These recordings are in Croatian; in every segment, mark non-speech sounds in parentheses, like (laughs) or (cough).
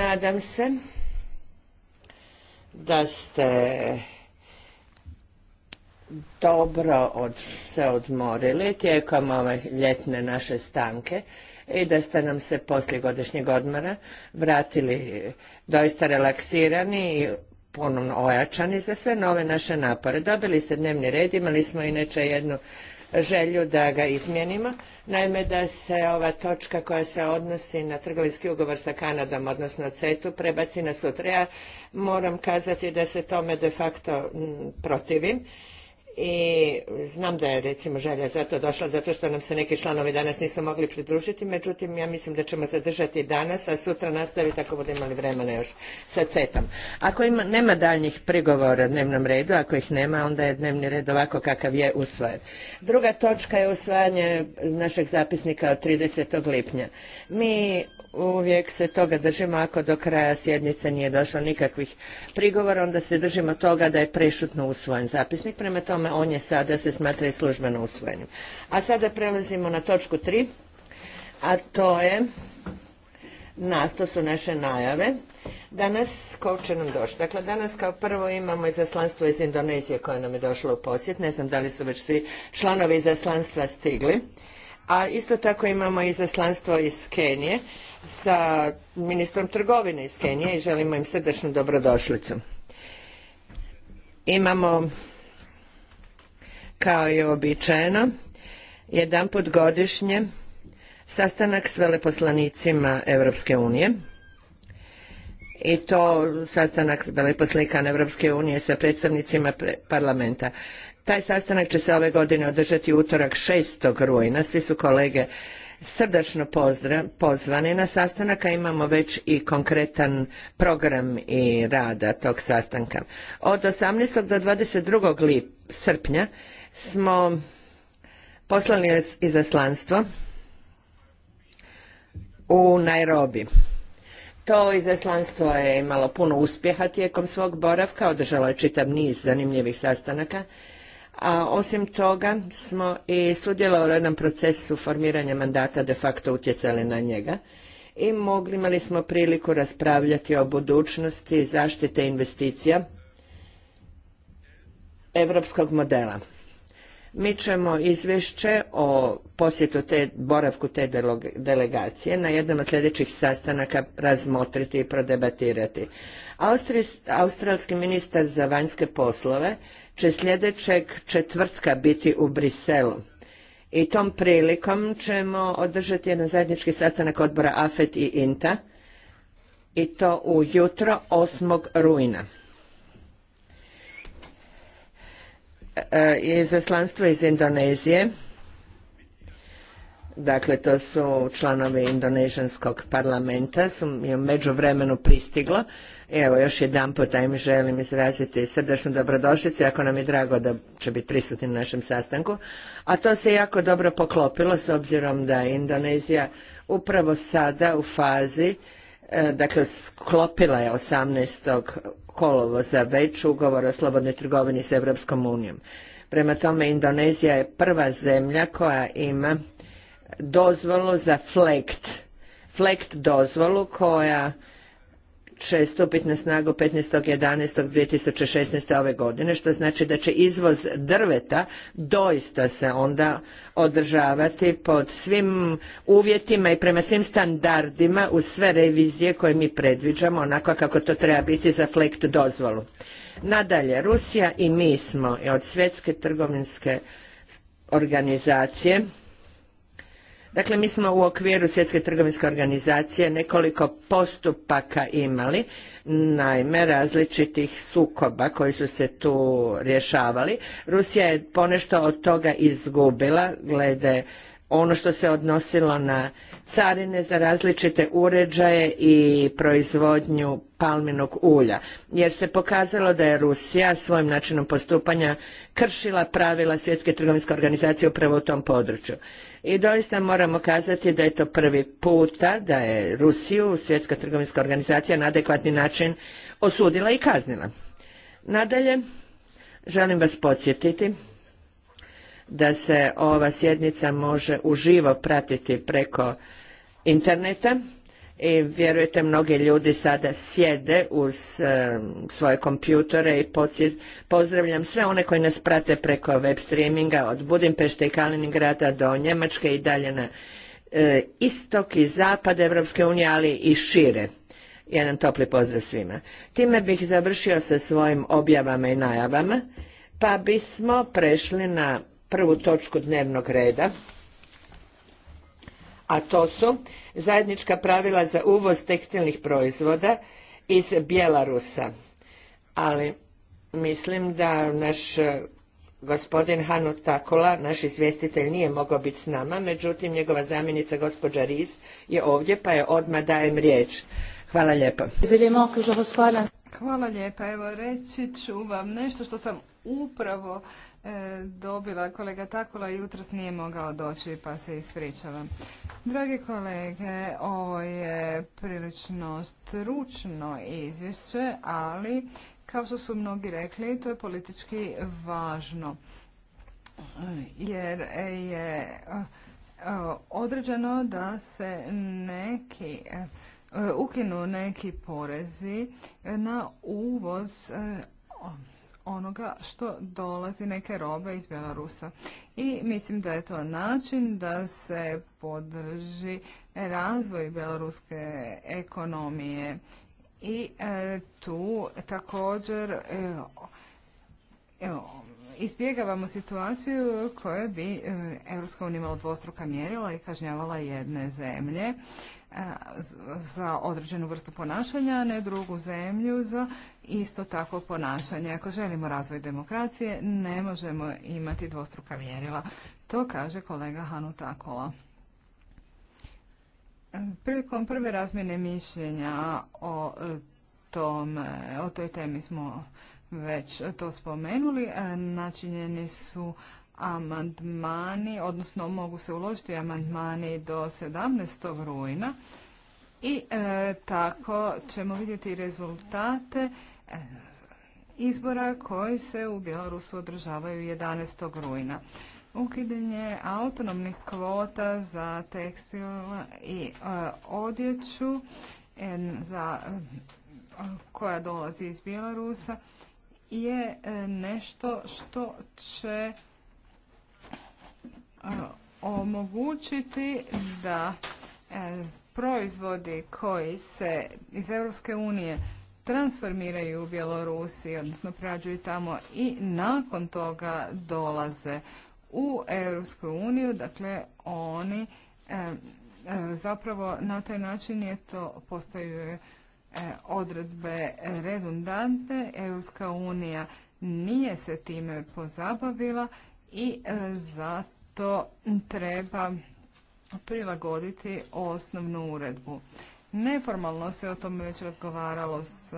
nadam se da ste dobro se odmorili tijekom ove ljetne naše stanke i da ste nam se poslije godišnjeg odmora vratili doista relaksirani i ponovno ojačani za sve nove naše napore. Dobili ste dnevni red, imali smo inače jednu želju da ga izmijenimo. Naime, da se ova točka koja se odnosi na trgovinski ugovor sa Kanadom, odnosno CETU, prebaci na sutra. Ja moram kazati da se tome de facto protivim i znam da je recimo želja za to došla zato što nam se neki članovi danas nisu mogli pridružiti, međutim ja mislim da ćemo zadržati danas, a sutra nastaviti ako budemo imali vremena još sa CETom. Ako nema daljnjih prigovora dnevnom redu, ako ih nema onda je dnevni red ovako kakav je usvojen. Druga točka je usvajanje našeg zapisnika od 30. lipnja. Mi uvijek se toga držimo ako do kraja sjednice nije došlo nikakvih prigovora, onda se držimo toga da je prešutno usvojen zapisnik. Prema tome tome on je sada se smatra i službeno usvojenim. A sada prelazimo na točku 3, a to je na, to su naše najave. Danas, ko će nam doći? Dakle, danas kao prvo imamo izaslanstvo iz Indonezije koje nam je došlo u posjet. Ne znam da li su već svi članovi izaslanstva stigli. A isto tako imamo izaslanstvo iz Kenije sa ministrom trgovine iz Kenije i želimo im srdačnu dobrodošlicu. Imamo kao i uobičajeno, jedanput godišnje sastanak s veleposlanicima Europske unije i to sastanak veleposlanika Europske unije sa predstavnicima parlamenta. Taj sastanak će se ove godine održati utorak 6. rujna. Svi su kolege srdačno pozvani na sastanak, a imamo već i konkretan program i rada tog sastanka. Od 18. do 22. Lip, srpnja smo poslali izaslanstvo u Nairobi. To izaslanstvo je imalo puno uspjeha tijekom svog boravka, održalo je čitav niz zanimljivih sastanaka, a osim toga smo i sudjelovali u jednom procesu formiranja mandata, de facto utjecali na njega i mogli, imali smo priliku raspravljati o budućnosti zaštite investicija europskog modela mi ćemo izvješće o posjetu te, boravku te delegacije na jednom od sljedećih sastanaka razmotriti i prodebatirati. australski ministar za vanjske poslove će sljedećeg četvrtka biti u Briselu. I tom prilikom ćemo održati jedan zajednički sastanak odbora AFET i INTA i to ujutro 8. rujna. je izaslanstvo iz Indonezije. Dakle, to su članovi Indonežanskog parlamenta, su je među vremenu pristiglo. Evo, još jedan put im želim izraziti srdečnu dobrodošlicu, jako nam je drago da će biti prisutni na našem sastanku. A to se jako dobro poklopilo s obzirom da je Indonezija upravo sada u fazi E, dakle sklopila je 18. kolovoza već ugovor o slobodnoj trgovini s Europskom unijom. Prema tome Indonezija je prva zemlja koja ima dozvolu za flekt, flekt dozvolu koja će stupiti na snagu 15.11.2016. ove godine, što znači da će izvoz drveta doista se onda održavati pod svim uvjetima i prema svim standardima uz sve revizije koje mi predviđamo, onako kako to treba biti za flekt dozvolu. Nadalje, Rusija i mi smo od svjetske trgovinske organizacije Dakle, mi smo u okviru Svjetske trgovinske organizacije nekoliko postupaka imali, naime različitih sukoba koji su se tu rješavali. Rusija je ponešto od toga izgubila glede ono što se odnosilo na carine za različite uređaje i proizvodnju palminog ulja, jer se pokazalo da je Rusija svojim načinom postupanja kršila pravila Svjetske trgovinske organizacije upravo u tom području. I doista moramo kazati da je to prvi puta da je Rusiju Svjetska trgovinska organizacija na adekvatni način osudila i kaznila. Nadalje, želim vas podsjetiti da se ova sjednica može uživo pratiti preko interneta i vjerujte mnogi ljudi sada sjede uz svoje kompjutore i podsjet, pozdravljam sve one koji nas prate preko web streaminga od Budimpešte i Kaliningrada do Njemačke i dalje na e, istok i zapad Evropske unije ali i šire. Jedan topli pozdrav svima. Time bih završio sa svojim objavama i najavama pa bismo prešli na prvu točku dnevnog reda, a to su zajednička pravila za uvoz tekstilnih proizvoda iz Bjelarusa. Ali mislim da naš gospodin Hanu Takola, naš izvjestitelj, nije mogao biti s nama, međutim njegova zamjenica gospođa Riz je ovdje pa je odmah dajem riječ. Hvala lijepa. Hvala lijepa. Evo reći ću vam nešto što sam upravo E, dobila. Kolega Takula jutros nije mogao doći pa se ispričavam. Dragi kolege, ovo je prilično stručno izvješće, ali kao što su mnogi rekli, to je politički važno. Jer je e, određeno da se neki e, ukinu neki porezi na uvoz onoga što dolazi neke robe iz Bjelarusa. I mislim da je to način da se podrži razvoj bjelaruske ekonomije i e, tu također e, izbjegavamo situaciju koju bi e, Europska imala dvostruka mjerila i kažnjavala jedne zemlje za određenu vrstu ponašanja, a ne drugu zemlju za isto tako ponašanje. Ako želimo razvoj demokracije, ne možemo imati dvostruka mjerila. To kaže kolega Hanu Takola. Prilikom prve razmjene mišljenja o, tom, o toj temi smo već to spomenuli. Načinjeni su amandmani, odnosno mogu se uložiti amandmani do 17. rujna i e, tako ćemo vidjeti rezultate e, izbora koji se u Bjelorusu održavaju 11. rujna. Ukidanje autonomnih kvota za tekstil i e, odjeću za, koja dolazi iz Bjelorusa je nešto što će E, omogućiti da e, proizvodi koji se iz Europske unije transformiraju u Bjelorusiji, odnosno prađuju tamo i nakon toga dolaze u Europsku uniju, dakle oni e, zapravo na taj način je to postaju odredbe redundante. Europska unija nije se time pozabavila i zato to treba prilagoditi osnovnu uredbu. Neformalno se o tome već razgovaralo s e,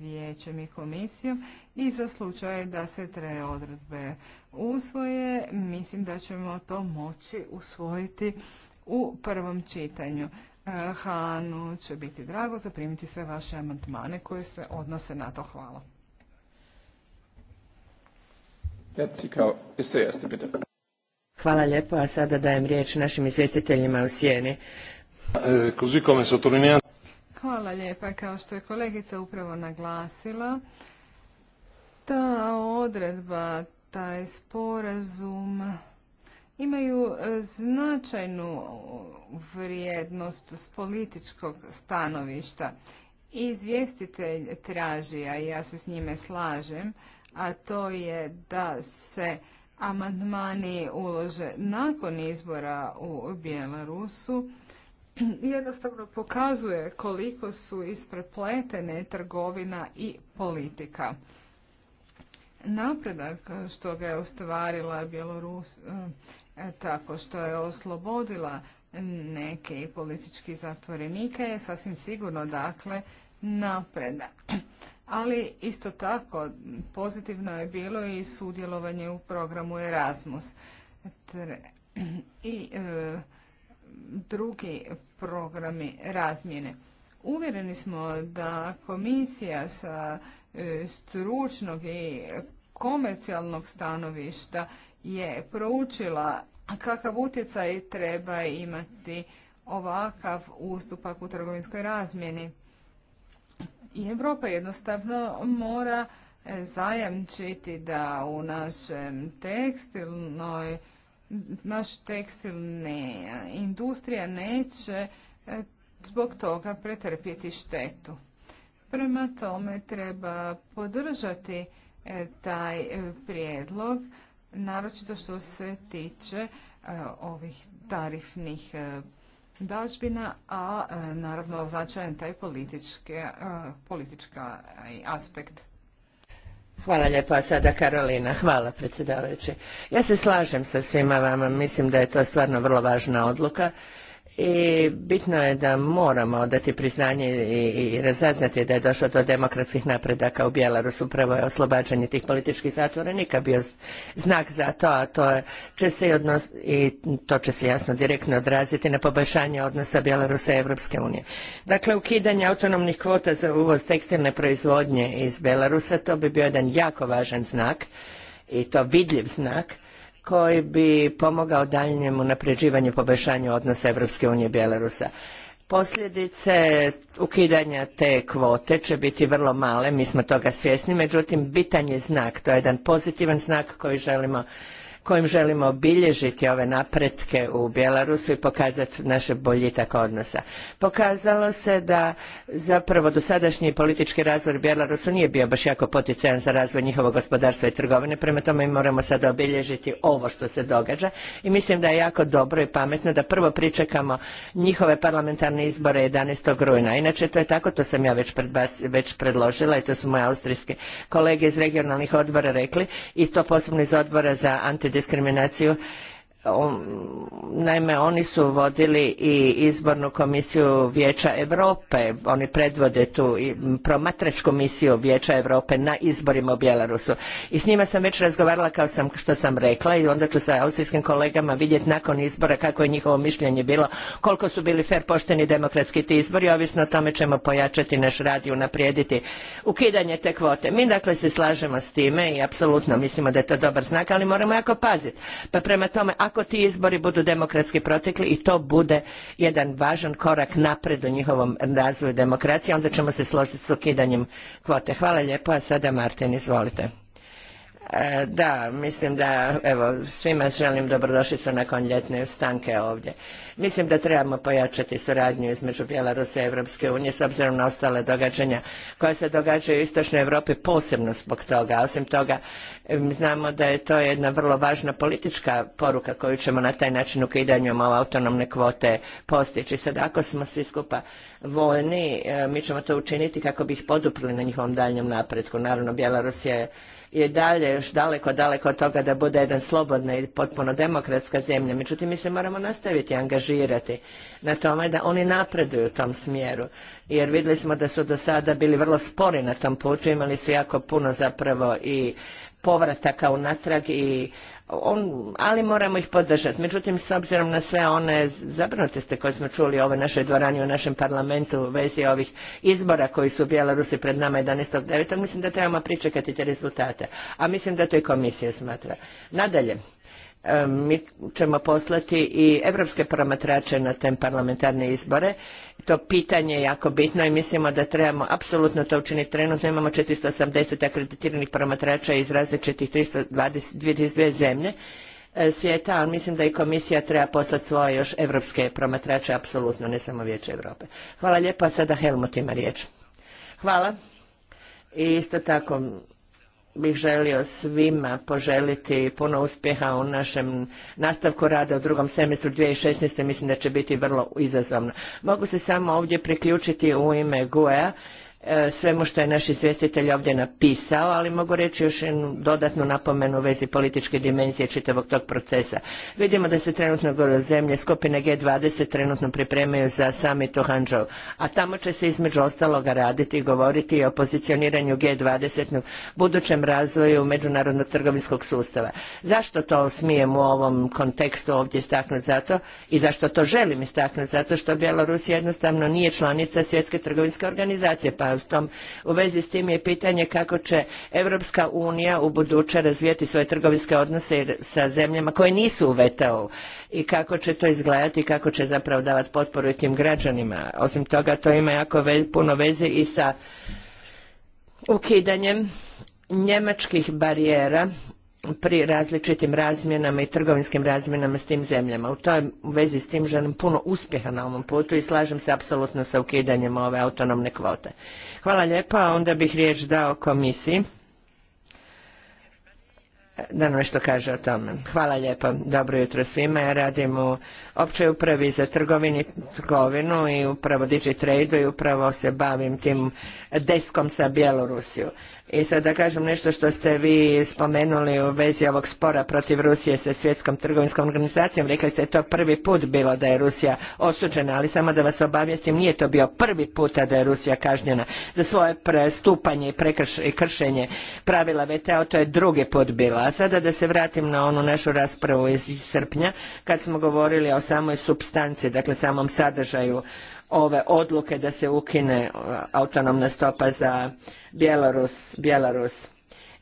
vijećem i komisijom i za slučaj da se tre odredbe usvoje, mislim da ćemo to moći usvojiti u prvom čitanju. E, Hanu će biti drago zaprimiti sve vaše amandmane koje se odnose na to. Hvala. Ja, Hvala lijepo, a sada dajem riječ našim izvjestiteljima u sjeni. Hvala lijepa, kao što je kolegica upravo naglasila, ta odredba, taj sporazum imaju značajnu vrijednost s političkog stanovišta. Izvjestitelj traži, a ja se s njime slažem, a to je da se amandmani ulože nakon izbora u Bjelarusu jednostavno pokazuje koliko su isprepletene trgovina i politika. Napredak što ga je ostvarila Bjelorus eh, tako što je oslobodila neke politički zatvorenike je sasvim sigurno dakle napredak ali isto tako pozitivno je bilo i sudjelovanje u programu Erasmus i e, drugi programi razmjene. Uvjereni smo da komisija sa e, stručnog i komercijalnog stanovišta je proučila kakav utjecaj treba imati ovakav ustupak u trgovinskoj razmjeni. I Europa jednostavno mora e, zajamčiti da u našem tekstilnoj naš tekstilne industrija neće e, zbog toga pretrpjeti štetu. Prema tome treba podržati e, taj prijedlog, naročito što se tiče ovih tarifnih dažbina, a e, naravno značajan taj politički, e, politička e, aspekt. Hvala lijepo, a sada Karolina. Hvala, predsjedavajući. Ja se slažem sa svima vama, mislim da je to stvarno vrlo važna odluka i bitno je da moramo odati priznanje i, razaznati da je došlo do demokratskih napredaka u Bjelarusu. Upravo je oslobađanje tih političkih zatvorenika bio znak za to, a to će se i, odnos, i to će se jasno direktno odraziti na poboljšanje odnosa Bjelarusa i Europske unije. Dakle, ukidanje autonomnih kvota za uvoz tekstilne proizvodnje iz Bjelarusa, to bi bio jedan jako važan znak i to vidljiv znak koji bi pomogao daljnjem unapređivanju i poboljšanju odnosa Europske unije i Bjelarusa. Posljedice ukidanja te kvote će biti vrlo male, mi smo toga svjesni, međutim bitan je znak, to je jedan pozitivan znak koji želimo kojim želimo obilježiti ove napretke u Bjelarusu i pokazati naše boljitak odnosa. Pokazalo se da zapravo dosadašnji politički razvoj Bjelarusu nije bio baš jako poticajan za razvoj njihovog gospodarstva i trgovine, prema tome mi moramo sada obilježiti ovo što se događa i mislim da je jako dobro i pametno da prvo pričekamo njihove parlamentarne izbore 11. rujna. Inače to je tako, to sam ja već, već predložila i to su moje austrijske kolege iz regionalnih odbora rekli i to posebno iz odbora za anti diskriminaciju Um, naime, oni su vodili i izbornu komisiju Vijeća Europe, oni predvode tu promatračku misiju Vijeća Europe na izborima u Bjelarusu. I s njima sam već razgovarala kao sam, što sam rekla i onda ću sa austrijskim kolegama vidjeti nakon izbora kako je njihovo mišljenje bilo, koliko su bili fer pošteni demokratski ti izbori, ovisno o tome ćemo pojačati naš rad i unaprijediti ukidanje te kvote. Mi dakle se slažemo s time i apsolutno mislimo da je to dobar znak, ali moramo jako paziti. Pa prema tome, ako ako ti izbori budu demokratski protekli i to bude jedan važan korak napred u njihovom razvoju demokracije, onda ćemo se složiti s ukidanjem kvote. Hvala lijepo, a sada Martin, izvolite. E, da, mislim da, evo, svima želim dobrodošlicu nakon ljetne stanke ovdje. Mislim da trebamo pojačati suradnju između Bjelarusa i Evropske unije s obzirom na ostale događanja koja se događaju u Istočnoj Europi posebno zbog toga. Osim toga, znamo da je to jedna vrlo važna politička poruka koju ćemo na taj način ukidanjem ove autonomne kvote postići. Sad, ako smo svi skupa voljni, e, mi ćemo to učiniti kako bi ih poduprili na njihovom daljnjem napretku. Naravno, Bjelarusija je je dalje još daleko, daleko od toga da bude jedan slobodna i potpuno demokratska zemlja. Međutim, mi se moramo nastaviti angažirati na tome da oni napreduju u tom smjeru. Jer vidjeli smo da su do sada bili vrlo spori na tom putu, imali su jako puno zapravo i povrataka unatrag i on, ali moramo ih podržati. Međutim, s obzirom na sve one zabrinutosti koje smo čuli u naše našoj dvorani, u našem parlamentu u vezi ovih izbora koji su u Bjelorusi pred nama 11.9. mislim da trebamo pričekati te rezultate. A mislim da to i komisija smatra. Nadalje, mi ćemo poslati i evropske promatrače na te parlamentarne izbore. To pitanje je jako bitno i mislimo da trebamo apsolutno to učiniti trenutno. Imamo 480 akreditiranih promatrača iz različitih 322 zemlje e, svijeta, ali mislim da i komisija treba poslati svoje još evropske promatrače, apsolutno, ne samo Vijeće Europe. Hvala lijepo, a sada Helmut ima riječ. Hvala. I isto tako bih želio svima poželiti puno uspjeha u našem nastavku rada u drugom semestru 2016. Mislim da će biti vrlo izazovno. Mogu se samo ovdje priključiti u ime gue E, svemu što je naš izvjestitelj ovdje napisao, ali mogu reći još jednu dodatnu napomenu u vezi političke dimenzije čitavog tog procesa. Vidimo da se trenutno zemlje skupine G20 trenutno pripremaju za summit u Hanžou, a tamo će se između ostaloga raditi i govoriti o pozicioniranju G20 u budućem razvoju međunarodnog trgovinskog sustava. Zašto to smijem u ovom kontekstu ovdje staknuti zato i zašto to želim istaknuti? Zato što Bjelorusija jednostavno nije članica svjetske trgovinske organizacije, pa u, u vezi s tim je pitanje kako će Europska unija u buduće razvijati svoje trgovinske odnose sa zemljama koje nisu u VTO i kako će to izgledati, i kako će zapravo davati potporu tim građanima. Osim toga, to ima jako puno veze i sa ukidanjem njemačkih barijera pri različitim razmjenama i trgovinskim razmjenama s tim zemljama. U toj vezi s tim želim puno uspjeha na ovom putu i slažem se apsolutno sa ukidanjem ove autonomne kvote. Hvala lijepa, onda bih riječ dao komisiji da nam nešto kaže o tome. Hvala lijepo, dobro jutro svima. Ja radim u općoj upravi za trgovini, trgovinu i upravo Digitrade i upravo se bavim tim deskom sa Bjelorusiju. I sad da kažem nešto što ste vi spomenuli u vezi ovog spora protiv Rusije sa svjetskom trgovinskom organizacijom. Rekli ste to prvi put bilo da je Rusija osuđena, ali samo da vas obavijestim, nije to bio prvi puta da je Rusija kažnjena za svoje prestupanje i, kršenje pravila VTO. to je drugi put bilo. A sada da se vratim na onu našu raspravu iz srpnja, kad smo govorili o samoj substanci, dakle samom sadržaju ove odluke da se ukine uh, autonomna stopa za Bjelorus, Bjelorus.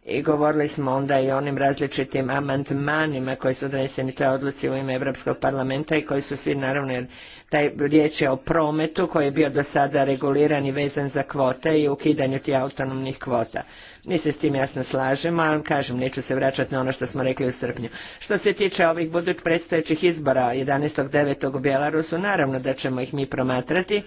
I govorili smo onda i o onim različitim amandmanima koji su doneseni toj odluci u ime Europskog parlamenta i koji su svi naravno, jer taj riječ je o prometu koji je bio do sada reguliran i vezan za kvote i ukidanju tih autonomnih kvota. Mi se s tim jasno slažemo, ali kažem, neću se vraćati na ono što smo rekli u srpnju. Što se tiče ovih budućih predstojećih izbora 11.9. u Bjelarusu, naravno da ćemo ih mi promatrati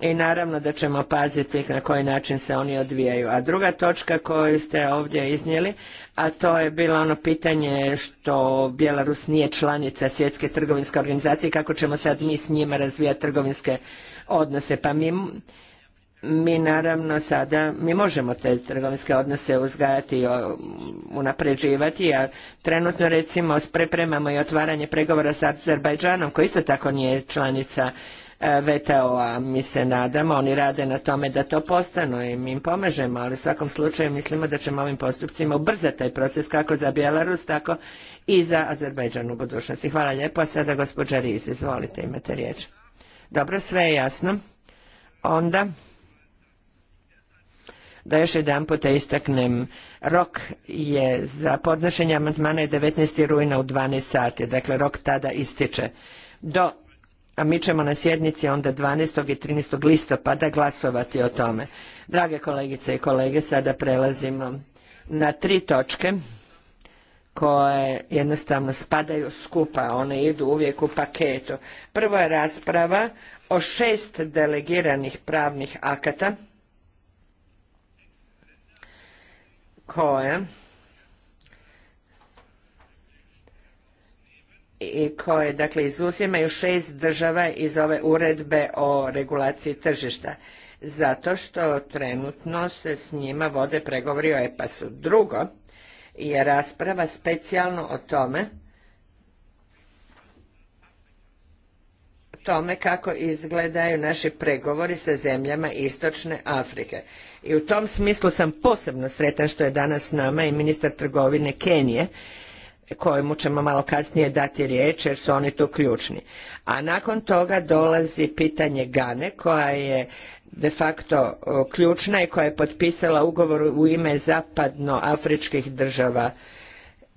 i naravno da ćemo paziti na koji način se oni odvijaju. A druga točka koju ste ovdje iznijeli, a to je bilo ono pitanje što Bjelarus nije članica svjetske trgovinske organizacije, kako ćemo sad mi s njima razvijati trgovinske odnose. Pa mi mi naravno sada, mi možemo te trgovinske odnose uzgajati i unapređivati, a trenutno recimo prepremamo i otvaranje pregovora sa Azerbajdžanom, koji isto tako nije članica e, VTO-a, mi se nadamo, oni rade na tome da to postanu i mi im pomažemo, ali u svakom slučaju mislimo da ćemo ovim postupcima ubrzati taj proces kako za Bjelarus, tako i za Azerbajdžan u budućnosti. Hvala lijepo, a sada gospođa Riz, izvolite, imate riječ. Dobro, sve je jasno. Onda... Da još jedan puta istaknem, rok je za podnošenje amandmana je 19. rujna u 12 sati, dakle rok tada ističe. Do, a mi ćemo na sjednici onda 12. i 13. listopada glasovati o tome. Drage kolegice i kolege, sada prelazimo na tri točke koje jednostavno spadaju skupa, one idu uvijek u paketu. Prvo je rasprava o šest delegiranih pravnih akata koje i koje dakle izuzimaju šest država iz ove uredbe o regulaciji tržišta zato što trenutno se s njima vode pregovori o EPAS-u. Drugo je rasprava specijalno o tome tome kako izgledaju naši pregovori sa zemljama Istočne Afrike. I u tom smislu sam posebno sretan što je danas s nama i ministar trgovine Kenije, kojemu ćemo malo kasnije dati riječ jer su oni tu ključni. A nakon toga dolazi pitanje Gane koja je de facto ključna i koja je potpisala ugovor u ime zapadnoafričkih država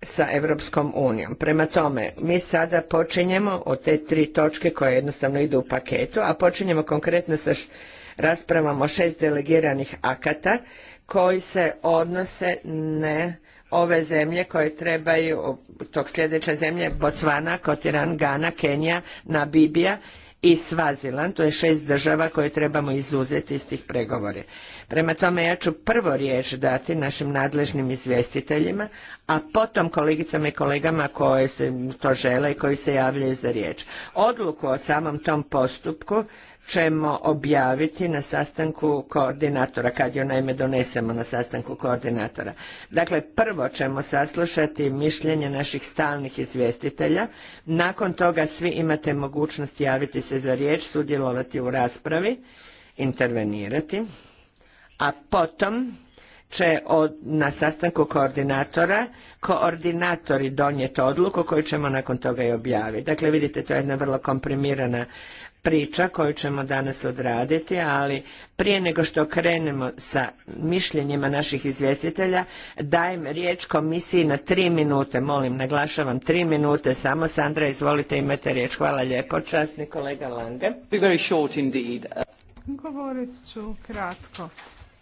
sa Europskom unijom. Prema tome, mi sada počinjemo od te tri točke koje jednostavno idu u paketu, a počinjemo konkretno sa Raspravamo šest delegiranih akata koji se odnose na ove zemlje koje trebaju, tog sljedeće zemlje, Botswana, Kotiran, Gana, Kenija, Nabibija i Svaziland, to je šest država koje trebamo izuzeti iz tih pregovora. Prema tome ja ću prvo riječ dati našim nadležnim izvjestiteljima, a potom kolegicama i kolegama koje se to žele i koji se javljaju za riječ. Odluku o samom tom postupku ćemo objaviti na sastanku koordinatora, kad jo naime donesemo na sastanku koordinatora. Dakle, prvo ćemo saslušati mišljenje naših stalnih izvjestitelja, nakon toga svi imate mogućnost javiti se za riječ, sudjelovati u raspravi, intervenirati, a potom će od, na sastanku koordinatora koordinatori donijeti odluku koju ćemo nakon toga i objaviti. Dakle, vidite, to je jedna vrlo komprimirana priča koju ćemo danas odraditi, ali prije nego što krenemo sa mišljenjima naših izvjestitelja, dajem riječ komisiji na tri minute, molim, naglašavam, tri minute, samo Sandra, izvolite, imate riječ. Hvala lijepo, časni kolega Lange. Govorit ću kratko.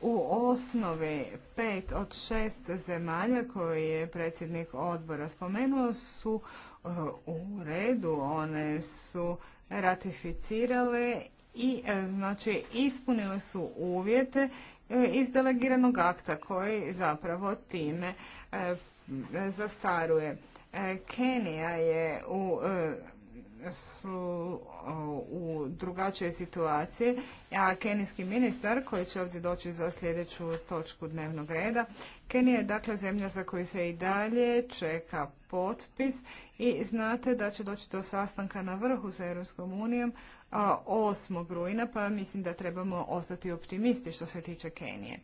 U osnovi pet od šest zemalja koje je predsjednik odbora spomenuo su e, u redu, one su ratificirale i e, znači ispunile su uvjete e, iz delegiranog akta koji zapravo time e, zastaruje. Kenija je u u drugačijoj situaciji, a kenijski ministar koji će ovdje doći za sljedeću točku dnevnog reda. Kenija je dakle zemlja za koju se i dalje čeka potpis i znate da će doći do sastanka na vrhu sa Europskom unijom 8. rujna, pa mislim da trebamo ostati optimisti što se tiče Kenije.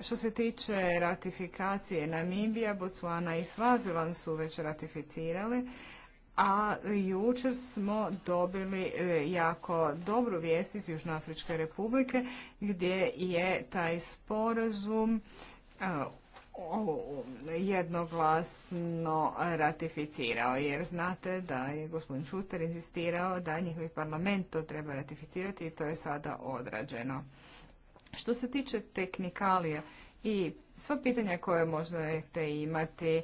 Što se tiče ratifikacije Namibija, Botswana i Svazilan su već ratificirali, a jučer smo dobili e, jako dobru vijest iz Južnoafričke republike gdje je taj sporazum e, jednoglasno ratificirao, jer znate da je gospodin Šuter insistirao da njihov parlament to treba ratificirati i to je sada odrađeno. Što se tiče teknikalija i sva pitanja koje možete imati, e,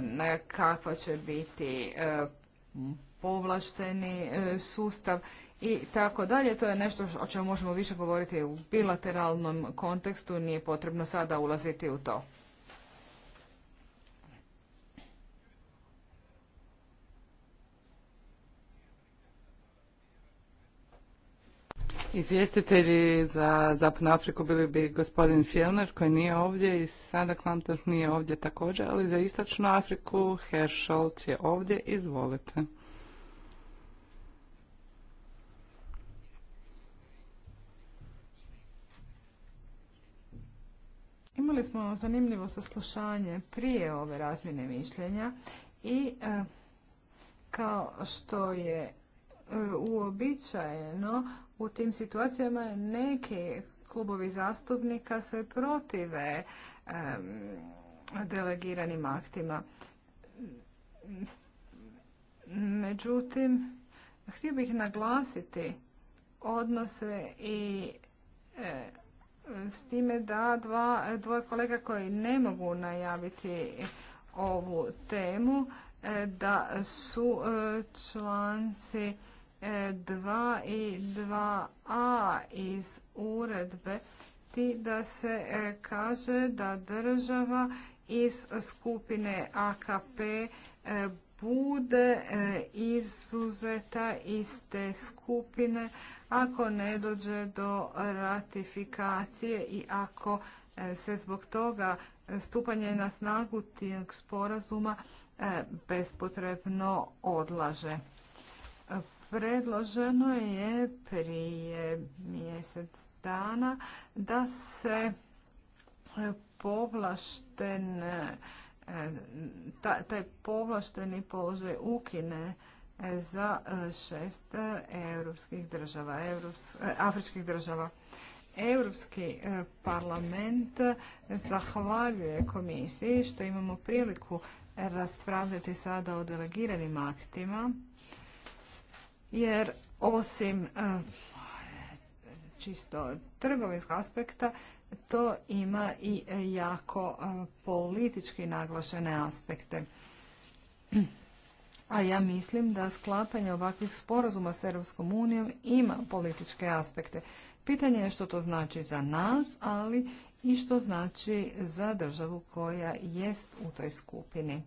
na kakva će biti e, povlašteni e, sustav i tako dalje, to je nešto o čemu možemo više govoriti u bilateralnom kontekstu, nije potrebno sada ulaziti u to. Izvjestitelji za Zapadnu Afriku bili bi gospodin Filner koji nije ovdje i sada Klantor nije ovdje također, ali za Istočnu Afriku Herr Scholz je ovdje, izvolite. Imali smo zanimljivo saslušanje prije ove razmjene mišljenja i e, kao što je e, uobičajeno u tim situacijama neki klubovi zastupnika se protive delegiranim aktima. Međutim, htio bih naglasiti odnose i e, s time da dva, dvoje kolega koji ne mogu najaviti ovu temu, e, da su e, članci 2 e, i 2a iz uredbe ti da se e, kaže da država iz skupine AKP e, bude izuzeta iz te skupine ako ne dođe do ratifikacije i ako se zbog toga stupanje na snagu tijeg sporazuma bespotrebno odlaže. Predloženo je prije mjesec dana da se e, povlašten e, taj povlašteni položaj ukine e, za šest europskih država, afričkih država. Europski parlament zahvaljuje komisiji što imamo priliku raspravljati sada o delegiranim aktima jer osim eh, čisto trgovinskog aspekta to ima i eh, jako eh, politički naglašene aspekte. A ja mislim da sklapanje ovakvih sporazuma s Europskom unijom ima političke aspekte. Pitanje je što to znači za nas, ali i što znači za državu koja jest u toj skupini.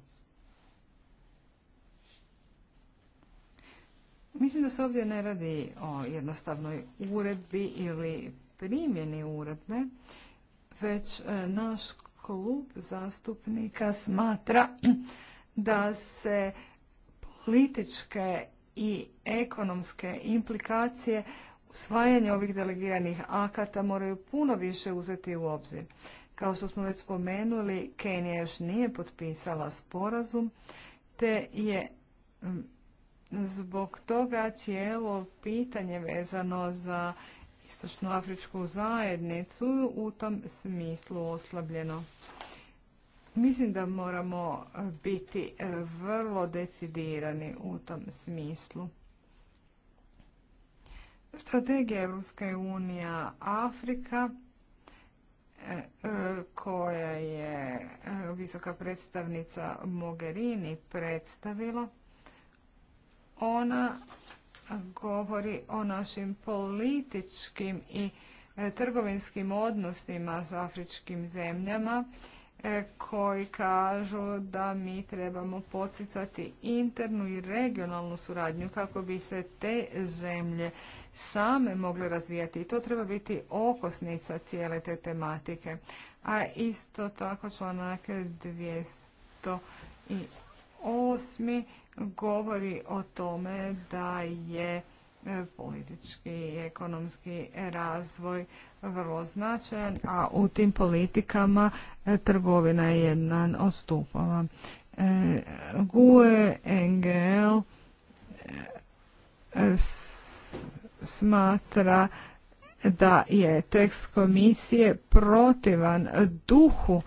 Mislim da se ovdje ne radi o jednostavnoj uredbi ili primjeni uredbe, već e, naš klub zastupnika smatra (clears throat) da se političke i ekonomske implikacije usvajanja ovih delegiranih akata moraju puno više uzeti u obzir. Kao što smo već spomenuli, Kenija još nije potpisala sporazum, te je Zbog toga cijelo pitanje vezano za istočnoafričku zajednicu u tom smislu oslabljeno. Mislim da moramo biti e, vrlo decidirani u tom smislu. Strategija Europske unija Afrika e, e, koja je visoka predstavnica Mogherini predstavila ona govori o našim političkim i e, trgovinskim odnosima s afričkim zemljama e, koji kažu da mi trebamo posjecati internu i regionalnu suradnju kako bi se te zemlje same mogle razvijati. I to treba biti okosnica cijele te tematike. A isto tako članak 208 govori o tome da je e, politički i ekonomski razvoj vrlo značajan, a u tim politikama e, trgovina je jedna od stupova. E, GUE, NGL smatra da je tekst komisije protivan duhu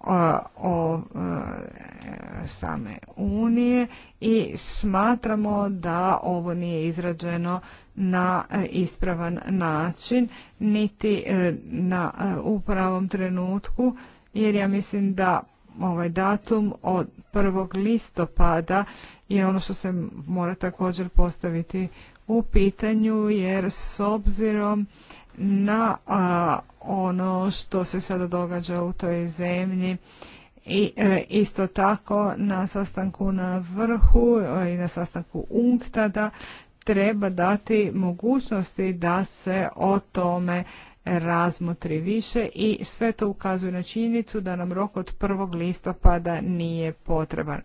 o e, same Unije i smatramo da ovo nije izrađeno na e, ispravan način niti e, na, u pravom trenutku jer ja mislim da ovaj datum od 1. listopada je ono što se mora također postaviti u pitanju jer s obzirom na a, ono što se sada događa u toj zemlji i e, isto tako na sastanku na vrhu e, i na sastanku UNCTAD-a treba dati mogućnosti da se o tome razmotri više i sve to ukazuje na činjenicu da nam rok od 1. listopada nije potreban.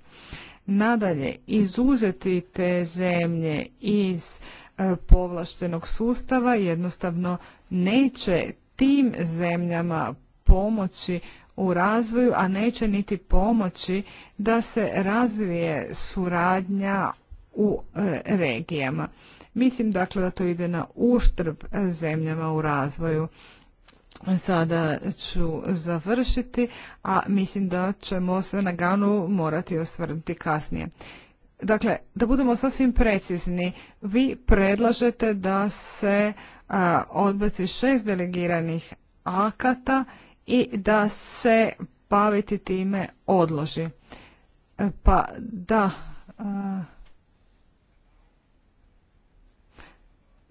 Nadalje, izuzeti te zemlje iz e, povlaštenog sustava jednostavno neće tim zemljama pomoći u razvoju, a neće niti pomoći da se razvije suradnja u e, regijama. Mislim dakle da to ide na uštrb zemljama u razvoju. Sada ću završiti, a mislim da ćemo se na Ganu morati osvrnuti kasnije. Dakle, da budemo sasvim precizni, vi predlažete da se odbaci šest delegiranih akata i da se baviti time odloži. E, pa da,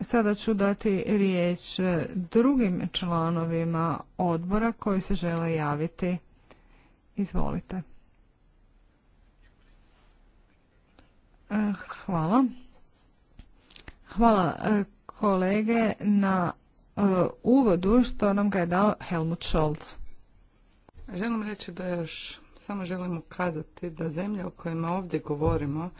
sada ću dati riječ drugim članovima odbora koji se žele javiti. Izvolite. E, hvala. Hvala e, kolege na e, uvodu što nam ga je dao Helmut Scholz. Želim reći da još samo želim ukazati da zemlje o kojima ovdje govorimo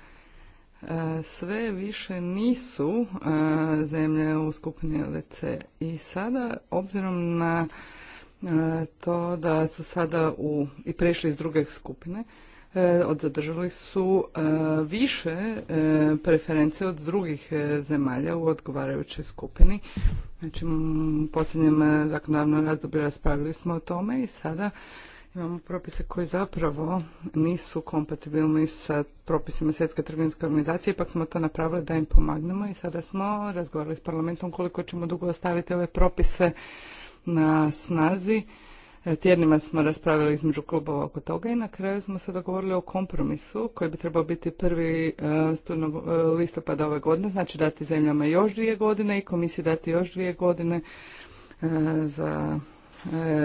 e, sve više nisu e, zemlje u skupini LDC i sada obzirom na to da su sada u, i prešli iz druge skupine, E, odzadržali su e, više e, preferencije od drugih zemalja u odgovarajućoj skupini. Znači, u posljednjem zakonodavnom razdoblju raspravili smo o tome i sada imamo propise koji zapravo nisu kompatibilni sa propisima Svjetske trgovinske organizacije, ipak smo to napravili da im pomagnemo i sada smo razgovarali s parlamentom koliko ćemo dugo ostaviti ove propise na snazi tjednima smo raspravili između klubova oko toga i na kraju smo se dogovorili o kompromisu koji bi trebao biti prvi e, studenog e, listopada ove godine, znači dati zemljama još dvije godine i komisiji dati još dvije godine e, za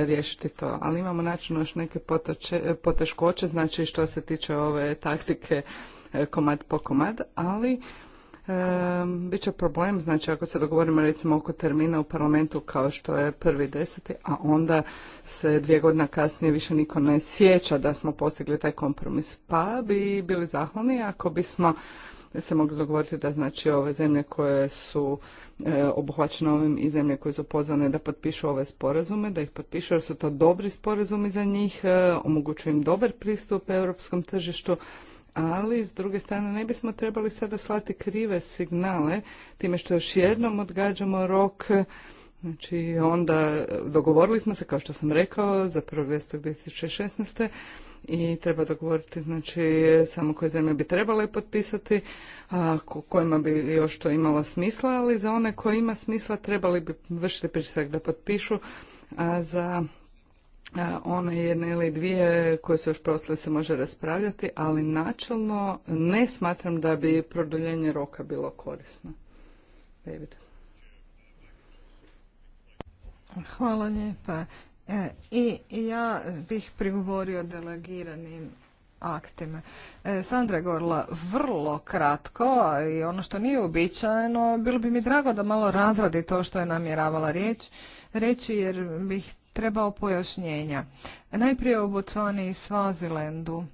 riješiti to. Ali imamo način još neke poteškoće, znači što se tiče ove taktike komad po komad, ali Ehm, bit će problem, znači ako se dogovorimo recimo oko termina u parlamentu kao što je prvi deseti, a onda se dvije godine kasnije više niko ne sjeća da smo postigli taj kompromis. Pa bi bili zahvalni ako bismo se mogli dogovoriti da znači ove zemlje koje su e, obuhvaćene ovim i zemlje koje su pozvane da potpišu ove sporazume, da ih potpišu jer su to dobri sporazumi za njih, e, omogućuju im dobar pristup europskom tržištu, ali s druge strane ne bismo trebali sada slati krive signale time što još jednom odgađamo rok Znači onda dogovorili smo se, kao što sam rekao, za 1.10.2016. i treba dogovoriti znači samo koje zemlje bi trebale potpisati, a kojima bi još to imalo smisla, ali za one koje ima smisla trebali bi vršiti prisak da potpišu, a za one jedne ili dvije koje su još prostale se može raspravljati, ali načelno ne smatram da bi produljenje roka bilo korisno. Hvala lijepa. E, I ja bih prigovorio delegiranim aktima. E, Sandra Sandra Gorla, vrlo kratko i ono što nije uobičajeno, bilo bi mi drago da malo razradi to što je namjeravala reći jer bih trebao pojašnjenja. Najprije u Boconi i Svazilendu.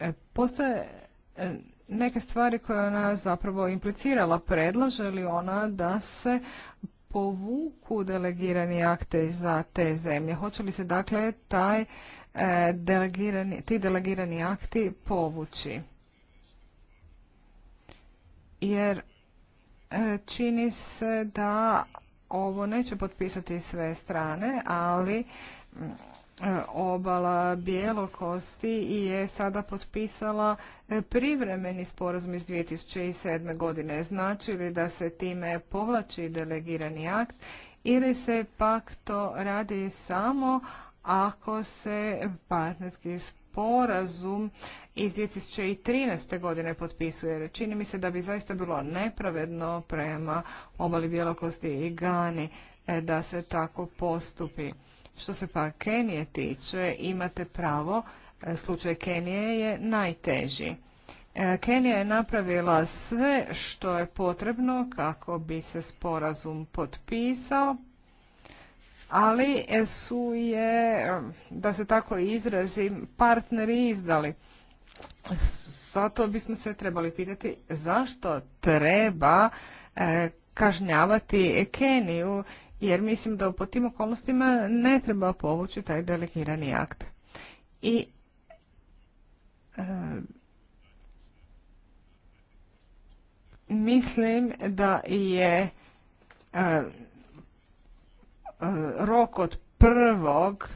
E, postoje e, neke stvari koje ona zapravo implicirala. Predlaže li ona da se povuku delegirani akte za te zemlje? Hoće li se dakle taj e, delegirani, ti delegirani akti povući? Jer čini se da ovo neće potpisati sve strane, ali mm, e, obala Bjelokosti je sada potpisala e, privremeni sporazum iz 2007. godine. Znači li da se time povlači delegirani akt ili se pak to radi samo ako se partnerski sporazum iz 2013. godine potpisuje. Čini mi se da bi zaista bilo nepravedno prema obali Bjelokosti i Gani e, da se tako postupi. Što se pa Kenije tiče, imate pravo, e, slučaj Kenije je najteži. E, Kenija je napravila sve što je potrebno kako bi se sporazum potpisao, ali su je, da se tako izrazim, partneri izdali. Zato bismo se trebali pitati zašto treba e, kažnjavati Keniju, jer mislim da po tim okolnostima ne treba povući taj delegirani akt. I e, mislim da je e, E, rok od prvog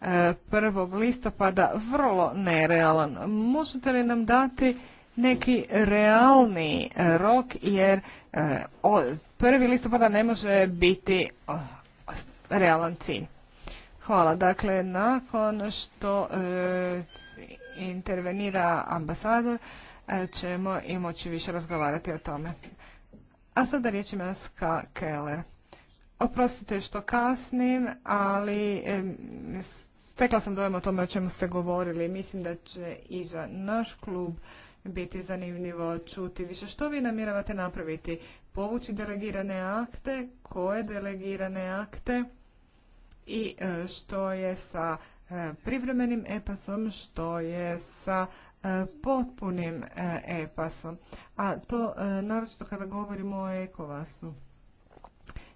1. E, listopada vrlo nerealan. Možete li nam dati neki realni e, rok jer prvi listopada ne može biti realan cilj. Hvala. Dakle, nakon što intervenira ambasador ćemo i moći više razgovarati o tome. A sada riječ ima Ska Keller. Oprostite što kasnim, ali stekla sam dojem o tome o čemu ste govorili. Mislim da će i za naš klub biti zanimljivo čuti više. Što vi namjeravate napraviti? Povući delegirane akte? Koje delegirane akte? I e, što je sa e, privremenim epasom, što je sa e, potpunim epasom. A to naročito kada govorimo o ekovasu.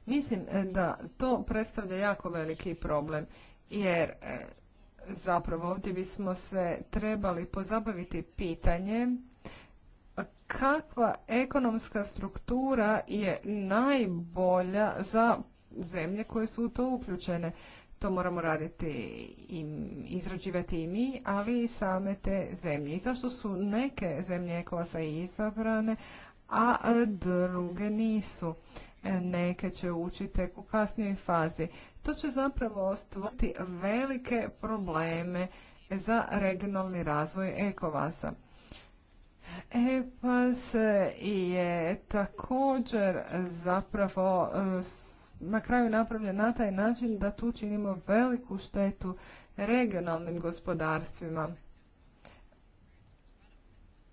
Mislim e, da to predstavlja jako veliki problem jer e, zapravo ovdje bismo se trebali pozabaviti pitanjem kakva ekonomska struktura je najbolja za zemlje koje su u to uključene. To moramo raditi i izrađivati i mi, ali i same te zemlje. I zašto su neke zemlje su izabrane, a e, druge nisu? neke će ući tek u kasnijoj fazi. To će zapravo stvoriti velike probleme za regionalni razvoj ekovasa. EPAS je također zapravo e, na kraju napravljen na taj način da tu činimo veliku štetu regionalnim gospodarstvima.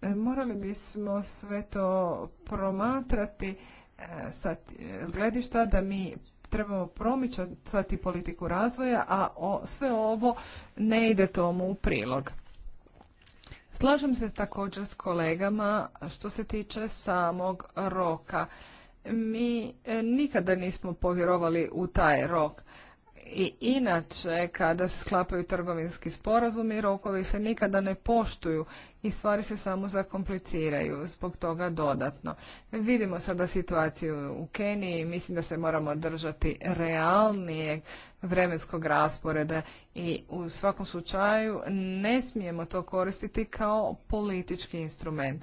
E, morali bismo sve to promatrati E, sa e, gledišta da mi trebamo promičati politiku razvoja, a o, sve ovo ne ide tomu u prilog. Slažem se također s kolegama što se tiče samog roka. Mi e, nikada nismo povjerovali u taj rok i inače kada se sklapaju trgovinski sporazumi rokovi se nikada ne poštuju i stvari se samo zakompliciraju zbog toga dodatno. Vidimo sada situaciju u Keniji, mislim da se moramo držati realnijeg vremenskog rasporeda i u svakom slučaju ne smijemo to koristiti kao politički instrument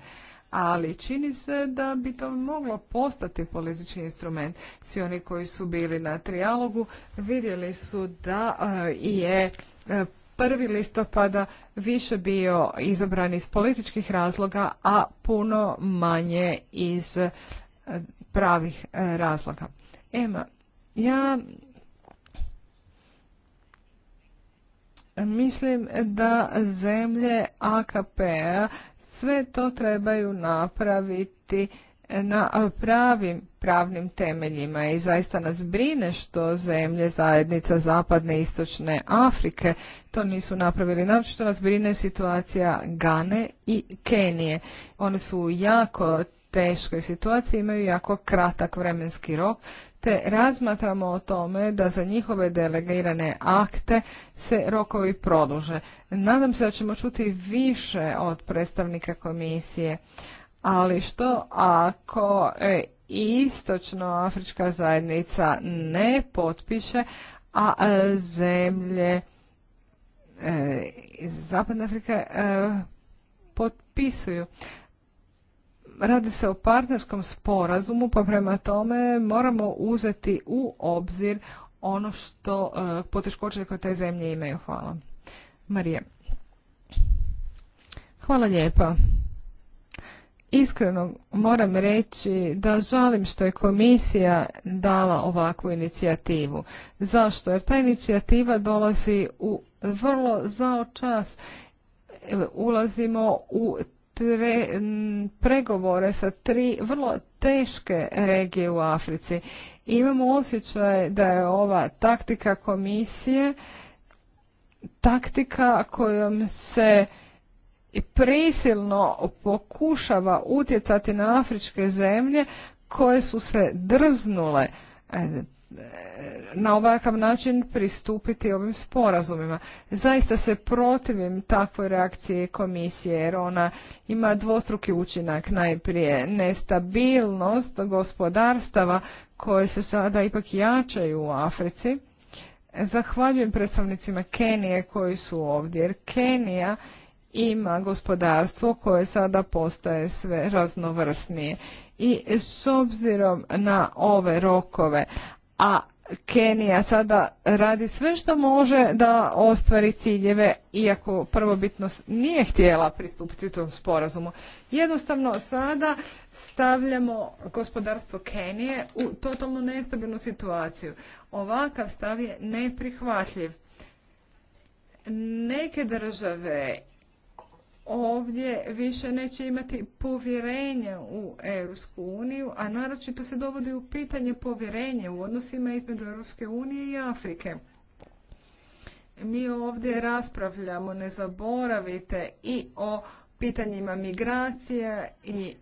ali čini se da bi to moglo postati politički instrument. Svi oni koji su bili na trijalogu vidjeli su da e, je e, prvi listopada više bio izabran iz političkih razloga, a puno manje iz e, pravih razloga. Ema, ja mislim da zemlje AKP-a sve to trebaju napraviti e, na pravim pravnim temeljima i zaista nas brine što zemlje zajednica zapadne i istočne Afrike to nisu napravili. Naravno što nas brine situacija Gane i Kenije. One su jako teškoj situaciji imaju jako kratak vremenski rok, te razmatramo o tome da za njihove delegirane akte se rokovi produže. Nadam se da ćemo čuti više od predstavnika komisije, ali što ako e, istočnoafrička zajednica ne potpiše, a e, zemlje e, Zapadne Afrike potpisuju. Radi se o partnerskom sporazumu, pa prema tome moramo uzeti u obzir ono što e, poteškoće koje te zemlje imaju. Hvala. Marija. Hvala lijepa. Iskreno moram reći da žalim što je komisija dala ovakvu inicijativu. Zašto? Jer ta inicijativa dolazi u vrlo zao čas. Ulazimo u pregovore sa tri vrlo teške regije u Africi. imamo osjećaj da je ova taktika komisije taktika kojom se prisilno pokušava utjecati na afričke zemlje koje su se drznule e, na ovakav način pristupiti ovim sporazumima. Zaista se protivim takvoj reakciji komisije jer ona ima dvostruki učinak najprije nestabilnost gospodarstava koje se sada ipak jačaju u Africi. Zahvaljujem predstavnicima Kenije koji su ovdje jer Kenija ima gospodarstvo koje sada postaje sve raznovrsnije. I s obzirom na ove rokove, a Kenija sada radi sve što može da ostvari ciljeve, iako prvobitno nije htjela pristupiti tom sporazumu. Jednostavno sada stavljamo gospodarstvo Kenije u totalno nestabilnu situaciju. Ovakav stav je neprihvatljiv. Neke države ovdje više neće imati povjerenje u Europsku uniju, a naročito se dovodi u pitanje povjerenje u odnosima između Europske unije i Afrike. Mi ovdje raspravljamo, ne zaboravite, i o pitanjima migracije i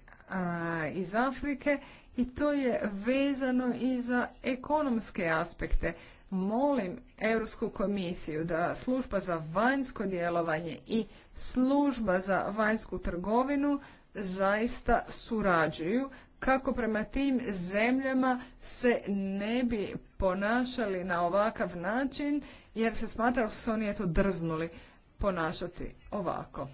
iz Afrike i to je vezano i za ekonomske aspekte. Molim Europsku komisiju da služba za vanjsko djelovanje i služba za vanjsku trgovinu zaista surađuju kako prema tim zemljama se ne bi ponašali na ovakav način jer se smatra da su se oni eto drznuli ponašati ovako.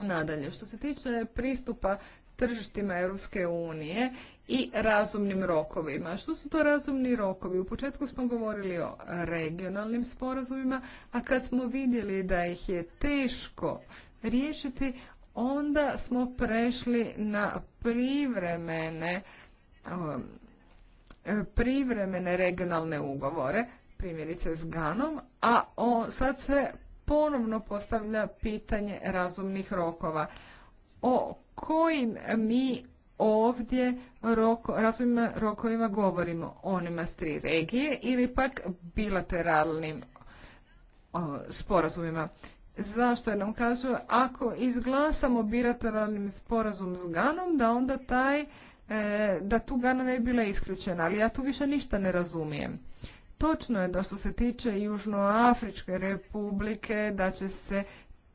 Nadalje, što se tiče pristupa tržištima Europske unije i razumnim rokovima. Što su to razumni rokovi? U početku smo govorili o regionalnim sporazumima, a kad smo vidjeli da ih je teško riješiti, onda smo prešli na privremene um, privremene regionalne ugovore, primjerice s Ganom, a o, sad se ponovno postavlja pitanje razumnih rokova. O kojim mi ovdje roko, rokovima govorimo onima s tri regije ili pak bilateralnim sporazumima. Zašto nam kažu ako izglasamo bilateralnim sporazum s Ganom da onda taj e, da tu Gana ne bi bila isključena, ali ja tu više ništa ne razumijem. Točno je da što se tiče Južnoafričke republike da će se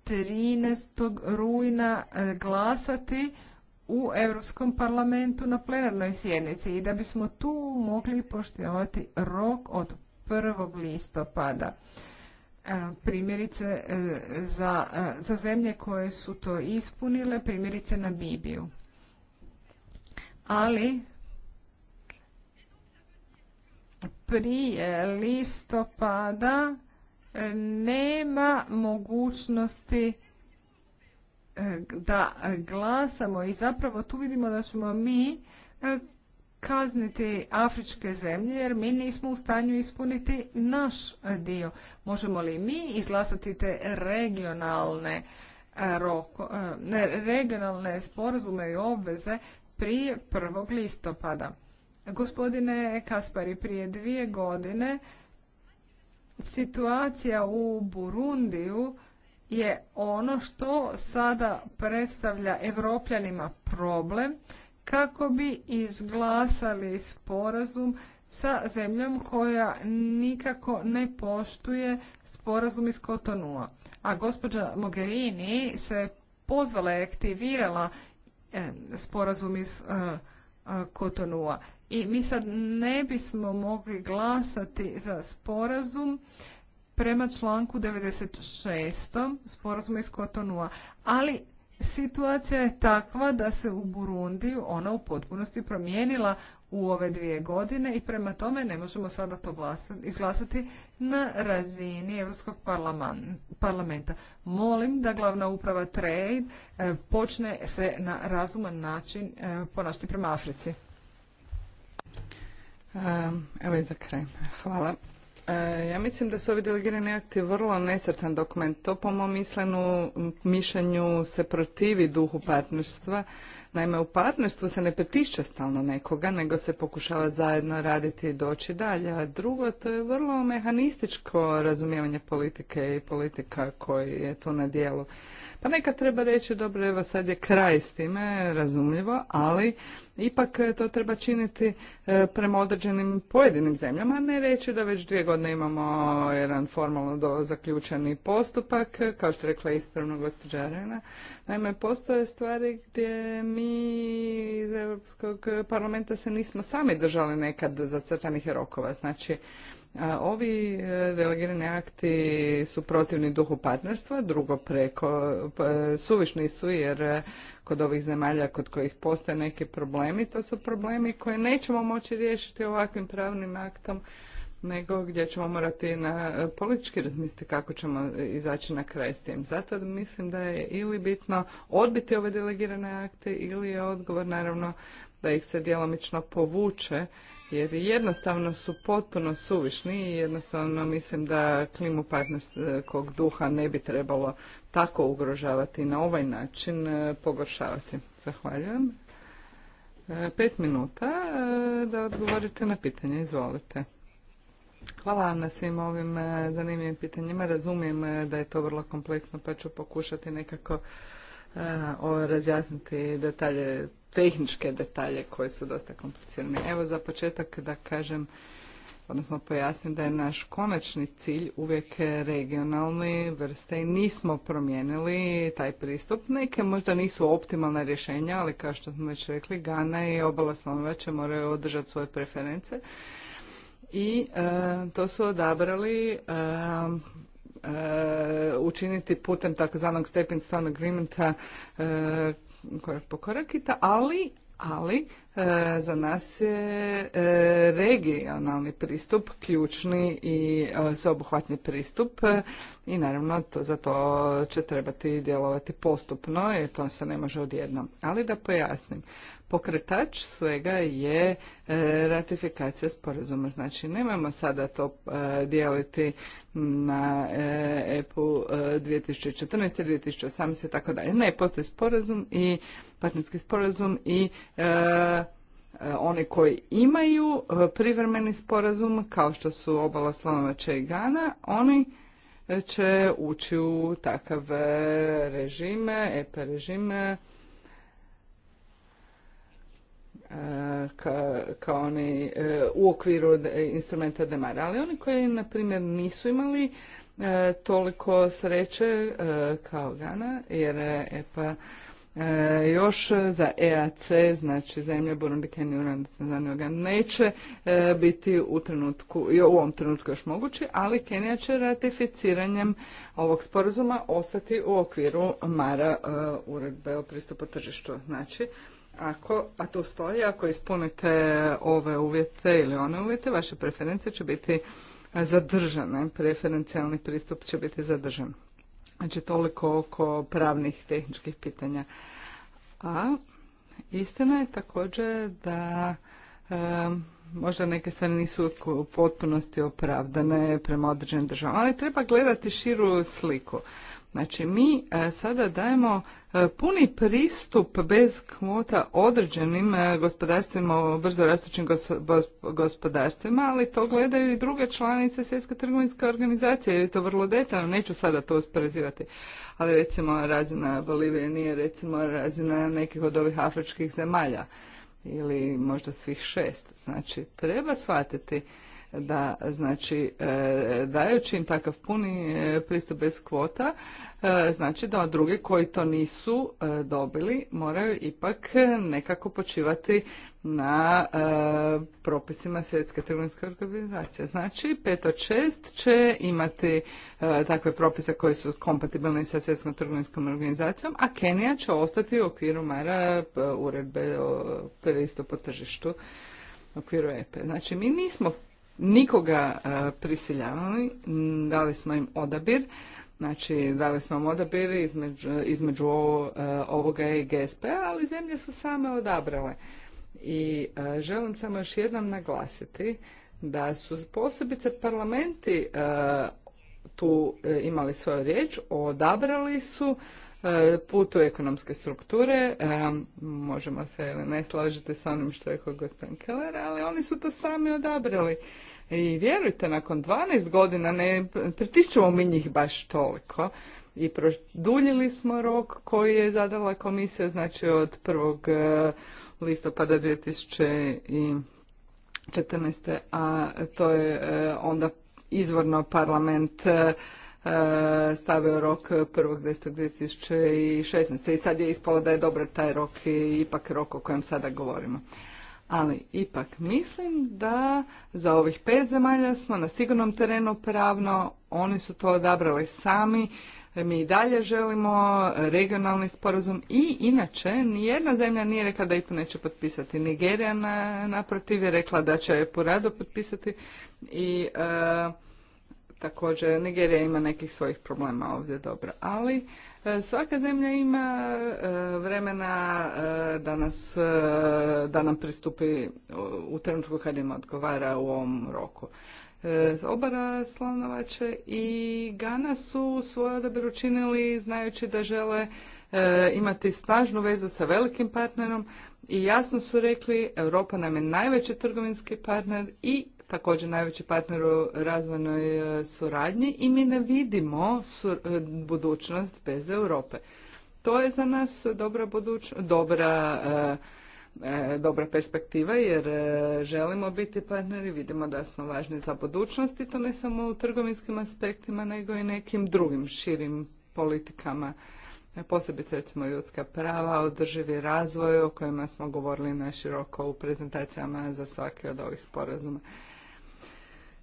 13. rujna e, glasati u Europskom parlamentu na plenarnoj sjednici i da bismo tu mogli poštivati rok od 1. listopada. E, primjerice e, za, za zemlje koje su to ispunile, primjerice na Bibiju. Ali prije listopada nema mogućnosti e, da glasamo i zapravo tu vidimo da ćemo mi e, kazniti afričke zemlje jer mi nismo u stanju ispuniti naš dio. Možemo li mi izglasati te regionalne e, roko, ne, regionalne sporazume i obveze prije 1. listopada. Gospodine Kaspari, prije dvije godine Situacija u Burundiju je ono što sada predstavlja evropljanima problem kako bi izglasali sporazum sa zemljom koja nikako ne poštuje sporazum iz Kotonua. A gospođa Mogherini se pozvala i aktivirala eh, sporazum iz eh, Kotonua. I mi sad ne bismo mogli glasati za sporazum prema članku 96. sporazuma iz Kotonua. Ali situacija je takva da se u Burundiju ona u potpunosti promijenila u ove dvije godine i prema tome ne možemo sada to izglasati na razini Europskog parlamenta. Molim da glavna uprava trade e, počne se na razuman način e, ponašati prema Africi. Ehm, evo i za kraj. Hvala. E, ja mislim da su ovi delegirani akti vrlo nesretan dokument. To po mom mišljenju se protivi duhu partnerstva Naime, u partnerstvu se ne pritišće stalno nekoga, nego se pokušava zajedno raditi i doći dalje. A drugo, to je vrlo mehanističko razumijevanje politike i politika koji je tu na dijelu. Pa neka treba reći, dobro, evo sad je kraj s time, razumljivo, ali ipak e, to treba činiti e, prema određenim pojedinim zemljama, ne reći da već dvije godine imamo jedan formalno do zaključeni postupak, e, kao što je rekla ispravno gospođa Arena. Naime, postoje stvari gdje mi mi iz Europskog parlamenta se nismo sami držali nekad zacrtanih rokova. Znači, ovi e, delegirani akti su protivni duhu partnerstva, drugo preko, pa, suvišni su jer e, kod ovih zemalja kod kojih postoje neki problemi, to su problemi koje nećemo moći riješiti ovakvim pravnim aktom, nego gdje ćemo morati na e, politički razmisliti kako ćemo izaći na kraj s tim. Zato mislim da je ili bitno odbiti ove delegirane akte ili je odgovor naravno da ih se djelomično povuče jer jednostavno su potpuno suvišni i jednostavno mislim da klimu partnerskog duha ne bi trebalo tako ugrožavati na ovaj način e, pogoršavati. Zahvaljujem. E, pet minuta da odgovorite na pitanje. Izvolite. Hvala vam na svim ovim e, zanimljivim pitanjima. Razumijem e, da je to vrlo kompleksno pa ću pokušati nekako e, razjasniti detalje, tehničke detalje koje su dosta komplicirane. Evo za početak da kažem odnosno pojasnim da je naš konačni cilj uvijek regionalni vrste i nismo promijenili taj pristup. Neke možda nisu optimalna rješenja, ali kao što smo već rekli, Gana i obala Slonovače moraju održati svoje preference i e, to su odabrali e, e učiniti putem takozvanog stepping stone agreementa e, korak po korakita, ali ali za nas je regionalni pristup ključni i sveobuhvatni pristup i naravno to, za to će trebati djelovati postupno jer to se ne može odjednom. Ali da pojasnim, pokretač svega je e, ratifikacija sporazuma. Znači nemojmo sada to e, dijeliti na EPU 2014. 2018. i tako dalje. Ne, postoji sporazum i partnerski sporazum i e, oni koji imaju privremeni sporazum kao što su obala Slonovača i Gana, oni će ući u takav e, režim, EP režime ka, oni e, u okviru instrumenta demara. Ali oni koji, na primjer, nisu imali e, toliko sreće kao Gana, jer EPA E, još za EAC, znači zemlje Burundi, Kenija, Uranda, Tanzanija, neće e, biti u trenutku, i u ovom trenutku još mogući, ali Kenija će ratificiranjem ovog sporazuma ostati u okviru Mara e, uredbe o pristupu tržištu. Znači, ako, a to stoji, ako ispunite ove uvjete ili one uvjete, vaše preferencije će biti zadržane, preferencijalni pristup će biti zadržan. Znači toliko oko pravnih tehničkih pitanja. A istina je također da e, možda neke stvari nisu u potpunosti opravdane prema određenim državama, ali treba gledati širu sliku. Znači mi e, sada dajemo Puni pristup bez kvota određenim e, gospodarstvima, brzo rastućim gospodarstvima, ali to gledaju i druge članice Svjetske trgovinske organizacije je to vrlo detaljno, neću sada to usporezivati. Ali recimo razina Bolivije nije recimo razina nekih od ovih afričkih zemalja ili možda svih šest. Znači treba shvatiti da znači e, dajući im takav puni e, pristup bez kvota e, znači da drugi koji to nisu dobili moraju ipak nekako počivati na propisima Svjetske trgovinske organizacije. Znači 5 od će imati takve propise koji su kompatibilni sa Svjetskom trgovinskom organizacijom, a Kenija će ostati u okviru Mara uredbe o pristupu tržištu u okviru EPE. Znači mi nismo nikoga e, prisiljavali, dali smo im odabir, Znači, dali smo im odabir između, između e, ovoga i GSP, ali zemlje su same odabrale. I e, želim samo još jednom naglasiti da su posebice parlamenti tu imali svoju riječ, odabrali su putu ekonomske strukture, možemo se ne slažiti sa onim što je rekao gospodin Keller, ali oni su to sami odabrali. I vjerujte, nakon 12 godina ne pritišćemo mi njih baš toliko. I produljili smo rok koji je zadala komisija, znači od 1. E, listopada 2014. A to je e, onda izvorno parlament e, stavio rok 1.10.2016. I sad je ispalo da je dobar taj rok i ipak rok o kojem sada govorimo ali ipak mislim da za ovih pet zemalja smo na sigurnom terenu pravno, oni su to odabrali sami, mi i dalje želimo regionalni sporazum i inače nijedna zemlja nije rekla da IPU neće potpisati. Nigerija na, naprotiv je rekla da će IPU rado potpisati i e, također Nigerija ima nekih svojih problema ovdje dobro, ali Svaka zemlja ima e, vremena e, da, nas, e, da nam pristupi u trenutku kad im odgovara u ovom roku. Obara Slanovače i Gana su svoj odabir učinili znajući da žele imati snažnu vezu sa velikim partnerom i jasno su rekli Europa nam je najveći trgovinski partner i također najveći partner u razvojnoj e, suradnji i mi ne vidimo e, budućnost bez Europe. To je za nas dobra dobra e, dobra perspektiva jer želimo biti partneri, vidimo da smo važni za budućnost i to ne samo u trgovinskim aspektima nego i nekim drugim širim politikama, posebice recimo ljudska prava, održivi razvoj o kojima smo govorili na u prezentacijama za svaki od ovih sporazuma.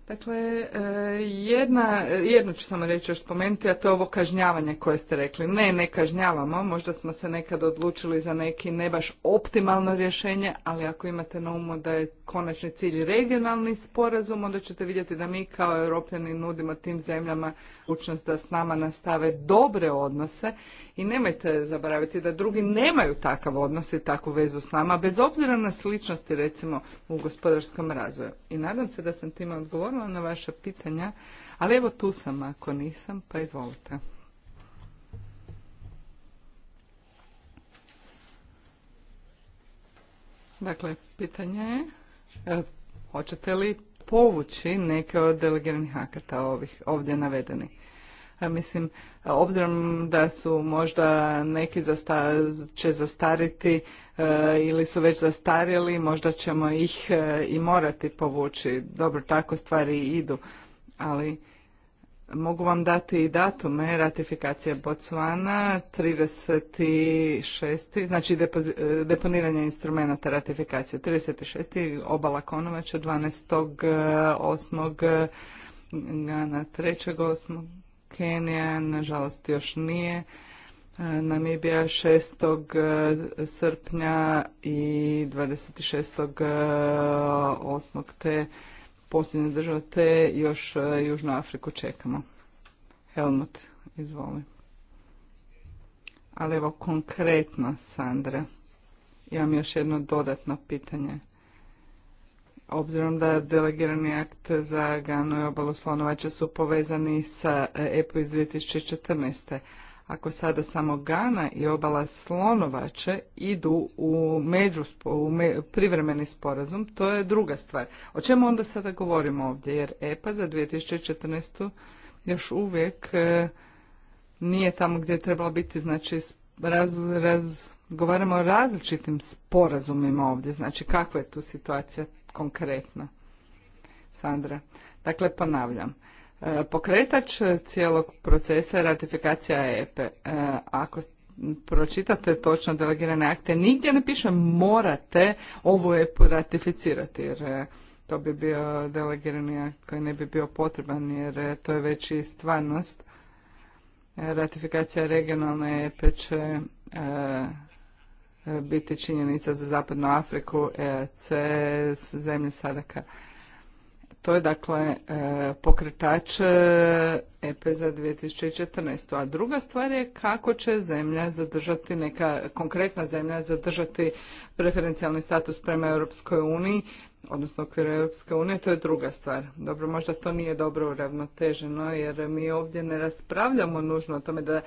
Dakle, e, jedna, jednu ću samo reći još spomenuti, a to je ovo kažnjavanje koje ste rekli. Ne, ne kažnjavamo, možda smo se nekad odlučili za neki ne baš optimalno rješenje, ali ako imate na umu da je konačni cilj regionalni sporazum, onda ćete vidjeti da mi kao europljani nudimo tim zemljama učnost da s nama nastave dobre odnose i nemojte zaboraviti da drugi nemaju takav odnos i takvu vezu s nama, bez obzira na sličnosti recimo u gospodarskom razvoju. I nadam se da sam time odgovorila na vaša pitanja, ali evo tu sam ako nisam, pa izvolite. Dakle, pitanje je, e, hoćete li povući neke od delegiranih akata ovih ovdje navedenih? Mislim, obzirom da su možda neki zasta, će zastariti e, ili su već zastarjeli, možda ćemo ih e, i morati povući. Dobro, tako stvari idu, ali mogu vam dati i datume ratifikacije Botswana 36. znači e, deponiranje instrumenta ratifikacije 36. obala Konovača 12.8. na 3.8. Kenija, nažalost još nije. E, Namibija 6. E, srpnja i 26. 8. E, te posljednje države, te još Južnu Afriku čekamo. Helmut, izvoli. Ali evo konkretno, Sandra, imam još jedno dodatno pitanje. Obzirom da delegirani akt za Ganu i obalu slonovače su povezani sa EPO iz 2014. Ako sada samo Gana i obala slonovače idu u, među, u privremeni sporazum, to je druga stvar. O čemu onda sada govorimo ovdje? Jer EPA za 2014. još uvijek e, nije tamo gdje je trebalo biti, znači raz, raz, govaramo o različitim sporazumima ovdje, znači kakva je tu situacija Konkretno, Sandra, dakle ponavljam. E, pokretač cijelog procesa je ratifikacija EPE. E. E, ako pročitate točno delegirane akte, nigdje ne piše morate ovu EPU ratificirati, jer to bi bio delegirani akt koji ne bi bio potreban, jer to je već i stvarnost. Ratifikacija regionalne EPE će biti činjenica za Zapadnu Afriku, EAC, zemlju Sadaka. To je dakle e, pokretač EP e za 2014. A druga stvar je kako će zemlja zadržati, neka konkretna zemlja zadržati preferencijalni status prema Europskoj uniji, odnosno okviru Europske unije, to je druga stvar. Dobro, možda to nije dobro uravnoteženo jer mi ovdje ne raspravljamo nužno o tome da e,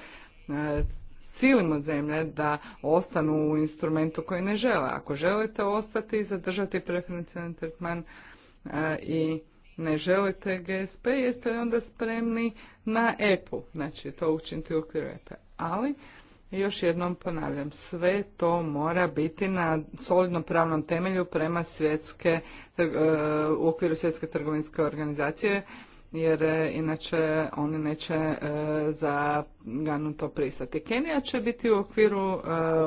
silimo zemlje da ostanu u instrumentu koji ne žele. Ako želite ostati i zadržati preferencijalni tretman e, i ne želite GSP, jeste li onda spremni na EPU, znači to učiniti u okviru EPU. Ali, još jednom ponavljam, sve to mora biti na solidnom pravnom temelju prema svjetske, e, u okviru svjetske trgovinske organizacije, jer e, inače oni neće e, za to pristati. Kenija će biti u okviru e,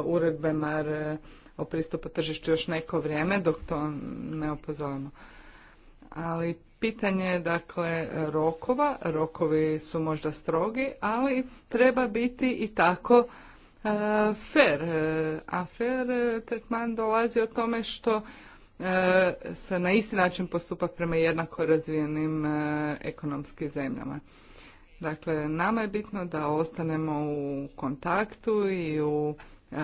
uredbe MAR o pristupu tržištu još neko vrijeme dok to ne opozovemo. Ali pitanje je dakle rokova, rokovi su možda strogi, ali treba biti i tako fer. A fer tretman dolazi o tome što E, se na isti način postupak prema jednako razvijenim e, ekonomskim zemljama. Dakle, nama je bitno da ostanemo u kontaktu i u e,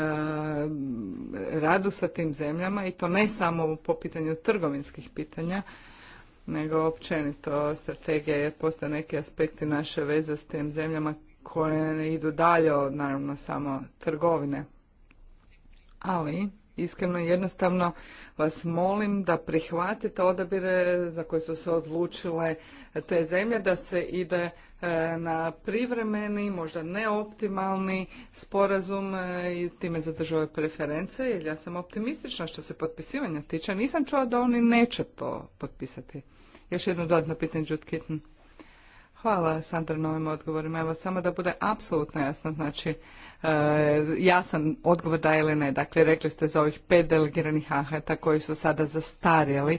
radu sa tim zemljama i to ne samo po pitanju trgovinskih pitanja, nego općenito strategija je postoje neki aspekti naše veze s tim zemljama koje idu dalje od naravno samo trgovine. Ali iskreno i jednostavno vas molim da prihvatite odabire za koje su se odlučile te zemlje, da se ide e, na privremeni, možda neoptimalni sporazum e, i time zadržuje preference, jer ja sam optimistična što se potpisivanja tiče. Nisam čula da oni neće to potpisati. Još jedno dodatno pitanje, Jude Kitten. Hvala, Sandra, na ovim odgovorima. Evo, samo da bude apsolutno jasno, znači, E, jasan odgovor da ili ne. Dakle, rekli ste za ovih pet delegiranih ahata koji su sada zastarjeli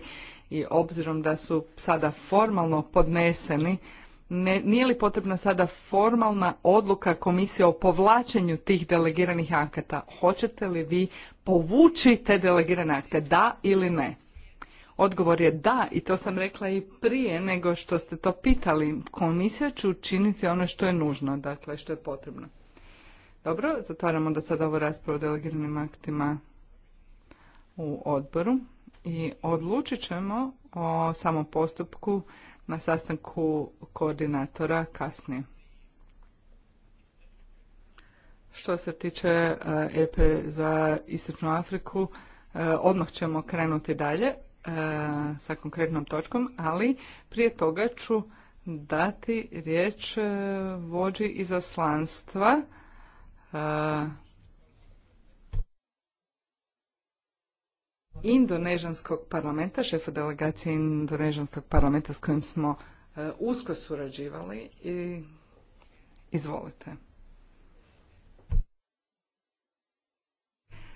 i obzirom da su sada formalno podneseni, ne, nije li potrebna sada formalna odluka komisije o povlačenju tih delegiranih akata? Hoćete li vi povući te delegirane akte, da ili ne? Odgovor je da i to sam rekla i prije nego što ste to pitali. Komisija će učiniti ono što je nužno, dakle što je potrebno. Dobro, zatvaramo da sada ovo raspravu o delegiranim aktima u odboru i odlučit ćemo o samom postupku na sastanku koordinatora kasnije. Što se tiče EP eh, e za Istočnu Afriku, eh, odmah ćemo krenuti dalje eh, sa konkretnom točkom, ali prije toga ću dati riječ vođi izaslanstva E, indonežanskog parlamenta, šefa delegacije Indonežanskog parlamenta s kojim smo e, usko surađivali i izvolite.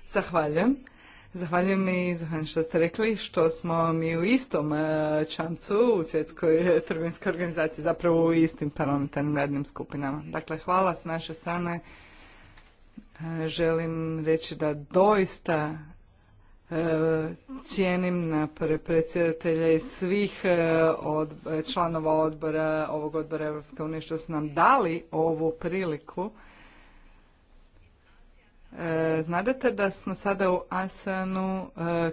Zahvaljujem. Zahvaljujem i zahvaljujem što ste rekli što smo mi u istom e, čancu u svjetskoj trgovinskoj organizaciji, zapravo u istim parlamentarnim radnim skupinama. Dakle, hvala s naše strane želim reći da doista e, cijenim na predsjedatelja i svih e, od, članova odbora, ovog odbora Europske unije što su nam dali ovu priliku. E, znadete da smo sada u Asanu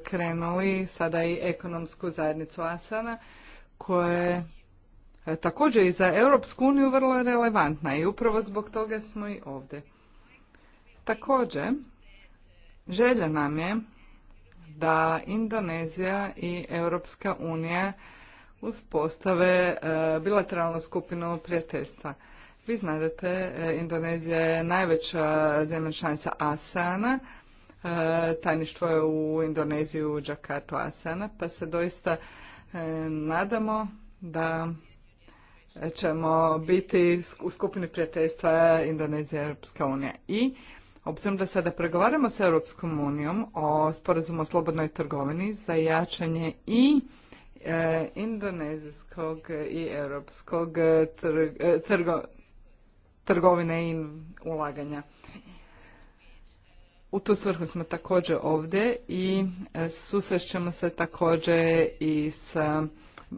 krenuli, sada i ekonomsku zajednicu Asana, koja je također i za Europsku uniju vrlo relevantna i upravo zbog toga smo i ovdje. Također, želja nam je da Indonezija i Europska unija uspostave e, bilateralnu skupinu prijateljstva. Vi znate, e, Indonezija je najveća zemlja članica ASEAN-a, e, tajništvo je u Indoneziju u Džakartu ASEANA, pa se doista nadamo da ćemo biti u skupini prijateljstva Indonezija i Europska unija. I Obzirom da sada pregovaramo sa Europskom unijom o sporazumu o slobodnoj trgovini za jačanje i e, indonezijskog i europskog e, e, trgovine i ulaganja. U tu svrhu smo također ovdje i susrećemo se također i sa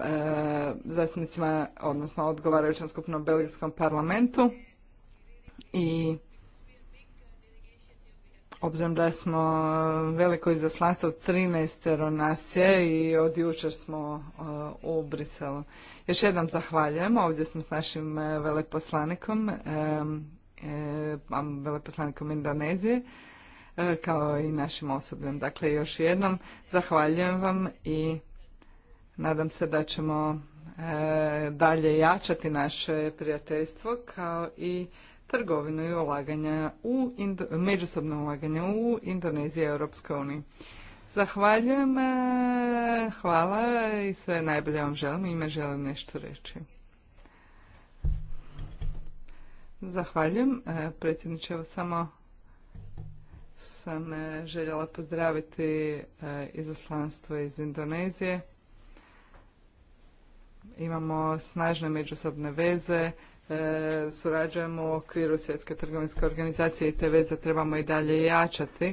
e, zastupnicima, odnosno odgovarajućom skupnom Belgijskom parlamentu i Obzirom da smo e, veliko izaslanstvo 13 nas je i od jučer smo e, u Briselu. Još jednom zahvaljujemo. Ovdje smo s našim e, veleposlanikom, veleposlanikom Indonezije, kao i našim osobljem. Dakle, još jednom zahvaljujem vam i nadam se da ćemo dalje jačati naše prijateljstvo kao i trgovinu i ulaganja u, međusobno ulaganje u Indoneziji i Europskoj uniji. Zahvaljujem, e, hvala i sve najbolje vam želim ime želim nešto reći. Zahvaljujem, e, predsjedniče, evo samo sam e, željela pozdraviti izaslanstvo iz Indonezije. Imamo snažne međusobne veze, e, surađujemo u okviru Svjetske trgovinske organizacije i te veze trebamo i dalje jačati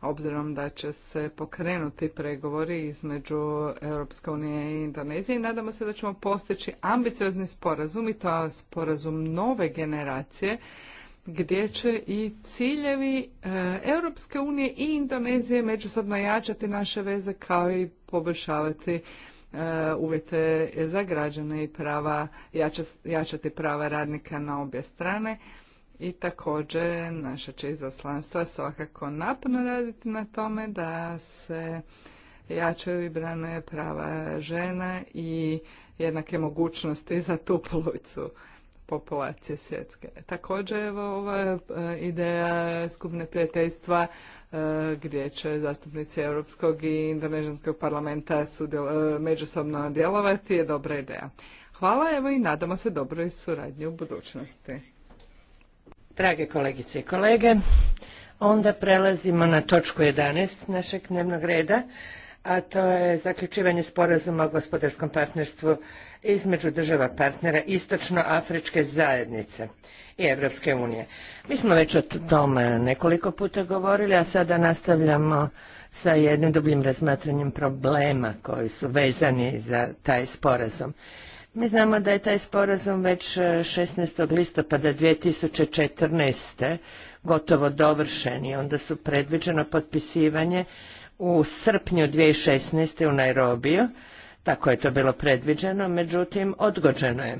obzirom da će se pokrenuti pregovori između Europske unije i Indonezije i nadamo se da ćemo postići ambiciozni sporazum i to sporazum nove generacije gdje će i ciljevi e, Europske unije i Indonezije međusobno jačati naše veze kao i poboljšavati E, uvjete za građane i prava, jačati prava radnika na obje strane. I također naša će izaslanstva svakako naporno raditi na tome da se jačaju i brane prava žena i jednake mogućnosti za tu polovicu populacije svjetske. Također evo ova e, ideja skupne prijateljstva e, gdje će zastupnici Europskog i Indonežanskog parlamenta e, međusobno djelovati je dobra ideja. Hvala evo i nadamo se dobroj suradnji u budućnosti. Drage kolegice i kolege, onda prelazimo na točku 11 našeg dnevnog reda a to je zaključivanje sporazuma o gospodarskom partnerstvu između država partnera Istočnoafričke zajednice i europske unije. Mi smo već o tome nekoliko puta govorili, a sada nastavljamo sa jednim dubljim razmatranjem problema koji su vezani za taj sporazum. Mi znamo da je taj sporazum već 16. E, listopada 2014. gotovo dovršen i onda su predviđeno potpisivanje u srpnju 2016. u Nairobiju, tako je to bilo predviđeno, međutim odgođeno je,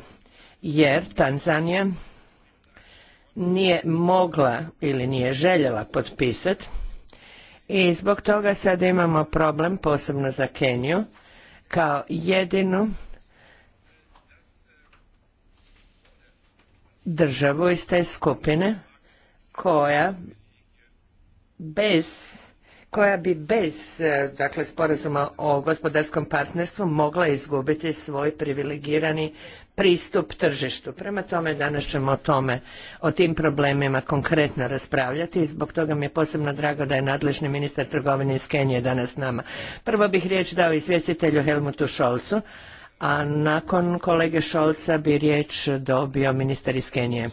jer Tanzanija nije mogla ili nije željela potpisati i zbog toga sad imamo problem, posebno za Keniju, kao jedinu državu iz te skupine koja bez koja bi bez e, dakle, sporazuma o gospodarskom partnerstvu mogla izgubiti svoj privilegirani pristup tržištu. Prema tome danas ćemo o tome, o tim problemima konkretno raspravljati i zbog toga mi je posebno drago da je nadležni ministar trgovine iz Kenije danas s nama. Prvo bih riječ dao izvjestitelju Helmutu Šolcu, a nakon kolege Šolca bi riječ dobio ministar iz Kenije.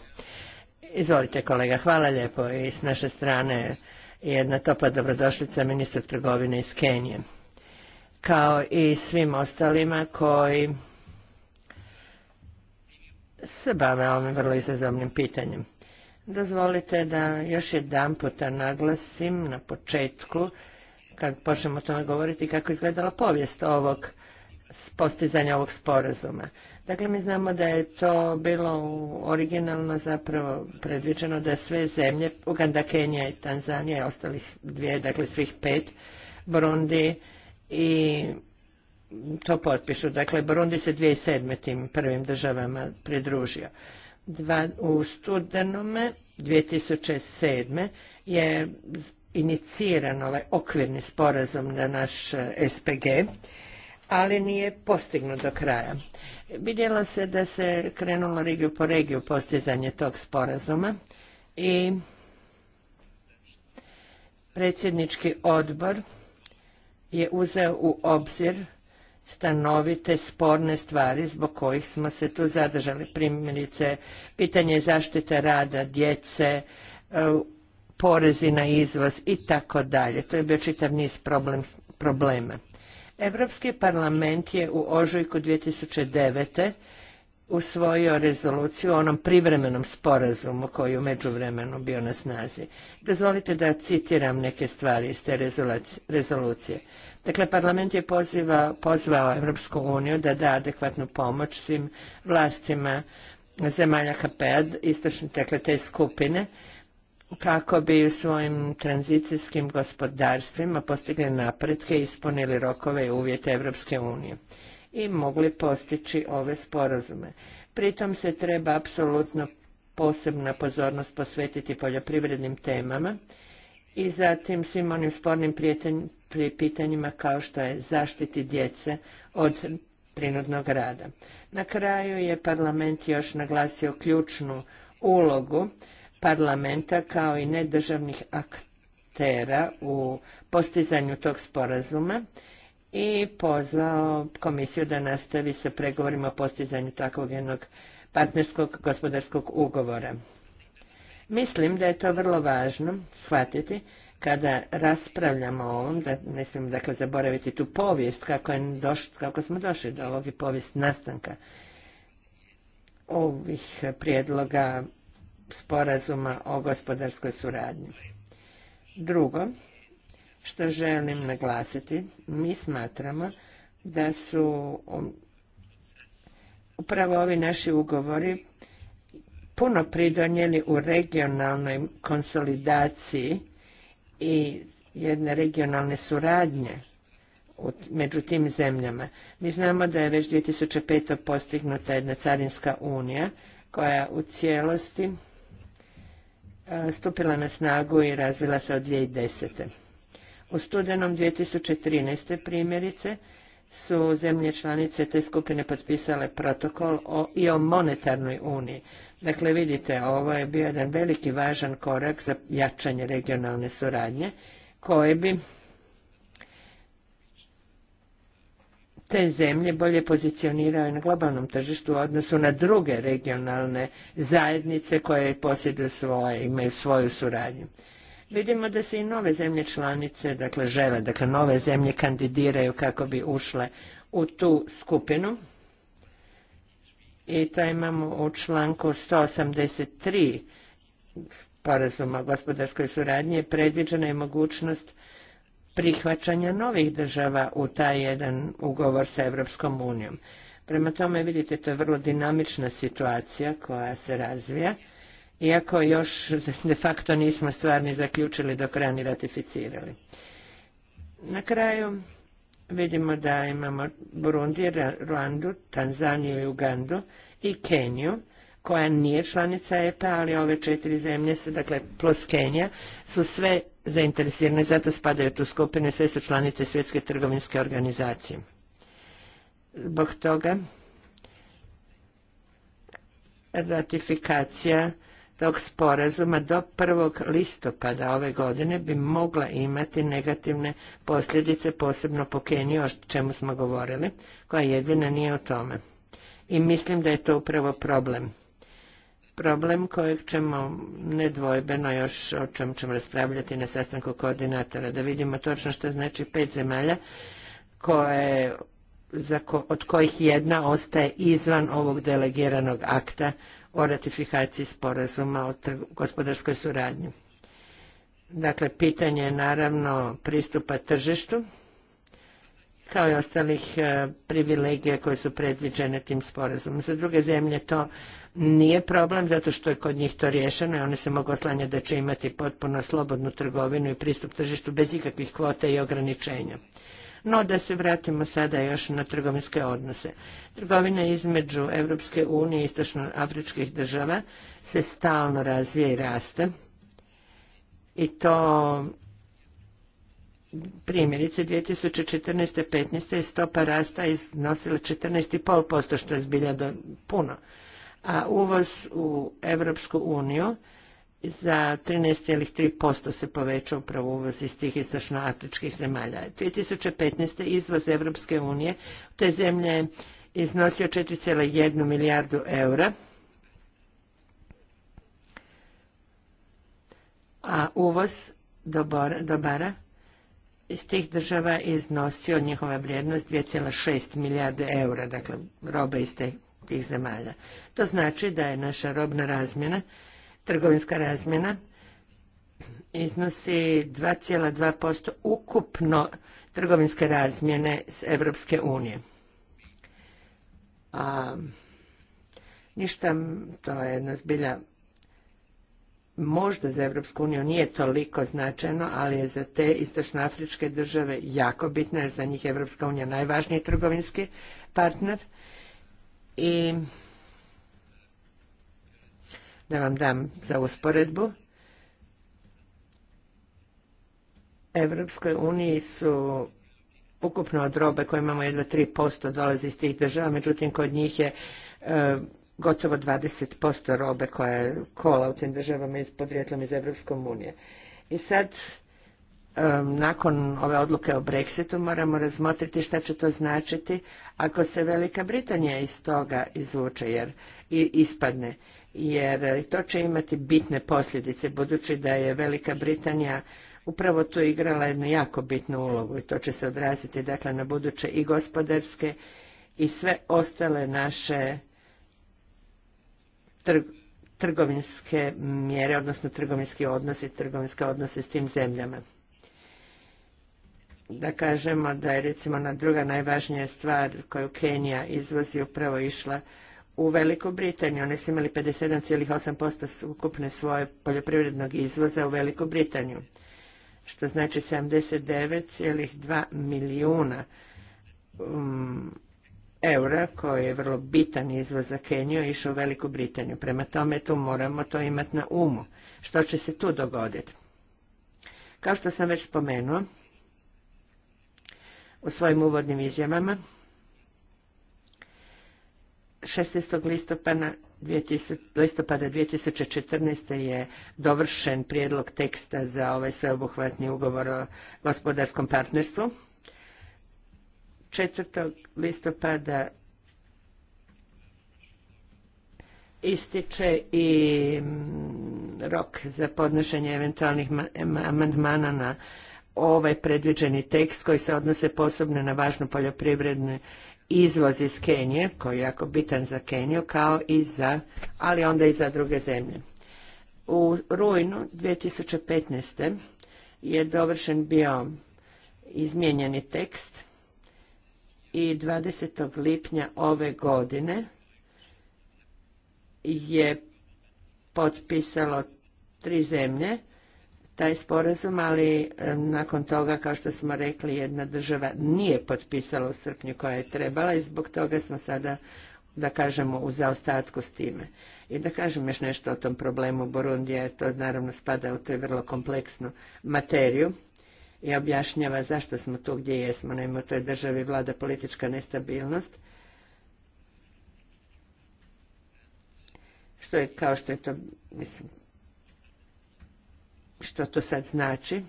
Izvolite kolega, hvala lijepo i s naše strane jedna topla dobrodošlica ministru trgovine iz Kenije. Kao i svim ostalima koji se bave ovim vrlo izazovnim pitanjem. Dozvolite da još jedan puta naglasim na početku, kad počnemo o tome govoriti, kako je izgledala povijest ovog postizanja ovog sporazuma. Dakle, mi znamo da je to bilo originalno zapravo predviđeno da sve zemlje, Uganda, Kenija i Tanzanija i ostalih dvije, dakle svih pet, Burundi i to potpišu. Dakle, Burundi se 2007. tim prvim državama pridružio. u studenome 2007. je iniciran ovaj okvirni sporazum na naš eh, SPG, ali nije postignut do kraja. Vidjelo se da se krenulo regiju po regiju postizanje tog sporazuma i predsjednički odbor je uzeo u obzir stanovite sporne stvari zbog kojih smo se tu zadržali. Primjerice, pitanje zaštite rada, djece, e, porezi na izvoz i tako dalje. To je bio čitav niz problema. Europski parlament je u ožujku 2009. usvojio rezoluciju o onom privremenom sporazumu koji je u međuvremenu bio na snazi. Dozvolite da citiram neke stvari iz te rezolucije. Dakle, parlament je poziva, pozvao Europsku uniju da da adekvatnu pomoć svim vlastima zemalja HPA, istočne, dakle, te skupine, kako bi u svojim tranzicijskim gospodarstvima postigli napretke, ispunili rokove i uvjete Europske unije i mogli postići ove sporazume. Pritom se treba apsolutno posebna pozornost posvetiti poljoprivrednim temama i zatim svim onim spornim pitanjima kao što je zaštiti djece od prinudnog rada. Na kraju je parlament još naglasio ključnu ulogu parlamenta kao i nedržavnih aktera u postizanju tog sporazuma i pozvao komisiju da nastavi sa pregovorima o postizanju takvog jednog partnerskog gospodarskog ugovora. Mislim da je to vrlo važno shvatiti kada raspravljamo o ovom, da ne smijemo dakle zaboraviti tu povijest kako, je kako smo došli do ovog i povijest nastanka ovih prijedloga sporazuma o gospodarskoj suradnji. Drugo, što želim naglasiti, mi smatramo da su um, upravo ovi naši ugovori puno pridonijeli u regionalnoj konsolidaciji i jedne regionalne suradnje među tim zemljama. Mi znamo da je već 2005. postignuta jedna carinska unija koja u cijelosti E, stupila na snagu i razvila se od 2010. U studenom 2013. primjerice su zemlje članice te skupine potpisale protokol o, i o monetarnoj uniji. Dakle, vidite, ovo je bio jedan veliki važan korak za jačanje regionalne suradnje koje bi te zemlje bolje pozicioniraju na globalnom tržištu u odnosu na druge regionalne zajednice koje posjeduju svoje, imaju svoju suradnju. Vidimo da se i nove zemlje članice, dakle žele, dakle nove zemlje kandidiraju kako bi ušle u tu skupinu. I to imamo u članku 183 sporazuma o gospodarskoj suradnji predviđena je mogućnost prihvaćanja novih država u taj jedan ugovor sa Europskom unijom. Prema tome vidite to je vrlo dinamična situacija koja se razvija, iako još de facto nismo stvarni zaključili do kraja ratificirali. Na kraju vidimo da imamo Burundi, Ruandu, Tanzaniju i Ugandu i Keniju, koja nije članica EPA, ali ove četiri zemlje su, dakle, plus Kenija, su sve zainteresirane, zato spadaju tu skupine, sve su članice Svjetske trgovinske organizacije. Zbog toga ratifikacija tog sporazuma do 1. listopada ove godine bi mogla imati negativne posljedice, posebno po Keniji o čemu smo govorili, koja jedina nije o tome. I mislim da je to upravo problem problem kojeg ćemo nedvojbeno još o čem ćemo raspravljati na sastanku koordinatora, da vidimo točno što znači pet zemalja koje, za od kojih jedna ostaje izvan ovog delegiranog akta o ratifikaciji sporazuma o gospodarskoj suradnji. Dakle, pitanje je naravno pristupa tržištu, kao i ostalih e, privilegija koje su predviđene tim sporazumom. Za druge zemlje to nije problem zato što je kod njih to rješeno i oni se mogu oslanjati da će imati potpuno slobodnu trgovinu i pristup tržištu bez ikakvih kvota i ograničenja. No da se vratimo sada još na trgovinske odnose. Trgovina između Europske unije i istočnoafričkih država se stalno razvija i raste. I to primjerice 2014. 15. je stopa rasta iznosila 14,5%, što je zbilja do, puno a uvoz u Europsku uniju za 13,3% se povećao upravo uvoz iz tih istočnoafričkih zemalja. 2015. izvoz Evropske unije u te zemlje iznosio 4,1 milijardu eura, a uvoz dobara iz tih država iznosio njihova vrijednost 2,6 milijarde eura, dakle robe iz te tih zemalja. To znači da je naša robna razmjena, trgovinska razmjena, iznosi 2,2% ukupno trgovinske razmjene s Evropske unije. A, ništa, to je jedna zbilja možda za Evropsku uniju nije toliko značajno, ali je za te istočnoafričke države jako bitno, jer za njih Evropska unija najvažniji trgovinski partner i da vam dam za usporedbu. Evropskoj uniji su ukupno od robe koje imamo jedva 3% dolazi iz tih država, međutim kod njih je e, gotovo 20% robe koja je kola u tim državama iz podrijetlom iz Evropskom unije. I sad nakon ove odluke o Brexitu moramo razmotriti šta će to značiti ako se Velika Britanija iz toga izvuče jer, i ispadne. Jer e, to će imati bitne posljedice budući da je Velika Britanija upravo tu igrala jednu jako bitnu ulogu i to će se odraziti dakle na buduće i gospodarske i sve ostale naše trgovinske mjere, odnosno trgovinski odnosi, trgovinske odnose s tim zemljama da kažemo da je recimo na druga najvažnija stvar koju Kenija izvozi upravo išla u Veliku Britaniju. Oni su imali 57,8% ukupne svoje poljoprivrednog izvoza u Veliku Britaniju, što znači 79,2 milijuna um, eura, koji je vrlo bitan izvoz za Keniju, išao u Veliku Britaniju. Prema tome tu moramo to imati na umu. Što će se tu dogoditi? Kao što sam već spomenuo, u svojim uvodnim izjavama 16. listopada 2014. je dovršen prijedlog teksta za ovaj sveobuhvatni ugovor o gospodarskom partnerstvu. 4. listopada ističe i mm, rok za podnošenje eventualnih amandmana na ovaj predviđeni tekst koji se odnose posebno na važno poljoprivredne izvoz iz Kenije, koji je jako bitan za Keniju, kao i za, ali onda i za druge zemlje. U rujnu 2015. je dovršen bio izmijenjeni tekst i 20. lipnja ove godine je potpisalo tri zemlje taj sporazum, ali nakon toga, kao što smo rekli, jedna država nije potpisala u srpnju koja je trebala i zbog toga smo sada, da kažemo, u zaostatku s time. I da kažem još nešto o tom problemu Borundija, jer to naravno spada u tu vrlo kompleksnu materiju i objašnjava zašto smo tu gdje jesmo. Naime, u toj državi vlada politička nestabilnost, što je kao što je to, mislim, što to sad znači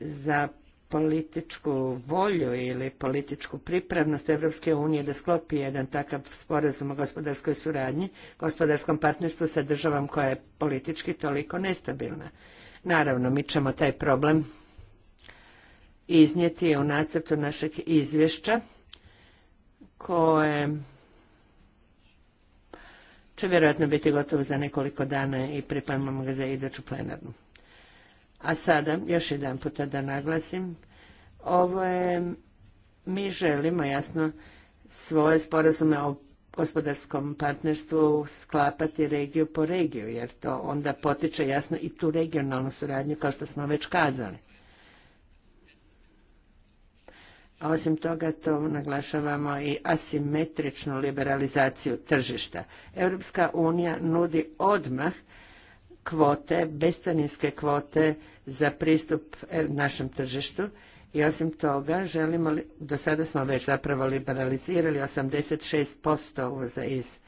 za političku volju ili političku pripravnost Evropske unije da sklopi jedan takav sporazum o gospodarskoj suradnji, gospodarskom partnerstvu sa državom koja je politički toliko nestabilna. Naravno, mi ćemo taj problem iznijeti u nacrtu našeg izvješća koje će vjerojatno biti gotovo za nekoliko dana i pripremamo ga za iduću plenarnu. A sada, još jedan puta da naglasim, ovo je, mi želimo jasno svoje sporazume o gospodarskom partnerstvu sklapati regiju po regiju, jer to onda potiče jasno i tu regionalnu suradnju, kao što smo već kazali osim toga to naglašavamo i asimetričnu liberalizaciju tržišta. Europska unija nudi odmah kvote, bestaninske kvote za pristup e, našem tržištu i osim toga želimo, do sada smo već zapravo liberalizirali 86% uvoza iz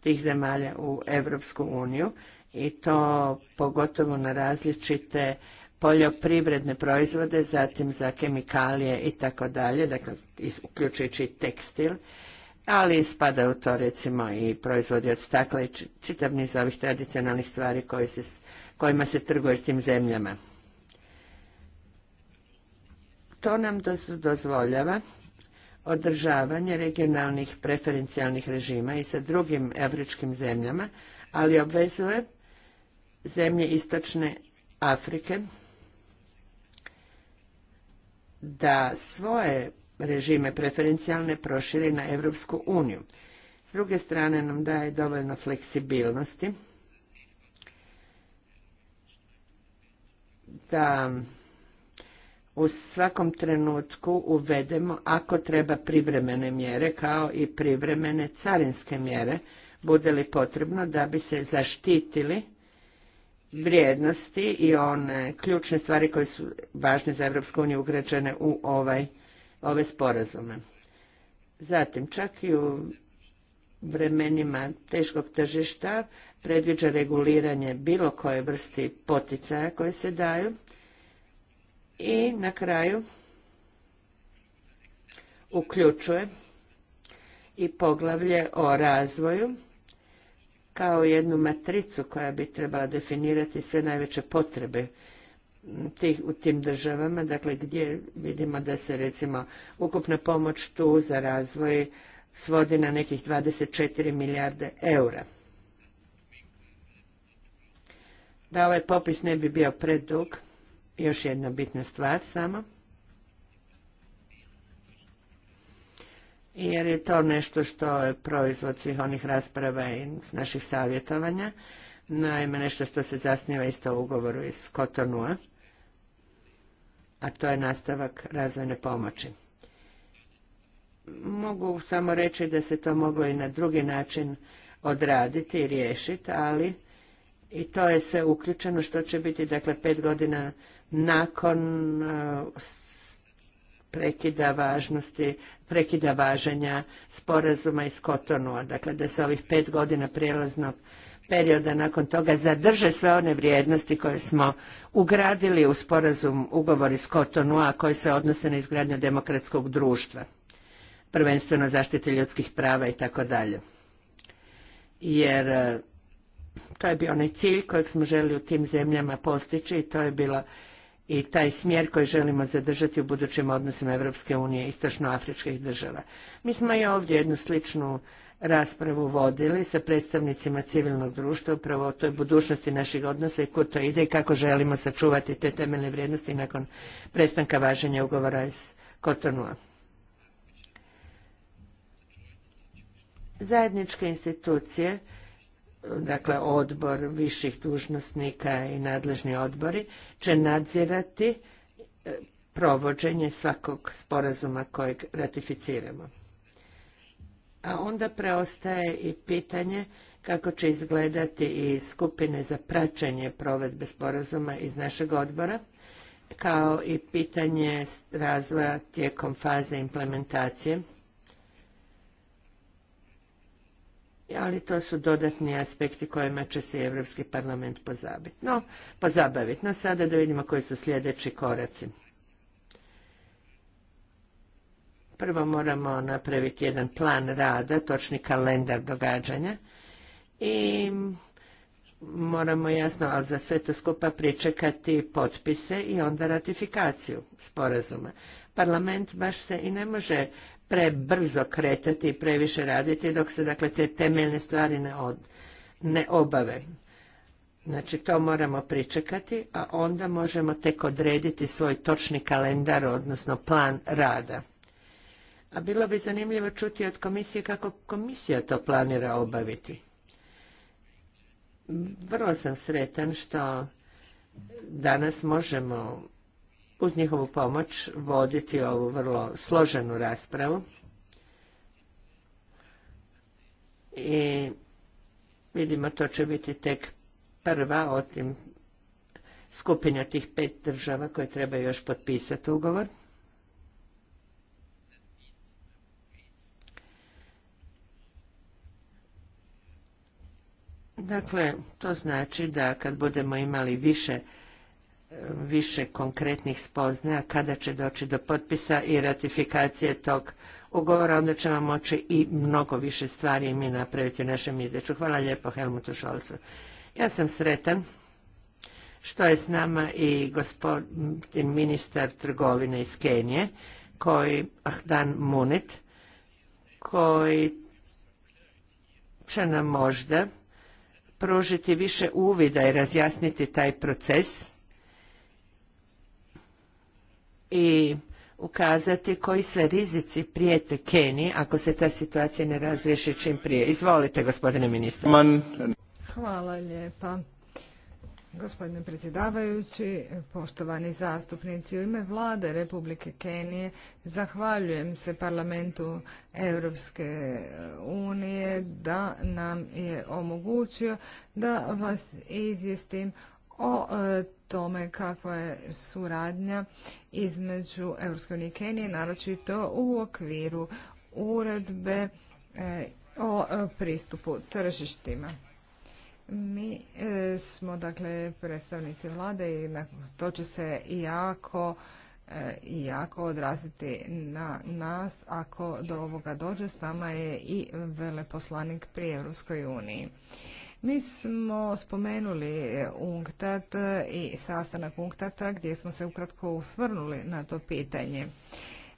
tih zemalja u Europsku uniju i to pogotovo na različite poljoprivredne proizvode, zatim za kemikalije i tako dalje, dakle uključujući tekstil, ali spada u to recimo i proizvodi od stakla i čitav niz ovih tradicionalnih stvari koji kojima se trguje s tim zemljama. To nam dozvoljava održavanje regionalnih preferencijalnih režima i sa drugim afričkim zemljama, ali obvezuje zemlje istočne Afrike da svoje režime preferencijalne proširi na Europsku uniju. S druge strane nam daje dovoljno fleksibilnosti da u svakom trenutku uvedemo ako treba privremene mjere kao i privremene carinske mjere bude li potrebno da bi se zaštitili vrijednosti i one ključne stvari koje su važne za Europsku uniju ugrađene u ovaj, ove sporazume. Zatim, čak i u vremenima teškog tržišta predviđa reguliranje bilo koje vrsti poticaja koje se daju i na kraju uključuje i poglavlje o razvoju kao jednu matricu koja bi trebala definirati sve najveće potrebe tih, u tim državama, dakle gdje vidimo da se recimo ukupna pomoć tu za razvoj svodi na nekih 24 milijarde eura. Da ovaj popis ne bi bio predug, još jedna bitna stvar samo, jer je to nešto što je proizvod svih onih rasprava i naših savjetovanja. Naime, nešto što se zasniva isto u ugovoru iz Kotonua, a to je nastavak razvojne pomoći. Mogu samo reći da se to moglo i na drugi način odraditi i riješiti, ali i to je sve uključeno što će biti dakle pet godina nakon e, prekida važnosti prekida važenja sporazuma iz Kotonua, dakle da se ovih pet godina prijelaznog perioda nakon toga zadrže sve one vrijednosti koje smo ugradili u sporazum ugovor iz Kotonua, a koji se odnose na izgradnju demokratskog društva, prvenstveno zaštite ljudskih prava i tako dalje. Jer e, to je bio onaj cilj kojeg smo želi u tim zemljama postići i to je bilo i taj smjer koji želimo zadržati u budućim odnosima Europske unije i istočnoafričkih država. Mi smo i ovdje jednu sličnu raspravu vodili sa predstavnicima civilnog društva upravo o toj budućnosti naših odnosa i kud to ide i kako želimo sačuvati te temeljne vrijednosti nakon prestanka važenja ugovora iz Kotonua. Zajedničke institucije dakle odbor viših dužnosnika i nadležni odbori će nadzirati e, provođenje svakog sporazuma kojeg ratificiramo. A onda preostaje i pitanje kako će izgledati i skupine za praćenje provedbe sporazuma iz našeg odbora, kao i pitanje razvoja tijekom faze implementacije ali to su dodatni aspekti kojima će se Europski parlament pozabiti. No, pozabaviti. No, sada da vidimo koji su sljedeći koraci. Prvo moramo napraviti jedan plan rada, točni kalendar događanja i moramo jasno, ali za sve to skupa pričekati potpise i onda ratifikaciju sporazuma. Parlament baš se i ne može prebrzo kretati i previše raditi dok se dakle te temeljne stvari ne, od, ne obave. Znači to moramo pričekati, a onda možemo tek odrediti svoj točni kalendar, odnosno plan rada. A bilo bi zanimljivo čuti od komisije kako komisija to planira obaviti. Vrlo sam sretan što danas možemo uz njihovu pomoć voditi ovu vrlo složenu raspravu. I vidimo to će biti tek prva od tim skupina tih pet država koje treba još potpisati ugovor. Dakle, to znači da kad budemo imali više više konkretnih spoznaja kada će doći do potpisa i ratifikacije tog ugovora, onda ćemo moći i mnogo više stvari mi napraviti u našem izvješću. Hvala lijepo Helmutu Šolcu. Ja sam sretan što je s nama i gospodin ministar trgovine iz Kenije, koji Ahdan Munit, koji će nam možda pružiti više uvida i razjasniti taj proces i ukazati koji sve rizici prijete Keniji ako se ta situacija ne razriješi čim prije. Izvolite, gospodine ministre. Hvala lijepa. Gospodine predsjedavajući, poštovani zastupnici, u ime vlade Republike Kenije zahvaljujem se parlamentu Europske unije da nam je omogućio da vas izvijestim o e, tome kakva je suradnja između Europske unije i Kenije, naročito u okviru uredbe e, o e, pristupu tržištima. Mi smo dakle predstavnici vlade i to će se jako jako odraziti na nas ako do ovoga dođe. S nama je i veleposlanik pri Europskoj uniji. Mi smo spomenuli UNCTAD i sastanak unctad gdje smo se ukratko usvrnuli na to pitanje.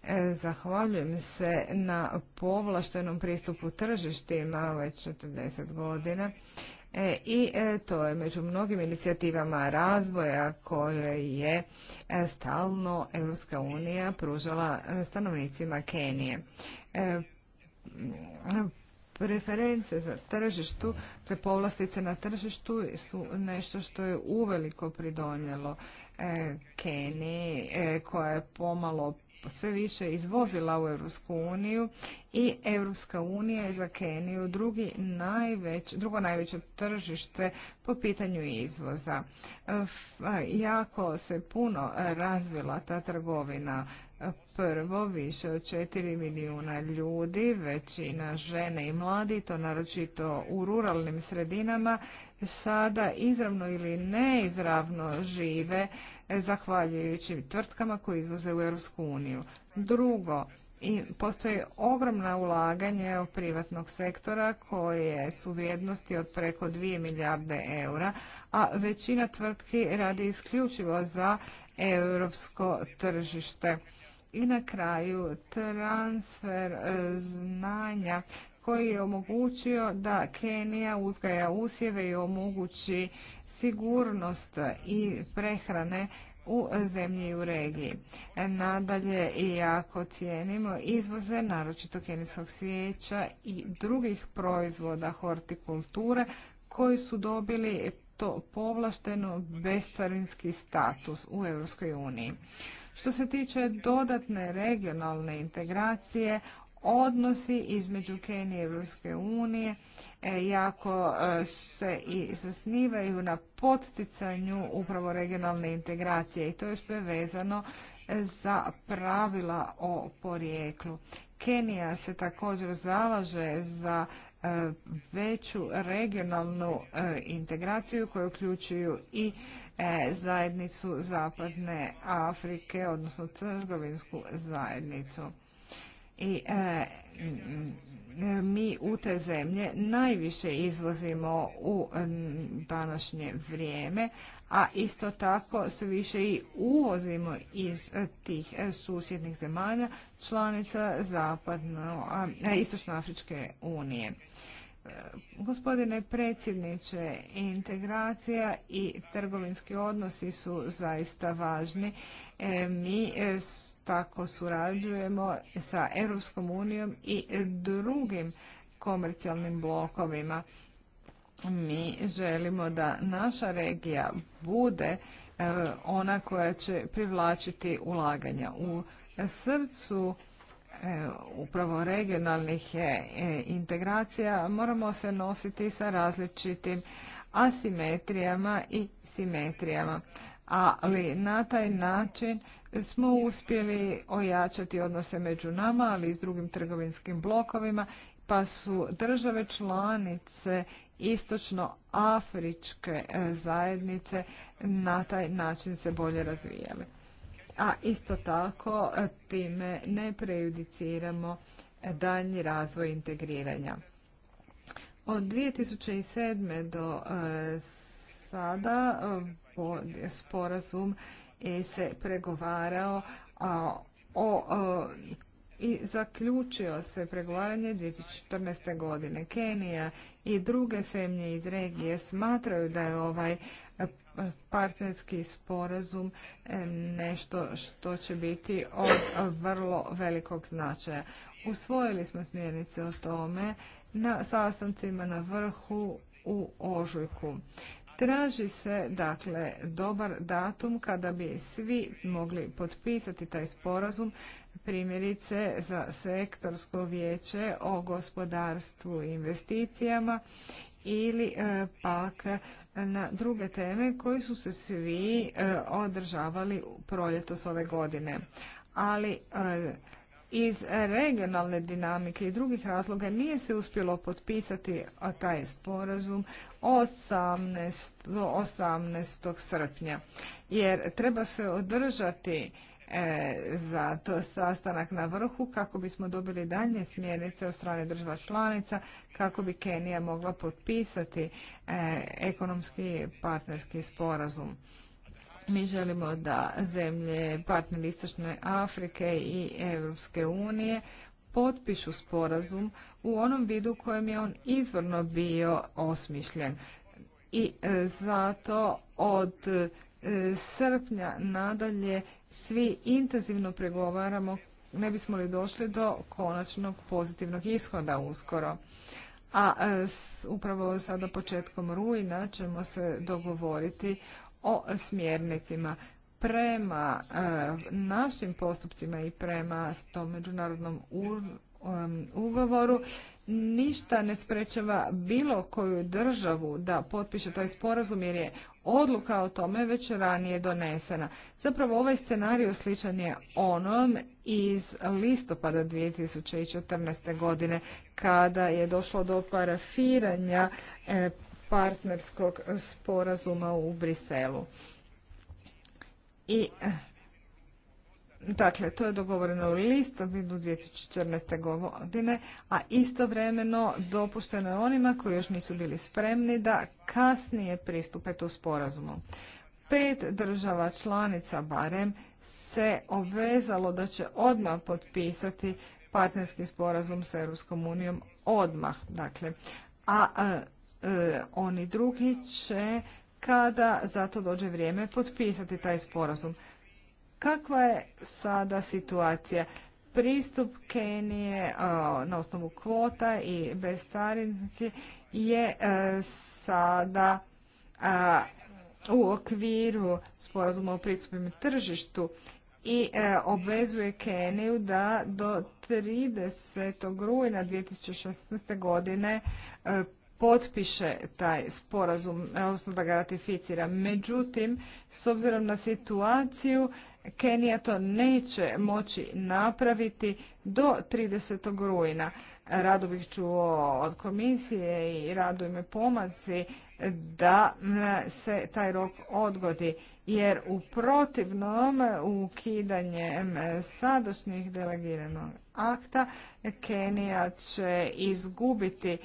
E, zahvaljujem se na povlaštenom pristupu tržištima već 40 godina e, i e, to je među mnogim inicijativama razvoja koje je stalno Europska unija pružala stanovnicima Kenije preference za tržištu, te povlastice na tržištu su nešto što je uveliko pridonjelo e, Keniji e, koja je pomalo sve više izvozila u Europsku uniju i Europska unija je za Keniju drugi drugo najveće tržište po pitanju izvoza. E, jako se puno razvila ta trgovina Prvo, više od 4 milijuna ljudi, većina žene i mladi, to naročito u ruralnim sredinama, sada izravno ili neizravno žive e, zahvaljujući tvrtkama koje izvoze u Europsku uniju. Drugo, i postoji ogromna ulaganje u privatnog sektora koje su vrijednosti od preko 2 milijarde eura, a većina tvrtki radi isključivo za europsko tržište. I na kraju transfer e, znanja koji je omogućio da Kenija uzgaja usjeve i omogući sigurnost i prehrane u zemlji i u regiji. Nadalje i jako cijenimo izvoze, naročito kenijskog svijeća i drugih proizvoda hortikulture koji su dobili to povlašteno bescarinski status u Europskoj uniji. Što se tiče dodatne regionalne integracije, odnosi između Kenije i Europske unije e, jako e, se i zasnivaju na podsticanju upravo regionalne integracije i to je sve vezano za pravila o porijeklu. Kenija se također zalaže za E, veću regionalnu e, integraciju koju uključuju i e, zajednicu Zapadne Afrike, odnosno trgovinsku zajednicu. I mi u te zemlje najviše izvozimo u današnje vrijeme, a isto tako sve više i uvozimo iz tih susjednih zemalja članica zapadno, istočnoafričke unije. E, gospodine predsjedniče, integracija i trgovinski odnosi su zaista važni. E, mi e, tako surađujemo sa Europskom unijom i drugim komercijalnim blokovima mi želimo da naša regija bude e, ona koja će privlačiti ulaganja. U srcu e, upravo regionalnih e, integracija moramo se nositi sa različitim asimetrijama i simetrijama. Ali na taj način smo uspjeli ojačati odnose među nama, ali i s drugim trgovinskim blokovima, pa su države članice istočnoafričke e, zajednice na taj način se bolje razvijale. A isto tako e, time ne prejudiciramo e, daljnji razvoj integriranja. Od 2007. do sada sporazum se pregovarao o i zaključio se pregovaranje 2014. godine. Kenija i druge zemlje iz regije smatraju da je ovaj e, partnerski sporazum e, nešto što će biti od vrlo velikog značaja. Usvojili smo smjernice o tome na sastancima na vrhu u Ožujku. Traži se dakle dobar datum kada bi svi mogli potpisati taj sporazum primjerice za sektorsko vijeće o gospodarstvu i investicijama ili e, pak na druge teme koji su se svi e, održavali u proljetos ove godine. Ali e, iz regionalne dinamike i drugih razloga nije se uspjelo potpisati taj sporazum 18. 18. srpnja jer treba se održati E, za to sastanak na vrhu kako bismo dobili daljnje smjernice od strane država članica kako bi Kenija mogla potpisati e, ekonomski partnerski sporazum. Mi želimo da zemlje partneri Istočne Afrike i Europske unije potpišu sporazum u onom vidu u kojem je on izvorno bio osmišljen. I zato od e, srpnja nadalje svi intenzivno pregovaramo ne bismo li došli do konačnog pozitivnog ishoda uskoro. A e, upravo sada početkom rujna ćemo se dogovoriti o smjernicima prema e, našim postupcima i prema tom međunarodnom ugovoru ništa ne sprečava bilo koju državu da potpiše taj sporazum jer je odluka o tome već ranije donesena. Zapravo ovaj scenarij sličan je onom iz listopada 2014. godine kada je došlo do parafiranja e, partnerskog sporazuma u Briselu. I Dakle, to je dogovoreno u listopadu 2014. godine, a istovremeno dopušteno je onima koji još nisu bili spremni da kasnije pristupe tu sporazumu. Pet država članica barem se obvezalo da će odmah potpisati partnerski sporazum sa Europskom unijom odmah. Dakle, a, a e, e, oni drugi će kada za to dođe vrijeme potpisati taj sporazum. Kakva je sada situacija? Pristup Kenije e, na osnovu kvota i bestarinski je e, sada e, u okviru sporazuma o pristupnim tržištu i obvezuje Keniju da do 30. rujna 2016. godine potpiše taj sporazum, odnosno da ga ratificira. Međutim, s obzirom na situaciju, Kenija to neće moći napraviti do 30. rujna. Rado bih čuo od komisije i rado me pomaci da se taj rok odgodi, jer u protivnom ukidanjem sadašnjih delegiranog akta Kenija će izgubiti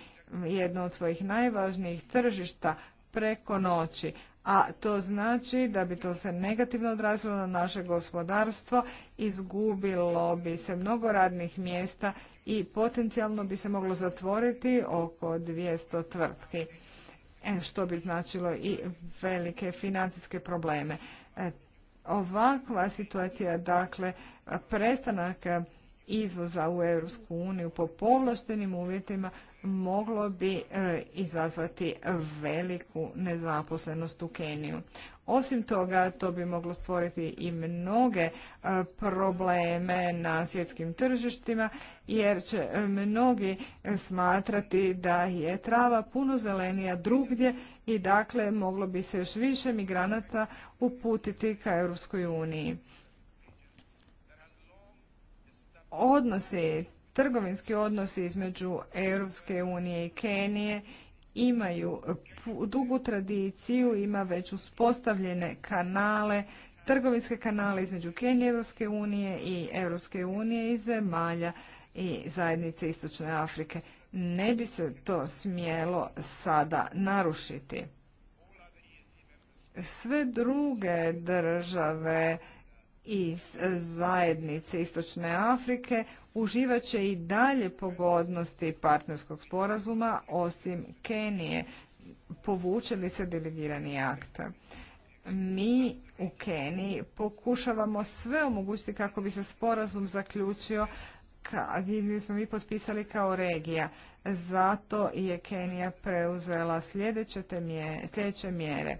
jedno od svojih najvažnijih tržišta preko noći, a to znači da bi to se negativno odrazilo na naše gospodarstvo, izgubilo bi se mnogo radnih mjesta i potencijalno bi se moglo zatvoriti oko 200 tvrtki, e, što bi značilo i velike financijske probleme. E, ovakva situacija, dakle, prestanak izvoza u Europsku uniju po povlaštenim uvjetima moglo bi e, izazvati veliku nezaposlenost u Keniju. Osim toga, to bi moglo stvoriti i mnoge e, probleme na svjetskim tržištima, jer će mnogi smatrati da je trava puno zelenija drugdje i dakle moglo bi se još više migranata uputiti ka Europskoj uniji odnosi, trgovinski odnosi između Europske unije i Kenije imaju dugu tradiciju, ima već uspostavljene kanale, trgovinske kanale između Kenije, Europske unije i Europske unije i zemalja i zajednice Istočne Afrike. Ne bi se to smjelo sada narušiti. Sve druge države iz zajednice Istočne Afrike uživat će i dalje pogodnosti partnerskog sporazuma osim Kenije. Povuče se delegirani akt? Mi u Keniji pokušavamo sve omogućiti kako bi se sporazum zaključio gdje smo mi potpisali kao regija. Zato je Kenija preuzela sljedeće, te sljedeće mjere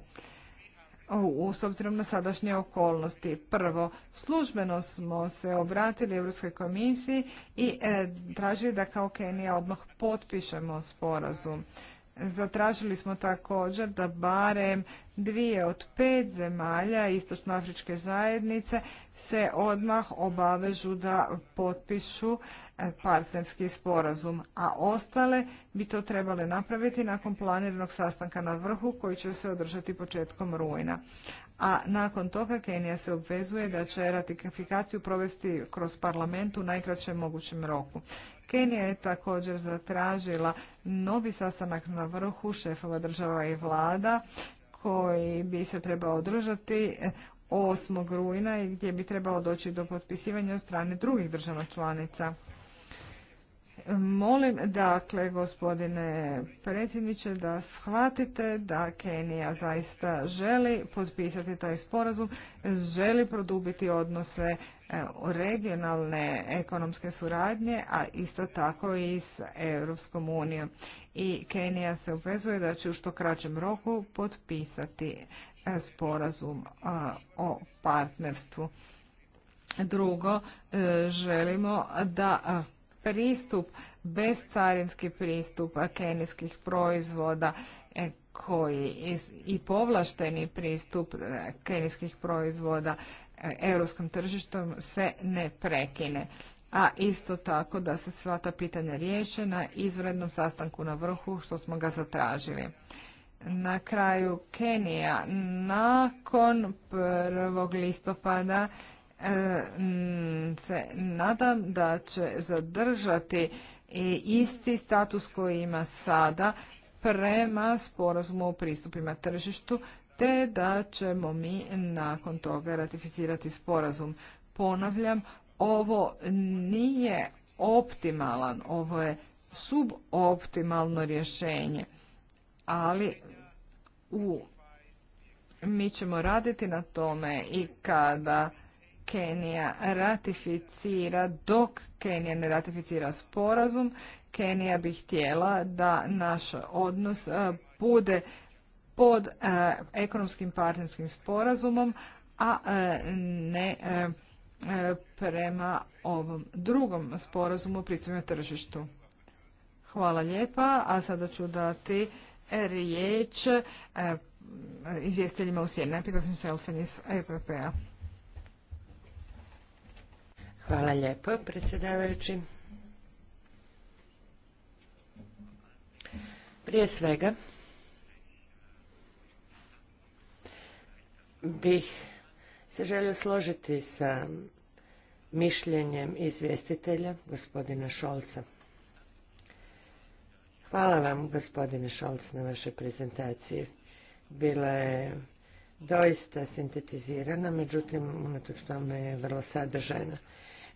u, s obzirom na sadašnje okolnosti. Prvo, službeno smo se obratili Europskoj komisiji i e, tražili da kao Kenija odmah potpišemo sporazum. Zatražili smo također da barem dvije od pet zemalja Istočnoafričke zajednice se odmah obavežu da potpišu e, partnerski sporazum, a ostale bi to trebale napraviti nakon planirnog sastanka na vrhu koji će se održati početkom rujna. A nakon toga Kenija se obvezuje da će ratifikaciju provesti kroz parlament u najkraćem mogućem roku. Kenija je također zatražila novi sastanak na vrhu šefova država i vlada koji bi se trebao održati 8. rujna i gdje bi trebalo doći do potpisivanja od strane drugih država članica. Molim dakle gospodine predsjedniče da shvatite da Kenija zaista želi potpisati taj sporazum, želi produbiti odnose e, regionalne ekonomske suradnje, a isto tako i s Europskom unijom. I Kenija se obvezuje da će u što kraćem roku potpisati e, sporazum e, o partnerstvu. Drugo, želimo da pristup, bezcarinski pristup kenijskih proizvoda e, koji i povlašteni pristup e, kenijskih proizvoda e, europskom tržištom se ne prekine. A isto tako da se sva ta pitanja riješe na izvrednom sastanku na vrhu što smo ga zatražili. Na kraju Kenija nakon 1. listopada E, mm, se nadam da će zadržati isti status koji ima sada prema sporazumu o pristupima tržištu, te da ćemo mi nakon toga ratificirati sporazum. Ponavljam, ovo nije optimalan, ovo je suboptimalno rješenje, ali u, mi ćemo raditi na tome i kada Kenija ratificira, dok Kenija ne ratificira sporazum, Kenija bi htjela da naš odnos e, bude pod e, ekonomskim partnerskim sporazumom, a e, ne prema ovom drugom sporazumu o pristupu tržištu. Hvala lijepa, a sada ću dati riječ izvjestiteljima u Sjedinu, Najprije iz Hvala lijepo, predsjedavajući. Prije svega bih se želio složiti sa mišljenjem izvjestitelja, gospodina Šolca. Hvala vam, gospodine Šolc, na vašoj prezentaciji. Bila je doista sintetizirana, međutim, unatoč tome je vrlo sadržajna.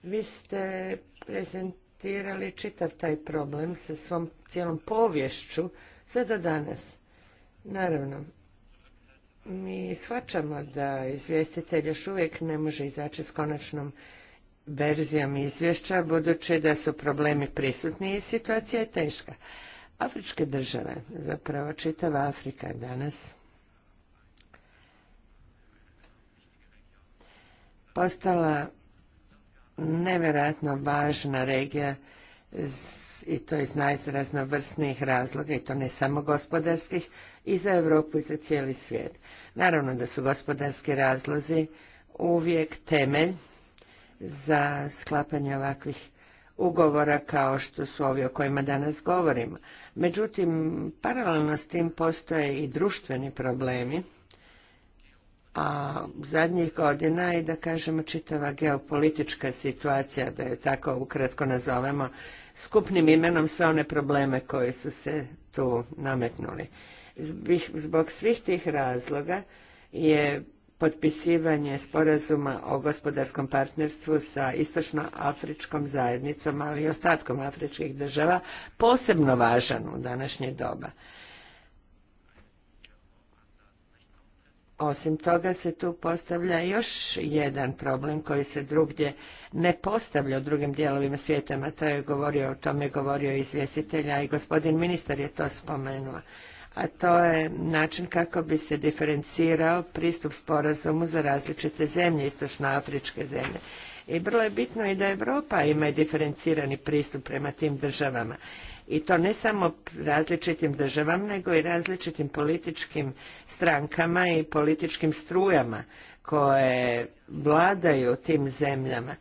Vi ste prezentirali čitav taj problem sa svom cijelom povješću sve do danas. Naravno, mi shvaćamo da izvjestitelj još uvijek ne može izaći s konačnom verzijom izvješća, budući da su problemi prisutni i situacija je teška. Afričke države, zapravo čitava Afrika danas, postala nevjerojatno važna regija i to iz najraznovrsnijih razloga i to ne samo gospodarskih i za Europu i za cijeli svijet. Naravno da su gospodarski razlozi uvijek temelj za sklapanje ovakvih ugovora kao što su ovi o kojima danas govorimo. Međutim, paralelno s tim postoje i društveni problemi a zadnjih godina i da kažemo čitava geopolitička situacija, da je tako ukratko nazovemo, skupnim imenom sve one probleme koji su se tu nametnuli. Zbog svih tih razloga je potpisivanje sporazuma o gospodarskom partnerstvu sa istočnoafričkom zajednicom, ali i ostatkom afričkih država, posebno važan u današnje doba. Osim toga se tu postavlja još jedan problem koji se drugdje ne postavlja u drugim dijelovima svijeta, to je govorio, o tome je govorio izvjestitelj, a i gospodin ministar je to spomenuo. A to je način kako bi se diferencirao pristup sporazumu za različite zemlje, istočnoafričke zemlje. I vrlo je bitno i da Europa ima diferencirani pristup prema tim državama i to ne samo različitim državama nego i različitim političkim strankama i političkim strujama koje vladaju tim zemljama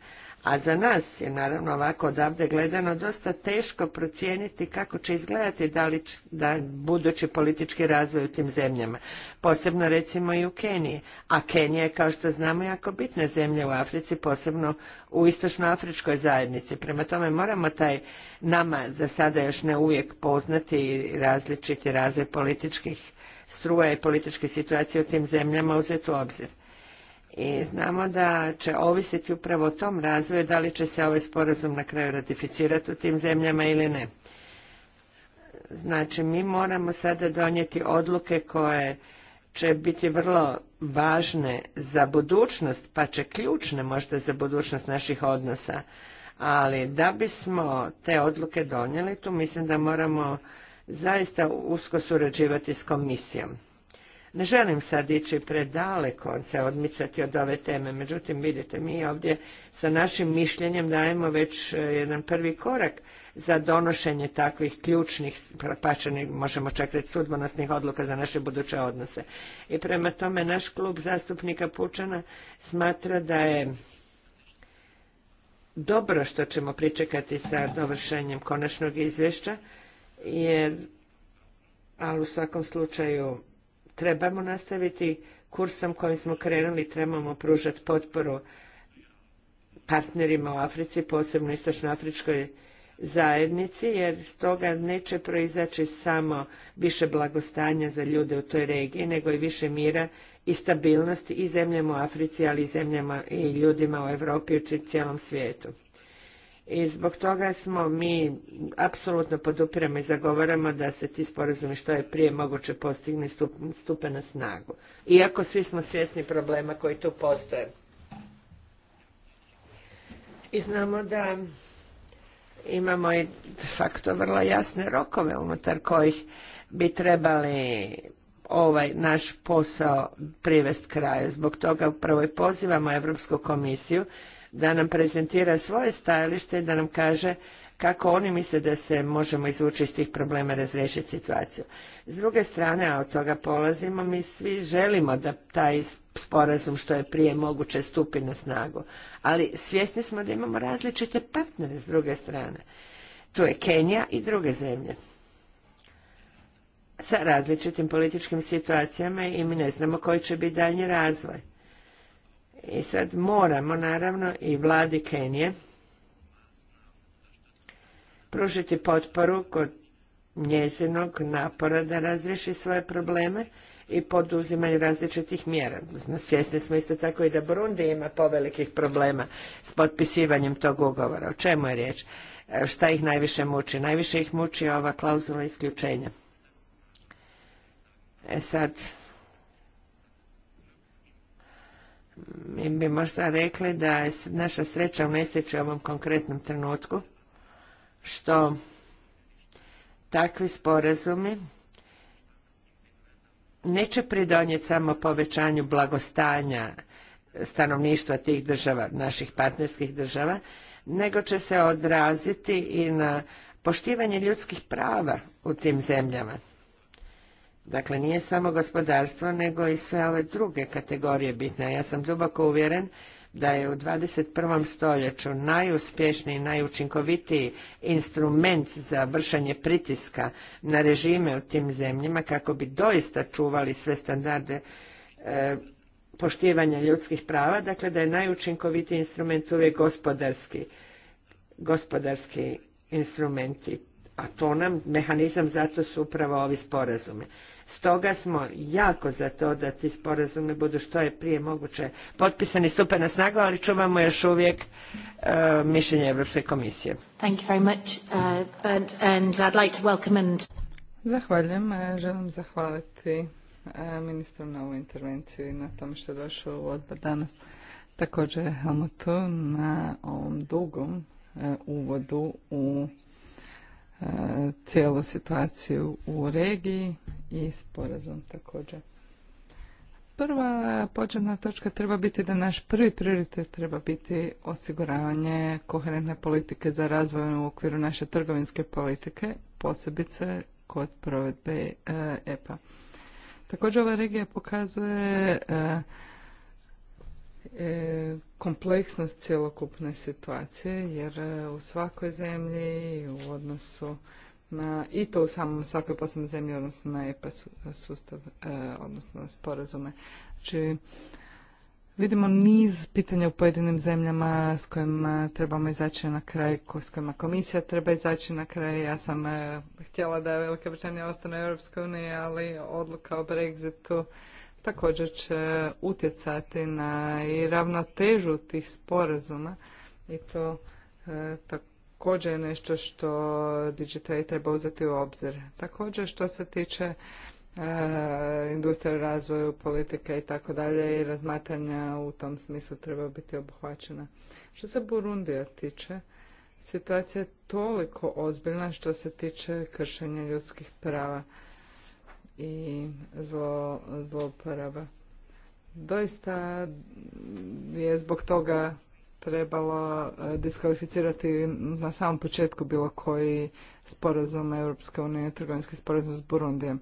a za nas je naravno ovako odavde gledano dosta teško procijeniti kako će izgledati da li da budući politički razvoj u tim zemljama. Posebno recimo i u Keniji. A Kenija je kao što znamo jako bitna zemlja u Africi, posebno u istočnoafričkoj zajednici. Prema tome moramo taj nama za sada još ne uvijek poznati i različiti razvoj političkih struja i političke situacije u tim zemljama uzeti u obzir i znamo da će ovisiti upravo o tom razvoju da li će se ovaj sporazum na kraju ratificirati u tim zemljama ili ne. Znači, mi moramo sada donijeti odluke koje će biti vrlo važne za budućnost, pa će ključne možda za budućnost naših odnosa. Ali da bismo te odluke donijeli, tu mislim da moramo zaista usko surađivati s komisijom. Ne želim sad ići predaleko se odmicati od ove teme, međutim vidite, mi ovdje sa našim mišljenjem dajemo već e, jedan prvi korak za donošenje takvih ključnih, možemo čak reći, sudbonosnih odluka za naše buduće odnose. I prema tome naš klub zastupnika Pučana smatra da je dobro što ćemo pričekati sa dovršenjem konačnog izvješća, jer, ali u svakom slučaju trebamo nastaviti kursom kojim smo krenuli, trebamo pružati potporu partnerima u Africi, posebno istočnoafričkoj zajednici, jer stoga neće proizaći samo više blagostanja za ljude u toj regiji, nego i više mira i stabilnosti i zemljama u Africi, ali i zemljama i ljudima u Europi i u cijelom svijetu i zbog toga smo mi apsolutno podupiramo i zagovaramo da se ti sporazumi što je prije moguće postignu stupe na snagu. Iako svi smo svjesni problema koji tu postoje. I znamo da imamo i de facto vrlo jasne rokove unutar kojih bi trebali ovaj naš posao privest kraju. Zbog toga upravo i pozivamo Europsku komisiju da nam prezentira svoje stajalište i da nam kaže kako oni misle da se možemo izvući iz tih problema, razriješiti situaciju. S druge strane, a od toga polazimo, mi svi želimo da taj sporazum što je prije moguće stupi na snagu, ali svjesni smo da imamo različite partnere s druge strane. Tu je Kenija i druge zemlje sa različitim političkim situacijama i mi ne znamo koji će biti daljnji razvoj. I sad moramo naravno i vladi Kenije pružiti potporu kod njezinog napora da razriješi svoje probleme i poduzimanje različitih mjera. Svjesni smo isto tako i da Burundi ima povelikih problema s potpisivanjem tog ugovora. O čemu je riječ? E, šta ih najviše muči? Najviše ih muči ova klauzula isključenja. E sad, mi bi možda rekli da je naša sreća u nesreći u ovom konkretnom trenutku, što takvi sporazumi neće pridonijeti samo povećanju blagostanja stanovništva tih država, naših partnerskih država, nego će se odraziti i na poštivanje ljudskih prava u tim zemljama. Dakle, nije samo gospodarstvo, nego i sve ove druge kategorije bitne. Ja sam duboko uvjeren da je u 21. stoljeću najuspješniji i najučinkovitiji instrument za vršanje pritiska na režime u tim zemljama kako bi doista čuvali sve standarde e, poštivanja ljudskih prava, dakle da je najučinkovitiji instrument uvijek gospodarski, gospodarski instrumenti. A to nam, mehanizam zato su upravo ovi sporazumi. Stoga smo jako za to da ti sporazumi budu što je prije moguće potpisani stupe na snagu, ali čuvamo još uvijek e, mišljenje Europske komisije. Zahvaljujem. Želim zahvaliti e, ministru na ovu intervenciju i na tome što je došao u odbor danas. Također Helmutu na ovom dugom e, uvodu u cijelu situaciju u regiji i također. Prva početna točka treba biti da naš prvi prioritet treba biti osiguravanje koherentne politike za razvoj u okviru naše trgovinske politike, posebice kod provedbe EPA. E također ova regija pokazuje e, e, kompleksnost cjelokupne situacije jer u svakoj zemlji u odnosu na, i to u samom svakoj poslovnoj zemlji, odnosno na EPA sustav, e, odnosno sporazume. Znači, vidimo niz pitanja u pojedinim zemljama s kojima trebamo izaći na kraj, s kojima komisija treba izaći na kraj. Ja sam e, htjela da Velika Britanija ostane u Europskoj uniji, ali odluka o Brexitu također će utjecati na i ravnotežu tih sporazuma i to e, tako također je nešto što digitali treba uzeti u obzir. Također što se tiče E, razvoju, politika i tako dalje i razmatranja u tom smislu treba biti obuhvaćena. Što se Burundija tiče, situacija je toliko ozbiljna što se tiče kršenja ljudskih prava i zlo, zlouporaba. Doista je zbog toga trebalo eh, diskvalificirati na samom početku bilo koji sporazum Europske unije, trgovinski sporazum s Burundijem.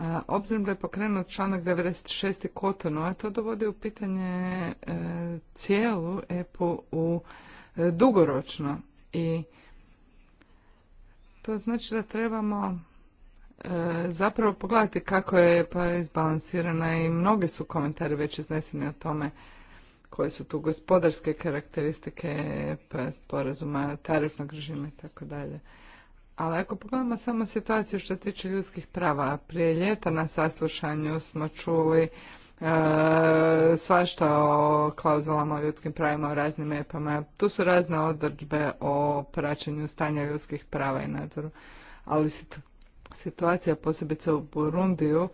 Eh, obzirom da je pokrenut članak 96. Kotonu, a to dovodi u pitanje eh, cijelu EPU u dugoročno i to znači da trebamo zapravo pogledati kako je pa izbalansirana i mnogi su komentari već izneseni o tome koje su tu gospodarske karakteristike pa sporazuma, tarifnog režima i tako dalje. Ali ako pogledamo samo situaciju što se tiče ljudskih prava, prije ljeta na saslušanju smo čuli e, svašta o klauzulama o ljudskim pravima, o raznim epama. Tu su razne odredbe o praćenju stanja ljudskih prava i nadzoru. Ali situacija posebice u Burundiju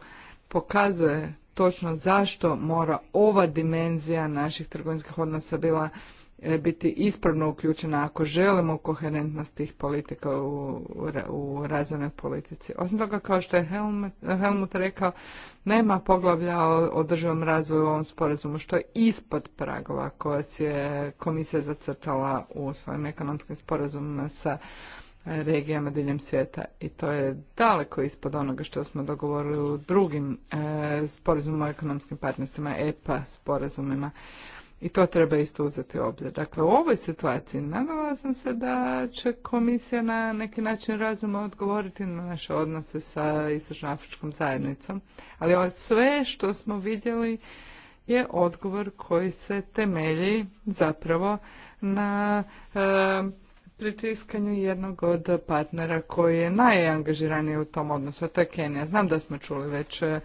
pokazuje točno zašto mora ova dimenzija naših trgovinskih odnosa bila e, biti ispravno uključena ako želimo koherentnost tih politika u, u razvojnoj politici. Osim toga, kao što je Helmut, Helmut rekao, nema poglavlja o održivom razvoju u ovom sporazumu, što je ispod pragova koja se je komisija zacrtala u svojim ekonomskim sporazumima sa regijama diljem svijeta i to je daleko ispod onoga što smo dogovorili u drugim e, sporazumima o ekonomskim partnerstvima, EPA sporazumima i to treba isto uzeti u obzir. Dakle, u ovoj situaciji nadala se da će komisija na neki način razuma odgovoriti na naše odnose sa istočnoafričkom zajednicom, ali ovo sve što smo vidjeli je odgovor koji se temelji zapravo na e, pritiskanju jednog od partnera koji je najangažiraniji u tom odnosu, a to je Kenija. Znam da smo čuli već e,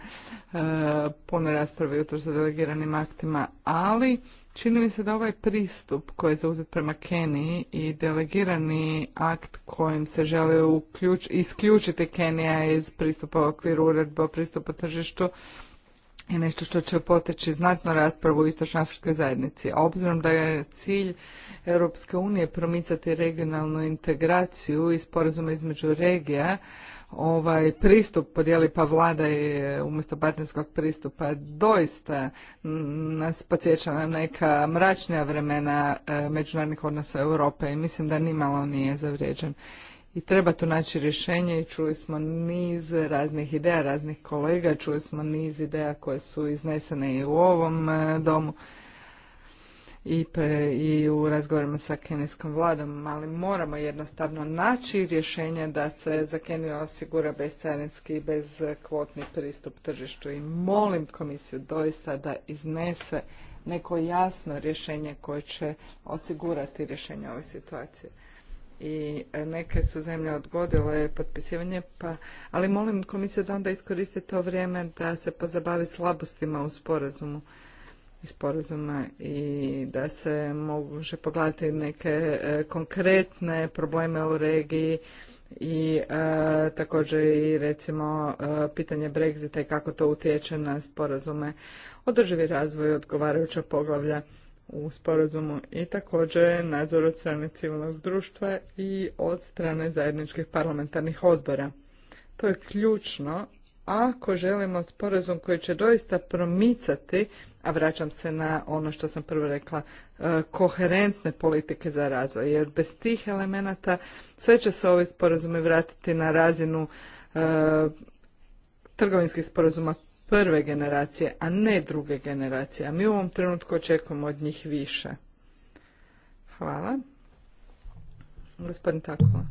puno rasprave jutro sa delegiranim aktima, ali čini mi se da ovaj pristup koji je zauzet prema Keniji i delegirani akt kojim se žele uključ, isključiti Kenija iz pristupa u okviru uredbe o pristupu tržištu je nešto što će poteći znatno raspravu u istočnoafričkoj zajednici. obzirom da je cilj Europske unije promicati regionalnu integraciju i sporazuma između regija, ovaj pristup podijeli pa vlada i umjesto partnerskog pristupa doista nas podsjeća na neka mračnija vremena eh, međunarodnih odnosa Europe i mislim da nimalo nije zavrijeđen i treba tu naći rješenje i čuli smo niz raznih ideja, raznih kolega, čuli smo niz ideja koje su iznesene i u ovom e, domu i, i u razgovorima sa kenijskom vladom, ali moramo jednostavno naći rješenje da se za Keniju osigura bezcarinski i kvotni pristup tržištu i molim komisiju doista da iznese neko jasno rješenje koje će osigurati rješenje ove situacije i neke su zemlje odgodile potpisivanje, pa, ali molim komisiju da onda iskoristi to vrijeme da se pozabavi slabostima u sporazumu i sporazuma i da se može pogledati neke e, konkretne probleme u regiji i e, također i recimo e, pitanje Brexita i kako to utječe na sporazume održivi razvoj odgovarajuća poglavlja u sporazumu i također nadzor od strane civilnog društva i od strane zajedničkih parlamentarnih odbora. To je ključno ako želimo sporazum koji će doista promicati, a vraćam se na ono što sam prvo rekla, e, koherentne politike za razvoj, jer bez tih elemenata sve će se ovi sporazumi vratiti na razinu e, trgovinskih sporazuma prve generacije, a ne druge generacije. A mi u ovom trenutku očekujemo od njih više. Hvala. Gospodin Takula.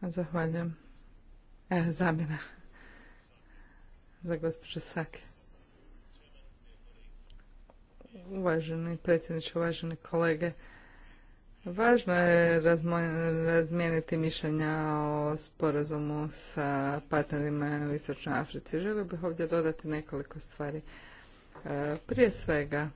Zahvaljujem. E, zamjena za gospođu Sake. Uvaženi predsjedniče, uvaženi kolege, Važno je razmijeniti mišljenja o sporazumu sa partnerima u Istočnoj Africi. Želio bih ovdje dodati nekoliko stvari. E, prije svega,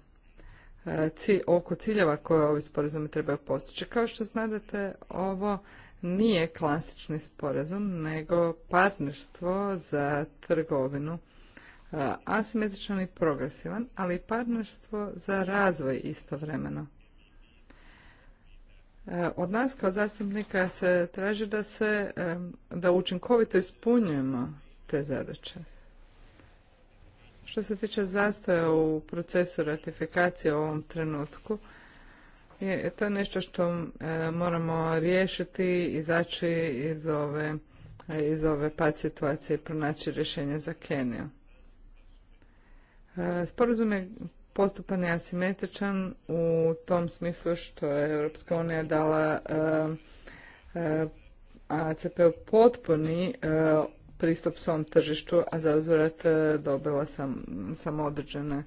e, cilj, oko ciljeva koje ovi sporazumi trebaju postići. Kao što znate, ovo nije klasični sporazum, nego partnerstvo za trgovinu e, asimetričan i progresivan, ali i partnerstvo za razvoj istovremeno. Od nas kao zastupnika se traži da se, da učinkovito ispunjujemo te zadaće. Što se tiče zastoja u procesu ratifikacije u ovom trenutku, je, to nešto što moramo riješiti, izaći iz ove, iz ove pad situacije i pronaći rješenje za Keniju. E, postupan je asimetričan u tom smislu što je Europska unija dala e, e, ACP-u potpuni e, pristup svom tržištu, a za uzvrat dobila sam samo određene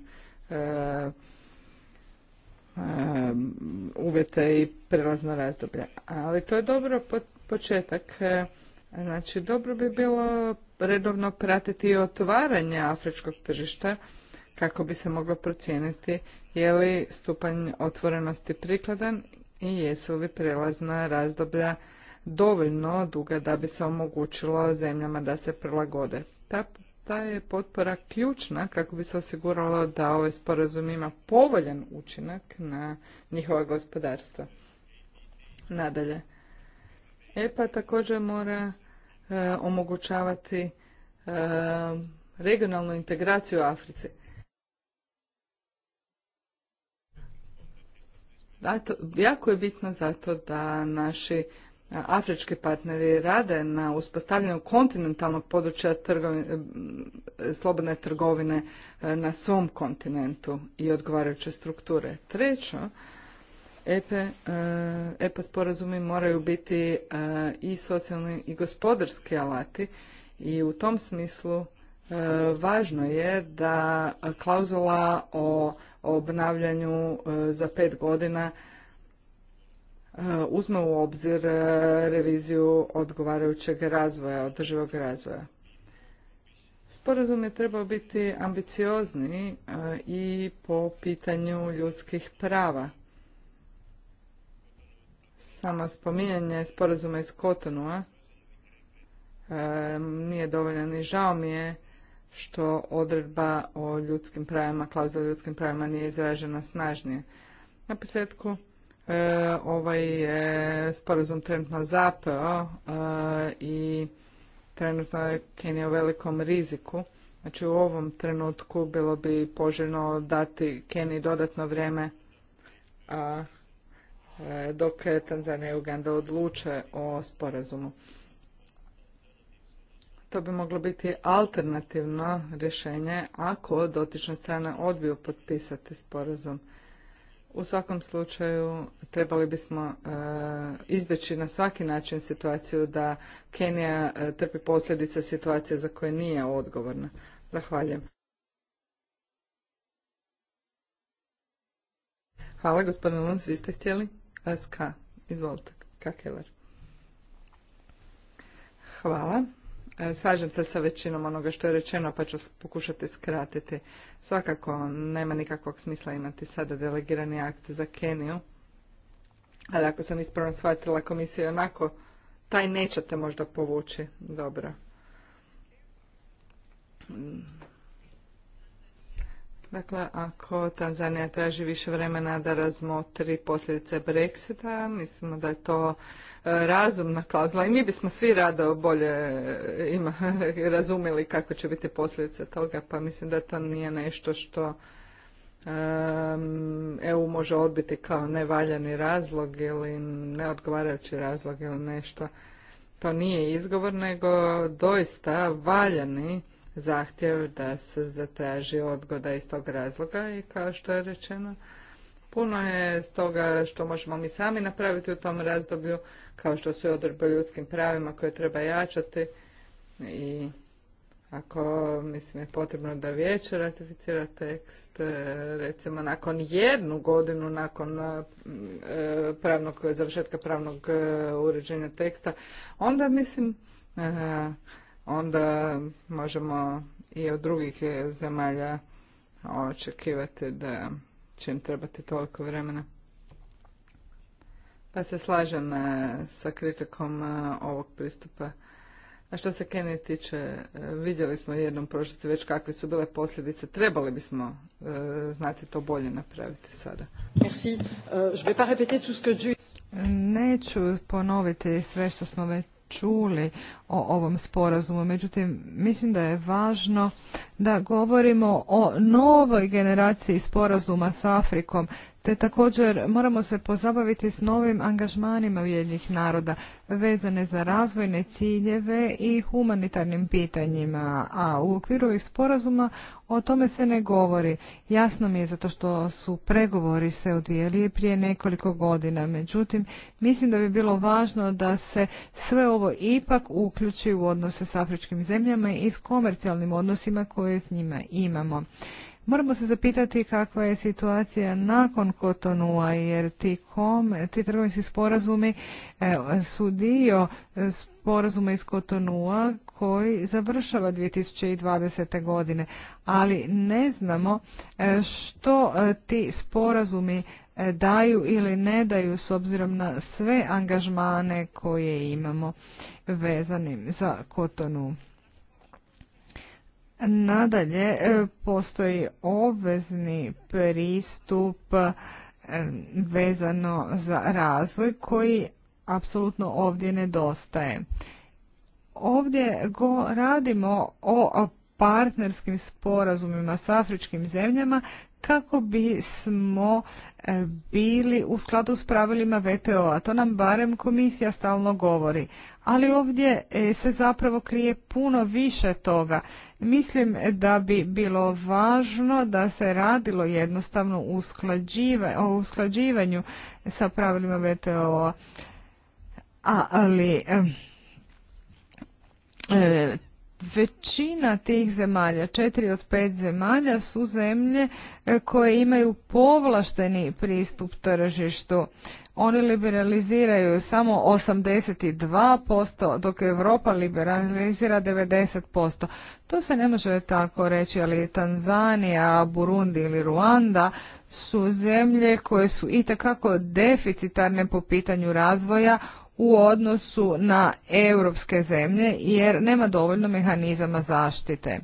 uvjete i prelazna razdoblja. Ali to je dobro početak. Znači, dobro bi bilo redovno pratiti otvaranje afričkog tržišta, kako bi se moglo procijeniti je li stupanj otvorenosti prikladan i jesu li prelazna razdoblja dovoljno duga da bi se omogućilo zemljama da se prilagode. Ta, ta je potpora ključna kako bi se osiguralo da ovaj sporazum ima povoljan učinak na njihova gospodarstva. Nadalje, EPA također mora e, omogućavati e, regionalnu integraciju u Africi. Zato, jako je bitno zato da naši afrički partneri rade na uspostavljanju kontinentalnog područja trgovine, slobodne trgovine e, na svom kontinentu i odgovarajuće strukture. Treće, EPE, EPA sporazumi moraju biti e, i socijalni i gospodarski alati i u tom smislu E, važno je da klauzula o obnavljanju e, za pet godina e, uzme u obzir reviziju odgovarajućeg razvoja, održivog razvoja. Sporazum je trebao biti ambiciozni i po pitanju ljudskih prava. Samo spominjanje sporazuma iz Kotonua nije dovoljno ni žao mi je što odredba o ljudskim pravima, klauza o ljudskim pravima nije izražena snažnije. Na posljedku, e, ovaj je sporazum trenutno zapeo e, i trenutno je Kenija u velikom riziku. Znači u ovom trenutku bilo bi poželjno dati Keniji dodatno vrijeme e, dok Tanzanija i Uganda odluče o sporazumu. To bi moglo biti alternativno rješenje ako dotične strane odbiju potpisati sporazum. U svakom slučaju trebali bismo e, izbjeći na svaki način situaciju da Kenija e, trpi posljedice situacije za koje nije odgovorna. Zahvaljujem. Hvala, gospodine Luns, vi ste htjeli? SK, izvolite, Kakeler. Hvala. E, slažem se sa većinom onoga što je rečeno, pa ću pokušati skratiti. Svakako nema nikakvog smisla imati sada delegirani akt za Keniju, ali ako sam ispravno shvatila komisiju, onako taj nećete možda povući. Dobro. Dakle, ako Tanzanija traži više vremena da razmotri posljedice Brexita, mislimo da je to e, razumna klauzula i mi bismo svi rado bolje e, ima, (laughs) razumjeli kako će biti posljedice toga, pa mislim da to nije nešto što EU može odbiti kao nevaljani razlog ili neodgovarajući razlog ili nešto. To nije izgovor, nego doista valjani zahtjev da se zatraži odgoda iz tog razloga i kao što je rečeno, puno je stoga što možemo mi sami napraviti u tom razdoblju, kao što su i odredbe ljudskim pravima koje treba jačati i ako mislim je potrebno da vijeće ratificira tekst, e, recimo nakon jednu godinu nakon e, pravnog, završetka pravnog e, uređenja teksta, onda mislim onda možemo i od drugih zemalja očekivati da će im trebati toliko vremena. Pa se slažem e, sa kritikom e, ovog pristupa. A što se Kenije tiče, e, vidjeli smo jednom prošlosti već kakve su bile posljedice. Trebali bismo znati to bolje napraviti sada. Merci. Neću ponoviti sve što smo već čuli o ovom sporazumu. Međutim, mislim da je važno da govorimo o novoj generaciji sporazuma s Afrikom te također moramo se pozabaviti s novim angažmanima Ujedinjenih naroda vezane za razvojne ciljeve i humanitarnim pitanjima, a u okviru ovih sporazuma o tome se ne govori. Jasno mi je zato što su pregovori se odvijeli prije nekoliko godina, međutim mislim da bi bilo važno da se sve ovo ipak uključi u odnose s afričkim zemljama i s komercijalnim odnosima koje s njima imamo. Moramo se zapitati kakva je situacija nakon Kotonua, jer ti, kom, ti trgovinski sporazumi e, su dio sporazuma iz Kotonua koji završava 2020. godine, ali ne znamo e, što e, ti sporazumi daju ili ne daju s obzirom na sve angažmane koje imamo vezanim za Kotonu. Nadalje, e, postoji obvezni pristup e, vezano za razvoj koji apsolutno ovdje nedostaje. Ovdje go radimo o partnerskim sporazumima s afričkim zemljama kako bismo e, bili u skladu s pravilima VTO-a. To nam barem komisija stalno govori. Ali ovdje se zapravo krije puno više toga. Mislim da bi bilo važno da se radilo jednostavno o usklađivanju sa pravilima VTO-a, ali e, većina tih zemalja, četiri od pet zemalja, su zemlje e, koje imaju povlašteni pristup tržištu. Oni liberaliziraju samo 82%, dok Europa liberalizira 90%. To se ne može tako reći, ali Tanzanija, Burundi ili Ruanda su zemlje koje su itekako deficitarne po pitanju razvoja u odnosu na europske zemlje jer nema dovoljno mehanizama zaštite.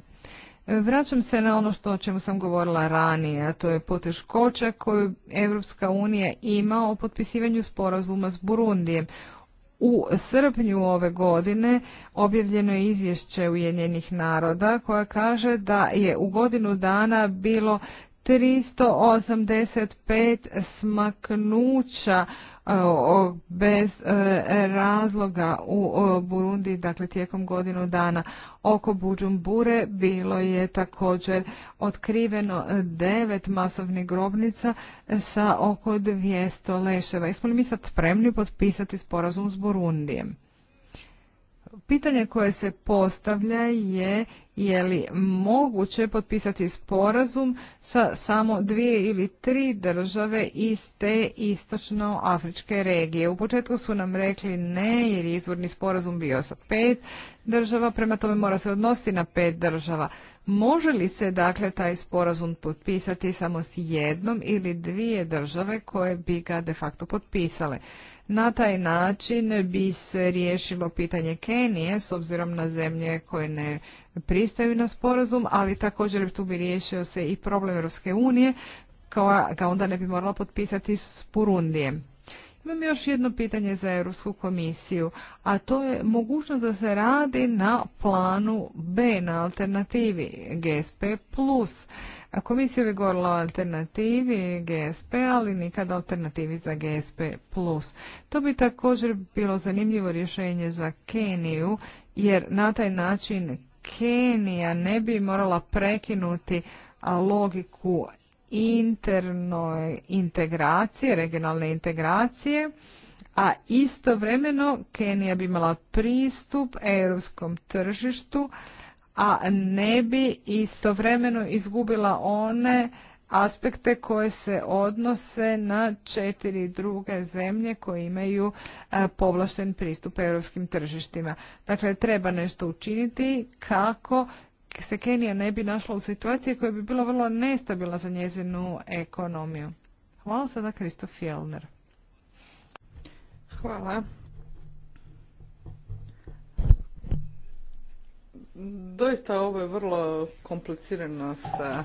Vraćam se na ono što o čemu sam govorila ranije, a to je poteškoća koju Europska unija ima o potpisivanju sporazuma s Burundijem. U srpnju ove godine objavljeno je izvješće Ujedinjenih naroda koja kaže da je u godinu dana bilo 385 smaknuća e, bez e, razloga u Burundi, dakle tijekom godinu dana. Oko Buđumbure bilo je također otkriveno devet masovnih grobnica sa oko 200 leševa. Jesmo li mi sad spremni potpisati sporazum s Burundijem? Pitanje koje se postavlja je je li moguće potpisati sporazum sa samo dvije ili tri države iz te istočnoafričke regije. U početku su nam rekli ne jer je izvorni sporazum bio sa pet država, prema tome mora se odnositi na pet država. Može li se dakle taj sporazum potpisati samo s jednom ili dvije države koje bi ga de facto potpisale? Na taj način bi se riješilo pitanje Kenije s obzirom na zemlje koje ne pristaju na sporazum, ali također tu bi riješio se i problem Europske unije koja ga onda ne bi morala potpisati s Purundijem. Imam još jedno pitanje za Europsku komisiju, a to je mogućnost da se radi na planu B, na alternativi GSP+. A Komisija bi govorila o alternativi GSP, ali nikada alternativi za GSP+. To bi također bilo zanimljivo rješenje za Keniju, jer na taj način Kenija ne bi morala prekinuti logiku internoj integracije, regionalne integracije, a istovremeno Kenija bi imala pristup europskom tržištu, a ne bi istovremeno izgubila one aspekte koje se odnose na četiri druge zemlje koje imaju e, povlašten pristup europskim tržištima. Dakle, treba nešto učiniti kako se Kenija ne bi našla u situaciji koja bi bila vrlo nestabilna za njezinu ekonomiju. Hvala sada Kristof Jelner. Hvala. Doista ovo je vrlo komplicirano sa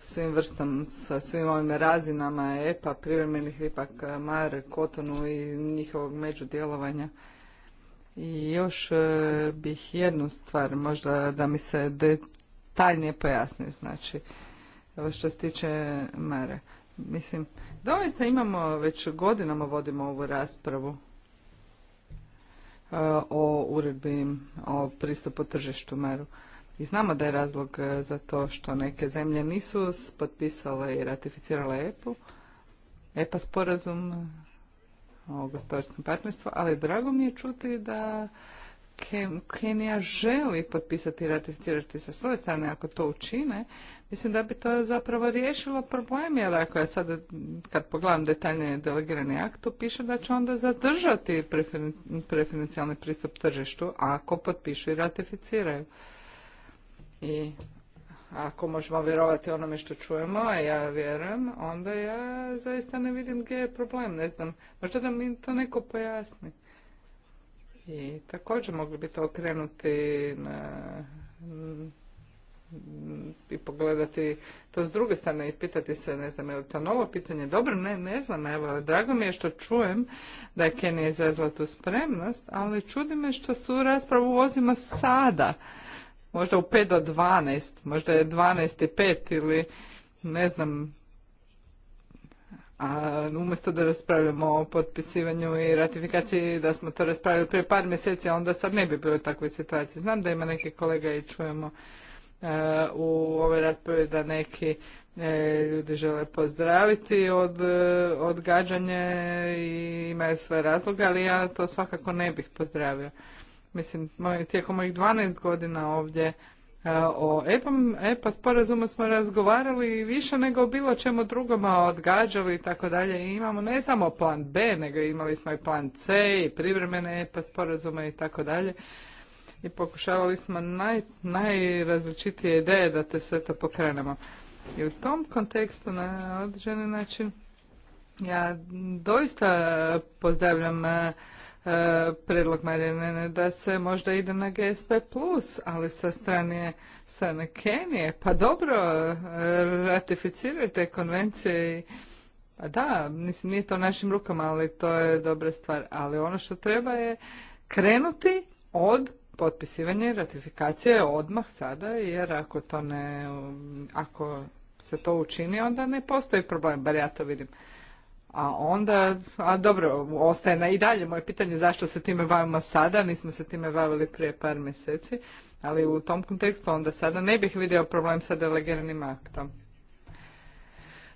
svim vrstom, sa svim ovim razinama EPA, privremenih ipak e Mare, Kotonu i njihovog međudjelovanja. I još e, bih jednu stvar, možda da mi se detaljnije pojasni, znači, što se tiče Mare. Mislim, doista imamo, već godinama vodimo ovu raspravu E, o uredbi o pristupu tržištu meru. I znamo da je razlog e, za to što neke zemlje nisu potpisale i ratificirale EPU, EPA sporazum e, o gospodarskom partnerstvu, ali drago mi je čuti da Kenija želi potpisati i ratificirati sa svoje strane. Ako to učine, Mislim da bi to zapravo riješilo problem, jer ako ja sad, kad pogledam detaljnije delegirani akt, to piše da će onda zadržati preferencijalni pristup tržištu ako potpišu i ratificiraju. I ako možemo vjerovati onome što čujemo, a ja vjerujem, onda ja zaista ne vidim gdje je problem, ne znam. Možda da mi to neko pojasni. I također mogli bi to okrenuti na Mm, i pogledati to s druge strane i pitati se, ne znam, je li to novo pitanje? Dobro, ne, ne znam, evo, drago mi je što čujem da je Kenija izrazila tu spremnost, ali čudi me što su raspravu vozima sada, možda u 5 do 12, možda je 12 i 5 ili ne znam, a umjesto da raspravljamo o potpisivanju i ratifikaciji, da smo to raspravili prije par mjeseci, a onda sad ne bi bilo u takvoj situaciji. Znam da ima neke kolega i čujemo E, u ovoj raspravi da neki e, ljudi žele pozdraviti od e, odgađanje i imaju svoje razloge, ali ja to svakako ne bih pozdravio. Mislim, tijekom mojih 12 godina ovdje o EPA, EPA sporazumu smo razgovarali više nego bilo čemu drugoma odgađali i tako dalje. Imamo ne samo plan B, nego imali smo i plan C i privremene EPA sporazume i tako dalje i pokušavali smo naj, najrazličitije ideje da te sve to pokrenemo. I u tom kontekstu na određeni način ja doista pozdravljam e, e, predlog Marijane da se možda ide na GSP+, ali sa strane, strane Kenije, pa dobro, e, ratificirajte konvencije i pa da, mislim, nije to našim rukama, ali to je dobra stvar. Ali ono što treba je krenuti od potpisivanje je odmah sada jer ako to ne ako se to učini onda ne postoji problem bar ja to vidim a onda a dobro ostaje na i dalje moje pitanje zašto se time bavimo sada nismo se time bavili prije par mjeseci ali u tom kontekstu onda sada ne bih vidio problem sa delegiranim aktom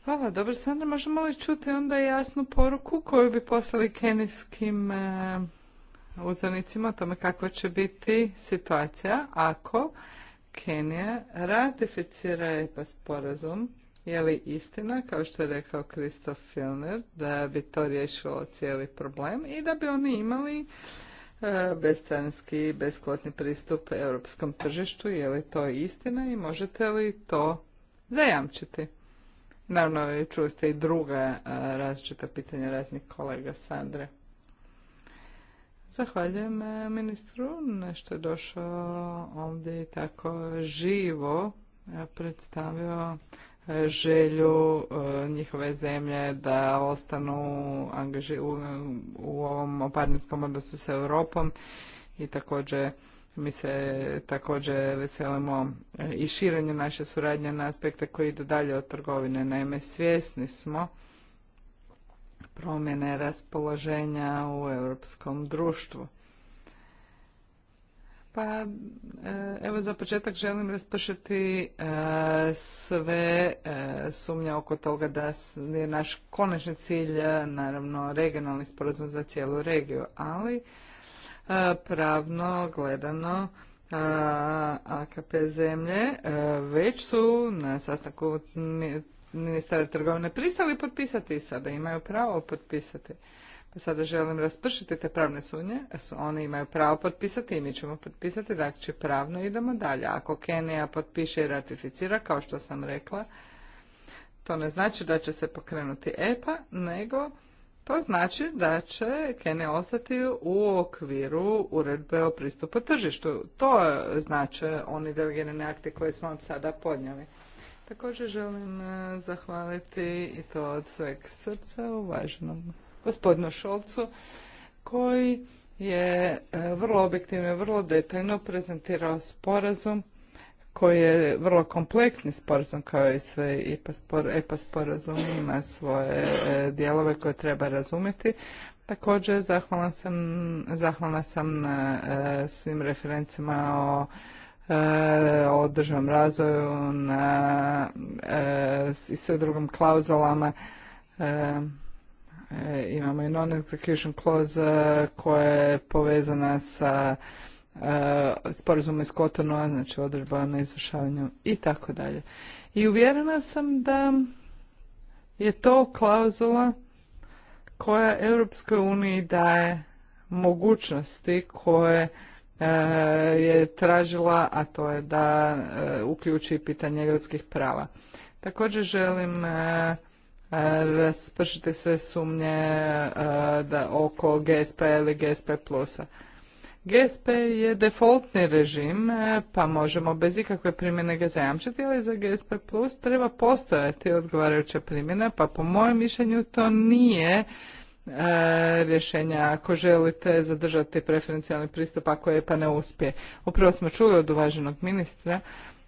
Hvala, dobro, Sandra, možemo li čuti onda jasnu poruku koju bi poslali kenijskim eh, uzornicima o tome kakva će biti situacija ako Kenija ratificira EPA sporazum. Je li istina, kao što je rekao Kristof Filner, da bi to riješilo cijeli problem i da bi oni imali e, bescarinski i beskvotni pristup europskom tržištu. Je li to istina i možete li to zajamčiti? Naravno, čuli ste i druga e, različita pitanja raznih kolega Sandre. Zahvaljujem e, ministru Nešto je došao ovdje tako živo e, predstavio e, želju njihove zemlje da ostanu u ovom partnerskom odnosu s Europom i također mi se također veselimo i širenju naše suradnje na aspekte koji idu dalje od trgovine. Naime, svjesni smo promjene raspoloženja u europskom društvu. Pa e, evo za početak želim raspršati e, sve e, sumnje oko toga da je naš konačni cilj naravno regionalni sporazum za cijelu regiju, ali pravno gledano AKP zemlje već su na sastanku ministar trgovine pristali potpisati i sada imaju pravo potpisati. Pa sada želim raspršiti te pravne sunje, oni imaju pravo potpisati i mi ćemo potpisati, dakle će pravno idemo dalje. Ako Kenija potpiše i ratificira, kao što sam rekla, to ne znači da će se pokrenuti EPA, nego to znači da će Kenija ostati u okviru uredbe o pristupu tržištu. To znači oni delegirani akti koje smo vam sada podnijeli. Također želim e, zahvaliti i to od sveg srca uvaženom gospodinu Šolcu koji je e, vrlo objektivno i vrlo detaljno prezentirao sporazum koji je vrlo kompleksni sporazum kao i sve EPA sporazum ima svoje e, dijelove koje treba razumjeti. Također zahvalna sam, zahvalna sam na svim referencima o Eh, o razvoju na, eh, i sve drugim klauzulama. Eh, imamo i non-execution clause koja je povezana sa sporazumom iz Kotonua, znači odredba na izvršavanju i tako dalje. I uvjerena sam da je to klauzula koja Europskoj uniji daje mogućnosti koje E, je tražila, a to je da e, uključi pitanje ljudskih prava. Također želim e, raspršiti sve sumnje oko GSP ili GSP plusa. GSP je defaultni režim, pa možemo bez ikakve primjene ga zajamčiti, ali za GSP plus treba postojati odgovarajuća primjena, pa po mojem mišljenju to nije E, rješenja ako želite zadržati preferencijalni pristup ako EPA ne uspije. Upravo smo čuli od uvaženog ministra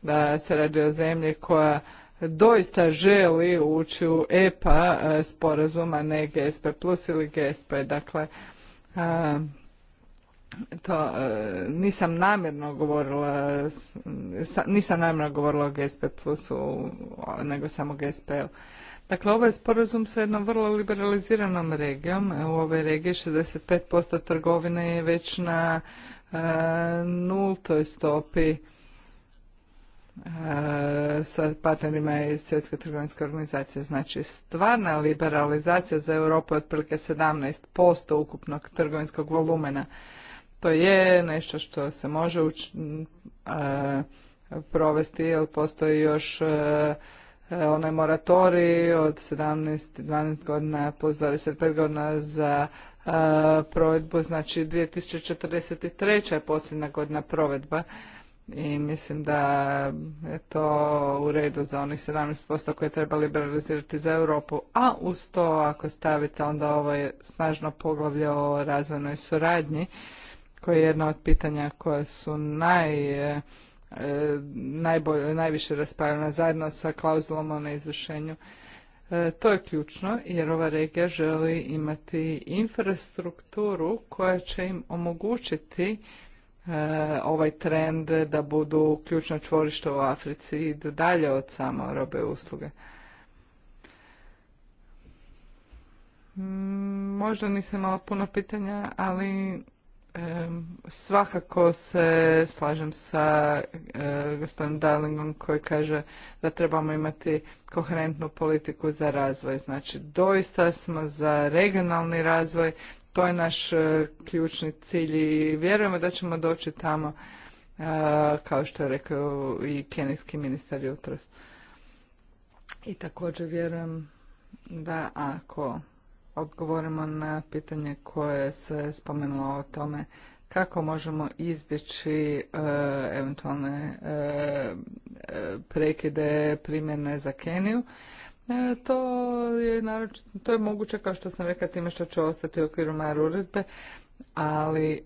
da se radi o zemlji koja doista želi ući u EPA e, sporazuma ne GSP plus ili GSP. Dakle, e, to nisam namjerno govorila, nisam namjerno govorila o GSP plusu, nego samo GSP-u. Dakle, ovaj sporazum sa jednom vrlo liberaliziranom regijom. E, u ovoj regiji 65% trgovine je već na e, nultoj stopi e, sa partnerima iz Svjetske trgovinske organizacije. Znači, stvarna liberalizacija za Europu je otprilike 17% ukupnog trgovinskog volumena. To je nešto što se može provesti, jer postoji još E, onaj moratorij od 17-12 godina plus 25 godina za e, provedbu, znači 2043. je posljedna godina provedba i mislim da je to u redu za onih 17% koje treba liberalizirati za Europu, a uz to ako stavite onda ovo je snažno poglavlje o razvojnoj suradnji, koje je jedno od pitanja koja su naj najbolje, najviše raspravljena zajedno sa klauzulom o neizvršenju. E, to je ključno jer ova regija želi imati infrastrukturu koja će im omogućiti e, ovaj trend da budu ključno čvorište u Africi i dalje od samo robe usluge. Možda nisam imala puno pitanja, ali Svakako se slažem sa e, gospodinom Darlingom koji kaže da trebamo imati koherentnu politiku za razvoj. Znači, doista smo za regionalni razvoj, to je naš e, ključni cilj i vjerujemo da ćemo doći tamo, e, kao što je rekao i kenijski ministar jutros. I također vjerujem da ako odgovorimo na pitanje koje se spomenulo o tome kako možemo izbjeći e, eventualne e, e, prekide primjene za Keniju. to, je to je moguće, kao što sam rekla, time što će ostati u okviru MAR uredbe, ali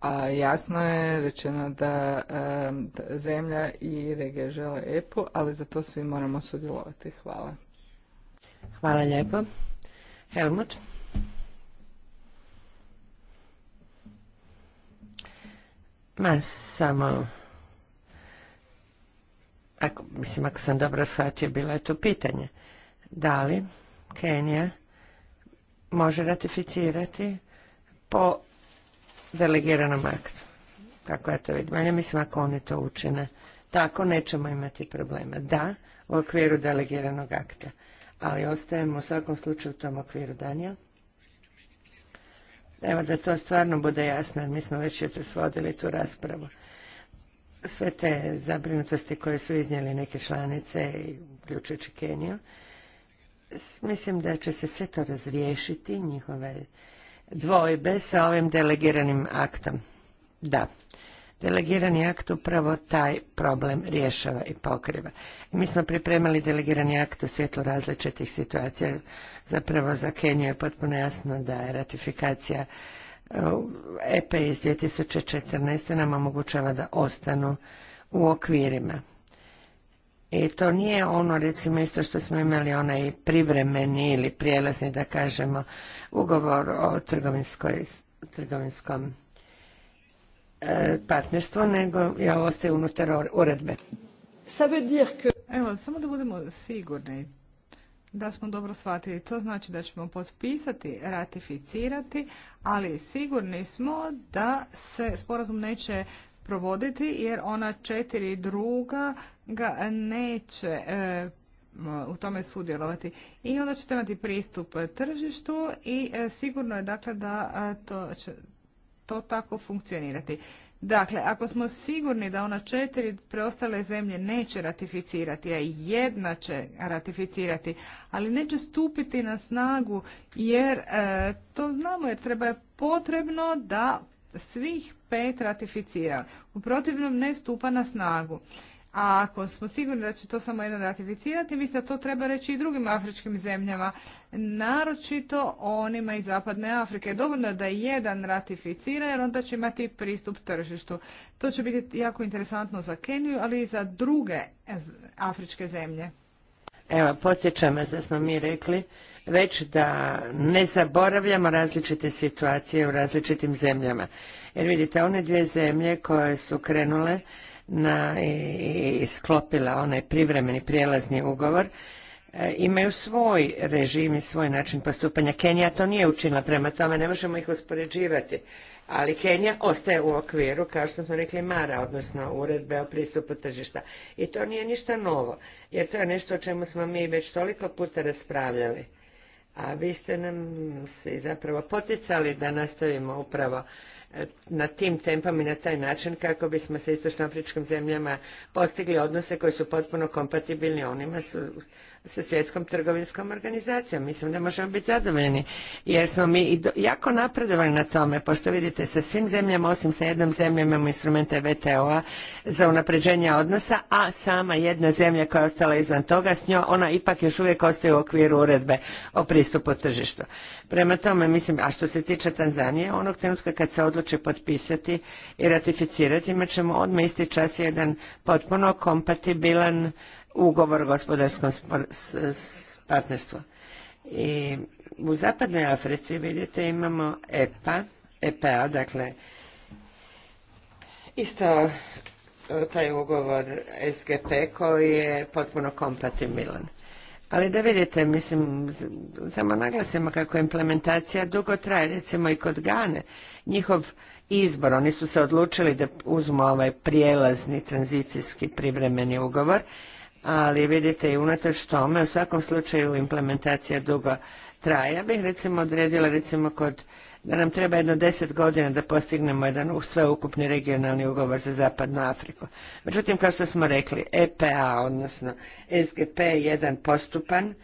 a jasno je rečeno da zemlja i regija žele EPU, ali za to svi moramo sudjelovati. Hvala. Hvala lijepo. Helmut. Ma samo... Ako, mislim, ako sam dobro shvatio, bilo je to pitanje. Da li Kenija može ratificirati po delegiranom aktu? Kako ja to vidim? Ja mislim, ako oni to učine, tako nećemo imati problema. Da, u okviru delegiranog akta ali ostajemo u svakom slučaju u tom okviru Danija. Evo da to stvarno bude jasno, jer mi smo već jutros svodili tu raspravu. Sve te zabrinutosti koje su iznijeli neke članice, uključujući Keniju, mislim da će se sve to razriješiti, njihove dvojbe sa ovim delegiranim aktom. Da. Delegirani akt upravo taj problem rješava i pokriva. Mi smo pripremali delegirani akt u svjetlu različitih situacija. Zapravo za Keniju je potpuno jasno da je ratifikacija EP e iz 2014. nam omogućava da ostanu u okvirima. I to nije ono, recimo, isto što smo imali onaj privremeni ili prijelazni, da kažemo, ugovor o trgovinskom E, partnerstvo, nego ja ostaje unutar uredbe. Evo, samo da budemo sigurni da smo dobro shvatili. To znači da ćemo potpisati, ratificirati, ali sigurni smo da se sporazum neće provoditi jer ona četiri druga ga neće e, u tome sudjelovati. I onda ćete imati pristup tržištu i e, sigurno je dakle da to će to tako funkcionirati. Dakle, ako smo sigurni da ona četiri preostale zemlje neće ratificirati, a jedna će ratificirati, ali neće stupiti na snagu jer e, to znamo jer treba je potrebno da svih pet ratificira. U protivnom ne stupa na snagu. A ako smo sigurni da će to samo jedan ratificirati, mislim da to treba reći i drugim afričkim zemljama, naročito onima iz Zapadne Afrike. Dovoljno je da jedan ratificira jer onda će imati pristup tržištu. To će biti jako interesantno za Keniju, ali i za druge afričke zemlje. Evo, podsjećam vas da smo mi rekli već da ne zaboravljamo različite situacije u različitim zemljama. Jer vidite, one dvije zemlje koje su krenule na, sklopila onaj privremeni prijelazni ugovor, e, imaju svoj režim i svoj način postupanja. Kenija to nije učinila, prema tome ne možemo ih uspoređivati. Ali Kenija ostaje u okviru, kao što smo rekli, Mara, odnosno uredbe o pristupu tržišta. I to nije ništa novo, jer to je nešto o čemu smo mi već toliko puta raspravljali. A vi ste nam se zapravo poticali da nastavimo upravo na tim tempom i na taj način kako bismo sa istočnoafričkim zemljama postigli odnose koji su potpuno kompatibilni onima su sa svjetskom trgovinskom organizacijom. Mislim da možemo biti zadovoljni jer smo mi jako napredovali na tome. Pošto vidite sa svim zemljama osim sa jednom zemljom imamo instrumente VTO-a za unapređenje odnosa, a sama jedna zemlja koja je ostala izvan toga s njom, ona ipak još uvijek ostaje u okviru uredbe o pristupu tržištu. Prema tome, mislim, a što se tiče Tanzanije, onog trenutka kad se odluče potpisati i ratificirati, imat ćemo odmah isti čas jedan potpuno kompatibilan ugovor o gospodarskom partnerstvu. I u zapadnoj Africi, vidite, imamo EPA, EPA, dakle, isto e, taj ugovor SGP koji je potpuno kompatibilan. Ali da vidite, mislim, samo naglasimo kako implementacija dugo traje, recimo i kod Gane. Njihov izbor, oni su se odlučili da uzmu ovaj prijelazni tranzicijski privremeni ugovor ali vidite i unatoč tome u svakom slučaju implementacija dugo traje. Ja bih recimo odredila recimo kod da nam treba jedno deset godina da postignemo jedan sveukupni regionalni ugovor za Zapadnu Afriku. Međutim, kao što smo rekli, EPA, odnosno SGP je jedan postupan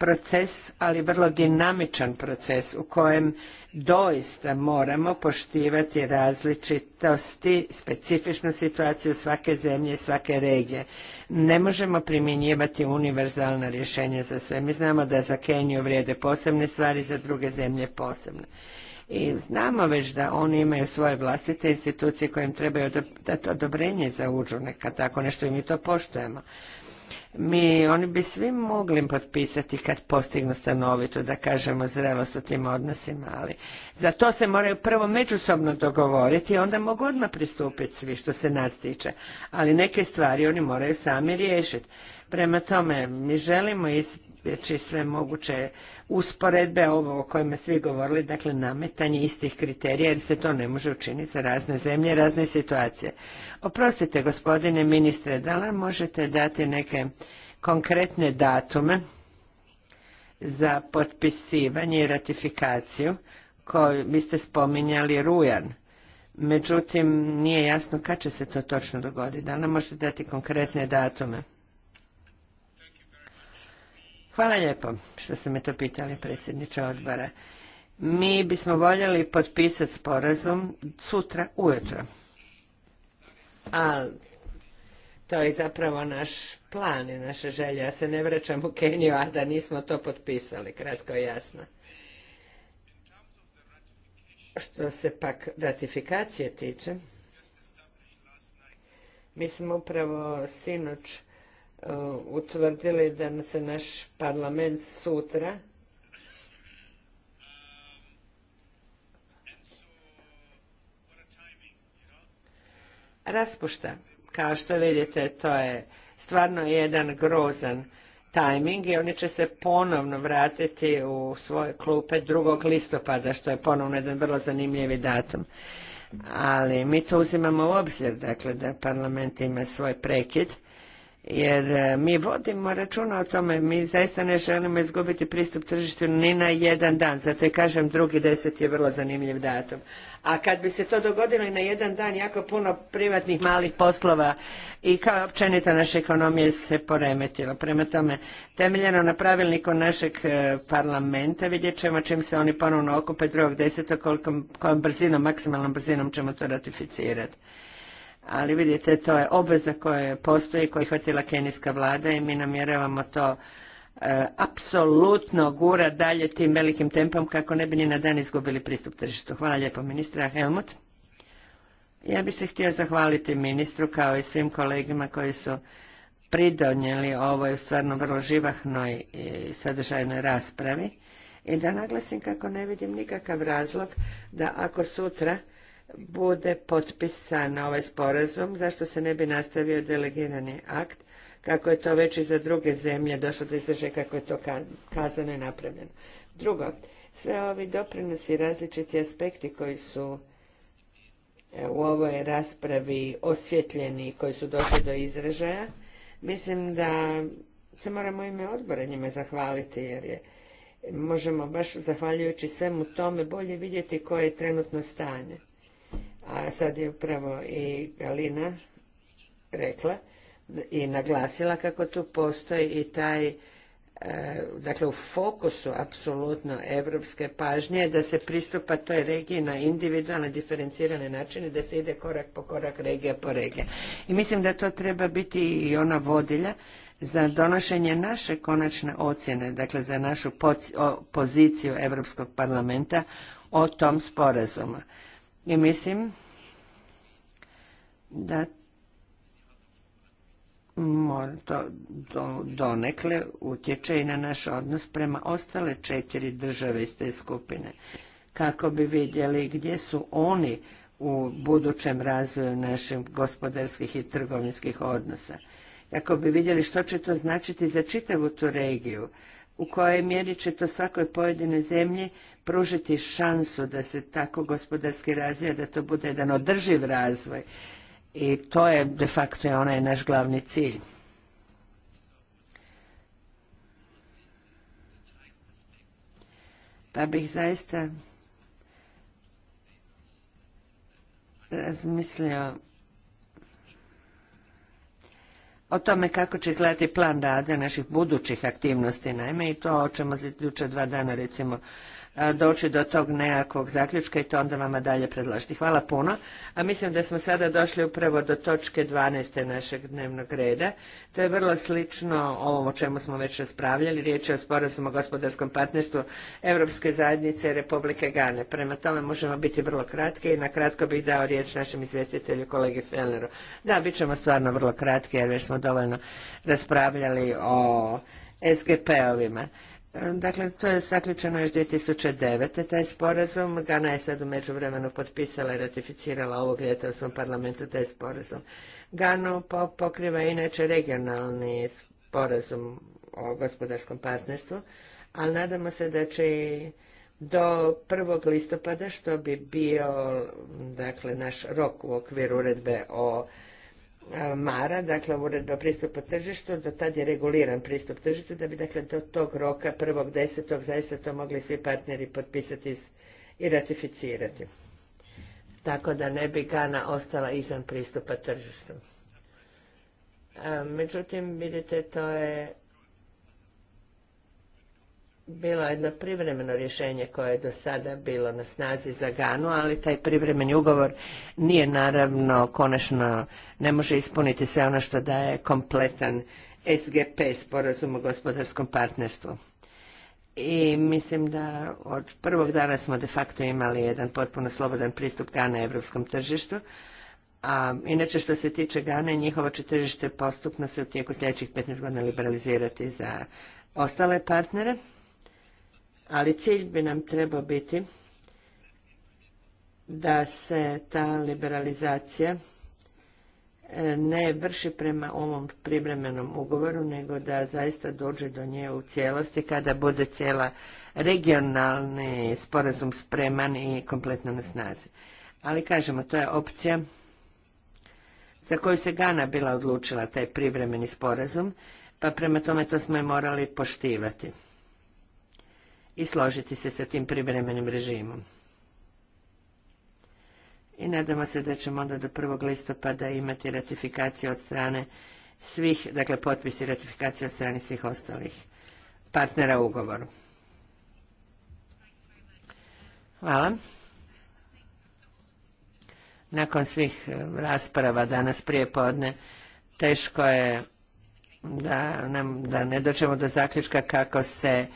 proces, ali vrlo dinamičan proces u kojem doista moramo poštivati različitosti, specifičnu situaciju svake zemlje, i svake regije. Ne možemo primjenjivati univerzalna rješenja za sve. Mi znamo da za Keniju vrijede posebne stvari, za druge zemlje posebne. I znamo već da oni imaju svoje vlastite institucije kojim trebaju dati odobrenje za uđu, neka tako nešto i mi to poštujemo mi, oni bi svi mogli potpisati kad postignu stanovitu, da kažemo, zrelost u tim odnosima, ali za to se moraju prvo međusobno dogovoriti i onda mogu odmah pristupiti svi što se nas tiče, ali neke stvari oni moraju sami riješiti. Prema tome, mi želimo izbjeći sve moguće usporedbe, ovo o kojima svi govorili, dakle nametanje istih kriterija, jer se to ne može učiniti za razne zemlje, razne situacije. Oprostite gospodine ministre, da li možete dati neke konkretne datume za potpisivanje i ratifikaciju koju biste ste spominjali rujan. Međutim, nije jasno kad će se to točno dogoditi. Da li možete dati konkretne datume? Hvala lijepo što ste me to pitali, predsjedniče odbora. Mi bismo voljeli potpisati sporazum sutra ujutro ali to je zapravo naš plan i naša želja. Ja se ne vraćam u Keniju, a da nismo to potpisali, kratko i jasno. Što se pak ratifikacije tiče, mi smo upravo sinoć uh, utvrdili da se naš parlament sutra raspušta. Kao što vidite, to je stvarno jedan grozan tajming i oni će se ponovno vratiti u svoje klupe 2. listopada, što je ponovno jedan vrlo zanimljivi datum. Ali mi to uzimamo u obzir, dakle, da parlament ima svoj prekid jer e, mi vodimo računa o tome, mi zaista ne želimo izgubiti pristup tržištu ni na jedan dan, zato je kažem drugi deset je vrlo zanimljiv datum. A kad bi se to dogodilo i na jedan dan, jako puno privatnih malih poslova i kao općenito naše ekonomije se poremetilo. Prema tome, temeljeno na pravilniku našeg e, parlamenta vidjet ćemo čim se oni ponovno okupe drugog deseta, kojom brzinom, maksimalnom brzinom ćemo to ratificirati ali vidite to je obveza koja postoji, koju je hvatila kenijska vlada i mi namjeravamo to e, apsolutno gura dalje tim velikim tempom kako ne bi ni na dan izgubili pristup tržištu. Hvala lijepo ministra Helmut. Ja bih se htio zahvaliti ministru kao i svim kolegima koji su pridonijeli ovoj stvarno vrlo živahnoj i sadržajnoj raspravi i da naglasim kako ne vidim nikakav razlog da ako sutra bude potpisan ovaj sporazum, zašto se ne bi nastavio delegirani akt, kako je to već i za druge zemlje došlo do izražaja kako je to kazano i napravljeno. Drugo, sve ovi doprinosi i različiti aspekti koji su e, u ovoj raspravi osvjetljeni i koji su došli do izražaja, mislim da se moramo ime odbora njima zahvaliti jer je možemo baš zahvaljujući svemu tome bolje vidjeti koje je trenutno stanje. A sad je upravo i Galina rekla i naglasila kako tu postoji i taj e, dakle u fokusu apsolutno evropske pažnje da se pristupa toj regiji na individualne, diferencirane načine, da se ide korak po korak, regija po regija. I mislim da to treba biti i ona vodilja za donošenje naše konačne ocjene, dakle za našu poziciju Europskog parlamenta o tom sporazumu. I mislim da to donekle utječe i na naš odnos prema ostale četiri države iz te skupine, kako bi vidjeli gdje su oni u budućem razvoju naših gospodarskih i trgovinskih odnosa. Kako bi vidjeli što će to značiti za čitavu tu regiju, u kojoj mjeri će to svakoj pojedinoj zemlji pružiti šansu da se tako gospodarski razvija, da to bude jedan održiv razvoj. I to je de facto je onaj naš glavni cilj. Pa bih zaista razmislio o tome kako će izgledati plan rada naših budućih aktivnosti, naime, i to ćemo za dva dana recimo doći do tog nekakvog zaključka i to onda vama dalje predložiti. Hvala puno. A mislim da smo sada došli upravo do točke 12. našeg dnevnog reda. To je vrlo slično ovom o čemu smo već raspravljali. Riječ je o sporazumu o gospodarskom partnerstvu Europske zajednice i Republike Gane. Prema tome možemo biti vrlo kratki i na kratko bih dao riječ našem izvjestitelju kolegi Felleru. Da, bit ćemo stvarno vrlo kratki jer već smo dovoljno raspravljali o SGP-ovima. Dakle, to je zaključeno još 2009. taj sporazum. Gana je sad u međuvremenu potpisala i ratificirala ovog ljeta u svom parlamentu taj sporazum. Gano pokriva inače regionalni sporazum o gospodarskom partnerstvu, ali nadamo se da će do 1. listopada, što bi bio dakle, naš rok u okviru uredbe o E, Mara, dakle uredba pristupa tržištu, do tad je reguliran pristup tržištu, da bi dakle do tog roka desetog zaista to mogli svi partneri potpisati i ratificirati. Tako da ne bi Gana ostala izvan pristupa tržištu. E, međutim, vidite, to je bilo jedno privremeno rješenje koje je do sada bilo na snazi za Ganu, ali taj privremeni ugovor nije naravno konačno, ne može ispuniti sve ono što daje kompletan SGP, sporazum o gospodarskom partnerstvu. I mislim da od prvog dana smo de facto imali jedan potpuno slobodan pristup Gane evropskom tržištu, a inače što se tiče Gane, njihovo će tržište postupno se u tijeku sljedećih 15 godina liberalizirati za ostale partnere ali cilj bi nam trebao biti da se ta liberalizacija e, ne vrši prema ovom privremenom ugovoru, nego da zaista dođe do nje u cijelosti kada bude cijela regionalni sporazum spreman i kompletno na snazi. Ali kažemo, to je opcija za koju se Gana bila odlučila, taj privremeni sporazum, pa prema tome to smo je morali poštivati i složiti se sa tim privremenim režimom. I nadamo se da ćemo onda do 1. listopada imati ratifikaciju od strane svih, dakle potpisi ratifikacije od strane svih ostalih partnera u ugovoru. Hvala. Nakon svih e, rasprava danas prije podne, teško je da, nam, da ne dođemo do zaključka kako se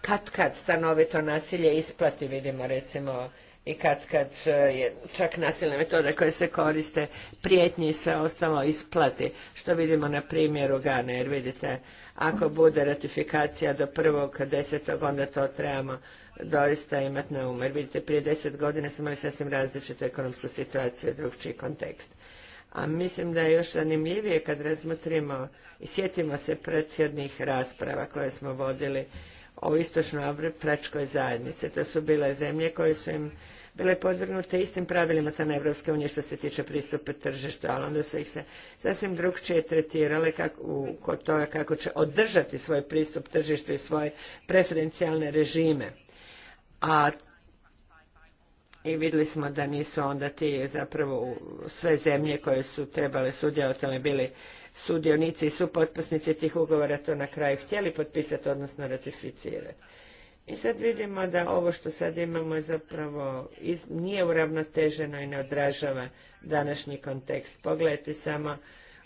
kad kad stanovito nasilje isplati, vidimo recimo i kad kad e, čak nasilne metode koje se koriste, prijetnje i sve ostalo isplati, što vidimo na primjeru Gane, jer vidite, ako bude ratifikacija do prvog desetog onda to trebamo doista imati na umer. vidite, prije deset godina smo imali sasvim različitu ekonomsku situaciju i drugčiji kontekst. A mislim da je još zanimljivije kad razmotrimo i sjetimo se prethodnih rasprava koje smo vodili o istočnoj afričkoj zajednici. To su bile zemlje koje su im bile podvrnute istim pravilima sa Evropske unije što se tiče pristupa tržištu, ali onda su ih se sasvim drugčije tretirale kako, toga kako će održati svoj pristup tržištu i svoje preferencijalne režime. A i vidjeli smo da nisu onda ti zapravo sve zemlje koje su trebale sudjelovati bili sudionici i supotpisnici tih ugovora to na kraju htjeli potpisati, odnosno ratificirati. I sad vidimo da ovo što sad imamo zapravo nije uravnoteženo i ne odražava današnji kontekst. Pogledajte samo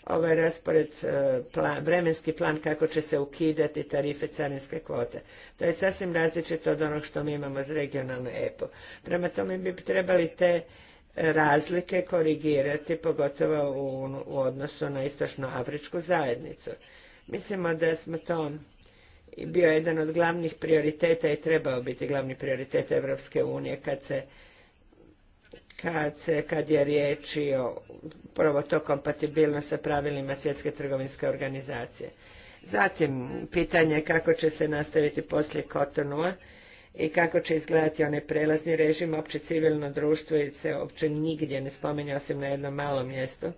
ovaj raspored, e, vremenski plan kako će se ukidati tarife carinske kvote. To je sasvim različito od onog što mi imamo za regionalnu EPO. Prema tome bi trebali te razlike korigirati, pogotovo u, odnosu na istočnoafričku zajednicu. Mislimo da smo to bio jedan od glavnih prioriteta i trebao biti glavni prioritet Evropske unije kad se kad, je riječ o prvo to kompatibilno sa pravilima Svjetske trgovinske organizacije. Zatim, pitanje kako će se nastaviti poslije Kotonua i kako će izgledati onaj prelazni režim, opće civilno društvo i se uopće nigdje ne spominje osim na jednom malom mjestu.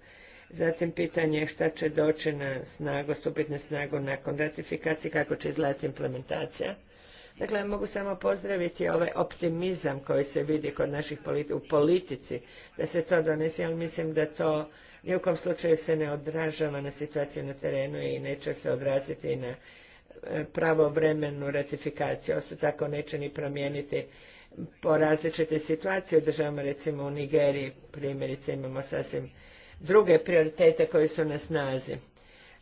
Zatim pitanje šta će doći na snagu, stupiti na snagu nakon ratifikacije, kako će izgledati implementacija. Dakle, mogu samo pozdraviti ovaj optimizam koji se vidi kod naših u politici, da se to donese, ali mislim da to ni u kom slučaju se ne odražava na situaciju na terenu i neće se odraziti na E, pravovremenu ratifikaciju. se tako neće ni promijeniti po različite situacije u državama, recimo u Nigeriji primjerice imamo sasvim druge prioritete koji su na snazi.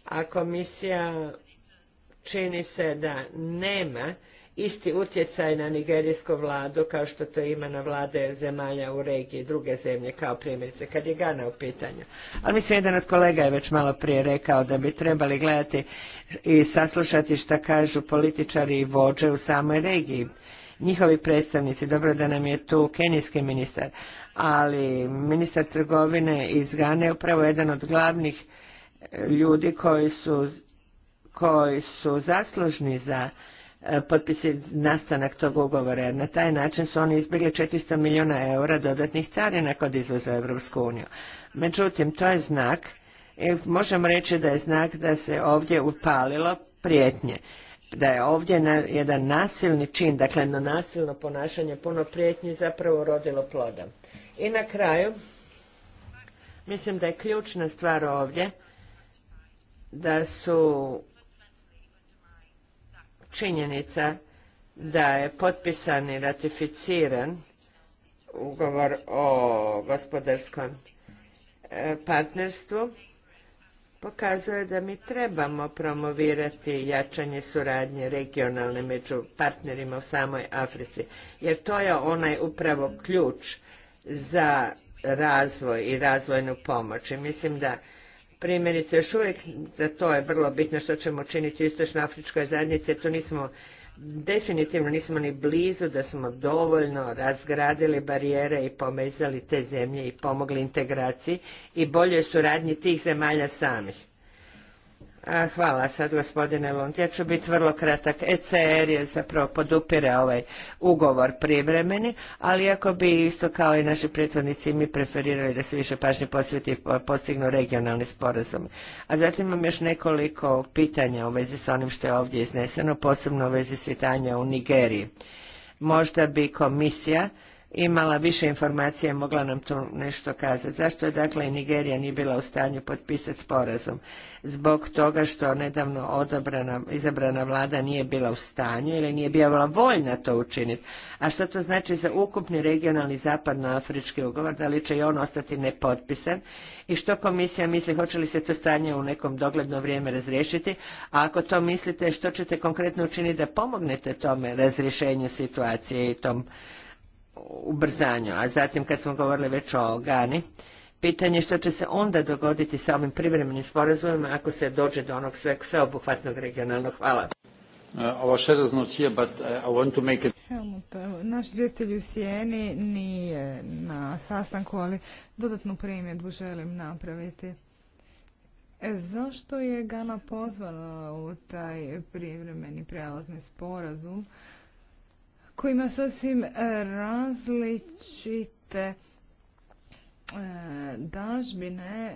A komisija čini se da nema isti utjecaj na nigerijsku vladu kao što to ima na vlade zemalja u regiji, druge zemlje kao primjerice kad je Gana u pitanju. Ali mislim jedan od kolega je već malo prije rekao da bi trebali gledati i saslušati šta kažu političari i vođe u samoj regiji. Njihovi predstavnici, dobro da nam je tu kenijski ministar, ali ministar trgovine iz Gane je upravo jedan od glavnih eh, ljudi koji su, koji su zaslužni za E, potpisi nastanak tog ugovora, jer na taj način su oni izbjegli 400 milijuna eura dodatnih carina kod izvoza u Europsku uniju. Međutim, to je znak, i e, možemo reći da je znak da se ovdje upalilo prijetnje, da je ovdje jedan nasilni čin, dakle jedno nasilno ponašanje puno prijetnji zapravo rodilo plodom. I na kraju, mislim da je ključna stvar ovdje da su činjenica da je potpisan i ratificiran ugovor o gospodarskom e, partnerstvu pokazuje da mi trebamo promovirati jačanje suradnje regionalne među partnerima u samoj Africi, jer to je onaj upravo ključ za razvoj i razvojnu pomoć. I mislim da Primjerice, još uvijek za to je vrlo bitno što ćemo učiniti u Istočnoafričkoj zajednici, jer tu nismo definitivno nismo ni blizu da smo dovoljno razgradili barijere i pomezali te zemlje i pomogli integraciji i boljoj suradnji tih zemalja samih hvala sad gospodine Lund. Ja ću biti vrlo kratak. ECR er je zapravo podupire ovaj ugovor privremeni, ali ako bi isto kao i naši prethodnici mi preferirali da se više pažnje posveti postignu regionalni sporazumi. A zatim imam još nekoliko pitanja u vezi s onim što je ovdje izneseno, posebno u vezi svitanja u Nigeriji. Možda bi komisija imala više informacija, mogla nam tu nešto kazati. Zašto je dakle i Nigerija nije bila u stanju potpisati sporazum? Zbog toga što nedavno odobrana, izabrana vlada nije bila u stanju ili nije bila voljna to učiniti. A što to znači za ukupni regionalni zapadnoafrički ugovor? Da li će i on ostati nepotpisan? I što komisija misli, hoće li se to stanje u nekom dogledno vrijeme razriješiti? A ako to mislite, što ćete konkretno učiniti da pomognete tome razrješenju situacije i tom ubrzanju. A zatim kad smo govorili već o Gani, pitanje što će se onda dogoditi sa ovim privremenim sporazumima ako se dođe do onog sve, sveobuhvatnog regionalnog. Hvala. Uh, naš žitelj u Sijeni nije na sastanku, ali dodatnu primjedbu želim napraviti. E, zašto je Gana pozvala u taj privremeni prelazni sporazum koji ima sasvim e, različite e, dažbine e,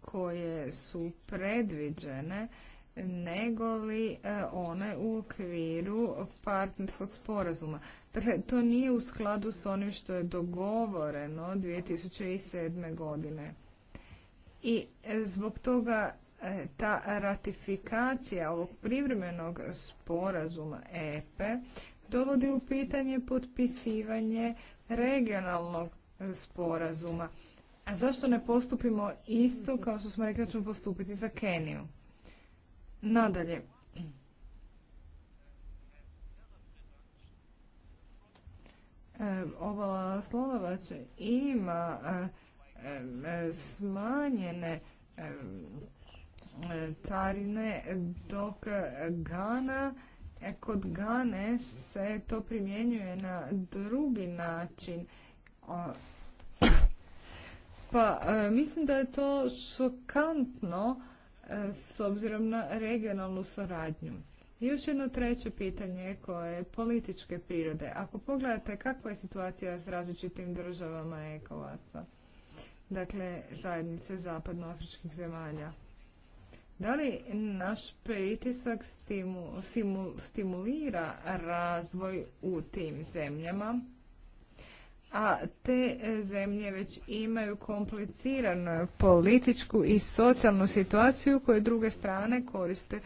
koje su predviđene nego li one u okviru partnerskog sporazuma. Dakle, to nije u skladu s onim što je dogovoreno 2007. godine. I zbog toga ta ratifikacija ovog privremenog sporazuma EPE dovodi u pitanje potpisivanje regionalnog sporazuma. A zašto ne postupimo isto kao što smo rekli da ćemo postupiti za Keniju? Nadalje, ehm, obala Slonovače ima ehm, smanjene tarine ehm, e, dok Gana Kod Gane se to primjenjuje na drugi način. Pa e, mislim da je to šokantno e, s obzirom na regionalnu suradnju. I još jedno treće pitanje koje je političke prirode. Ako pogledate kakva je situacija s različitim državama ecowas dakle zajednice zapadnoafričkih zemalja, da li naš pritisak stimulira razvoj u tim zemljama? A te zemlje već imaju kompliciranu političku i socijalnu situaciju koje druge strane koriste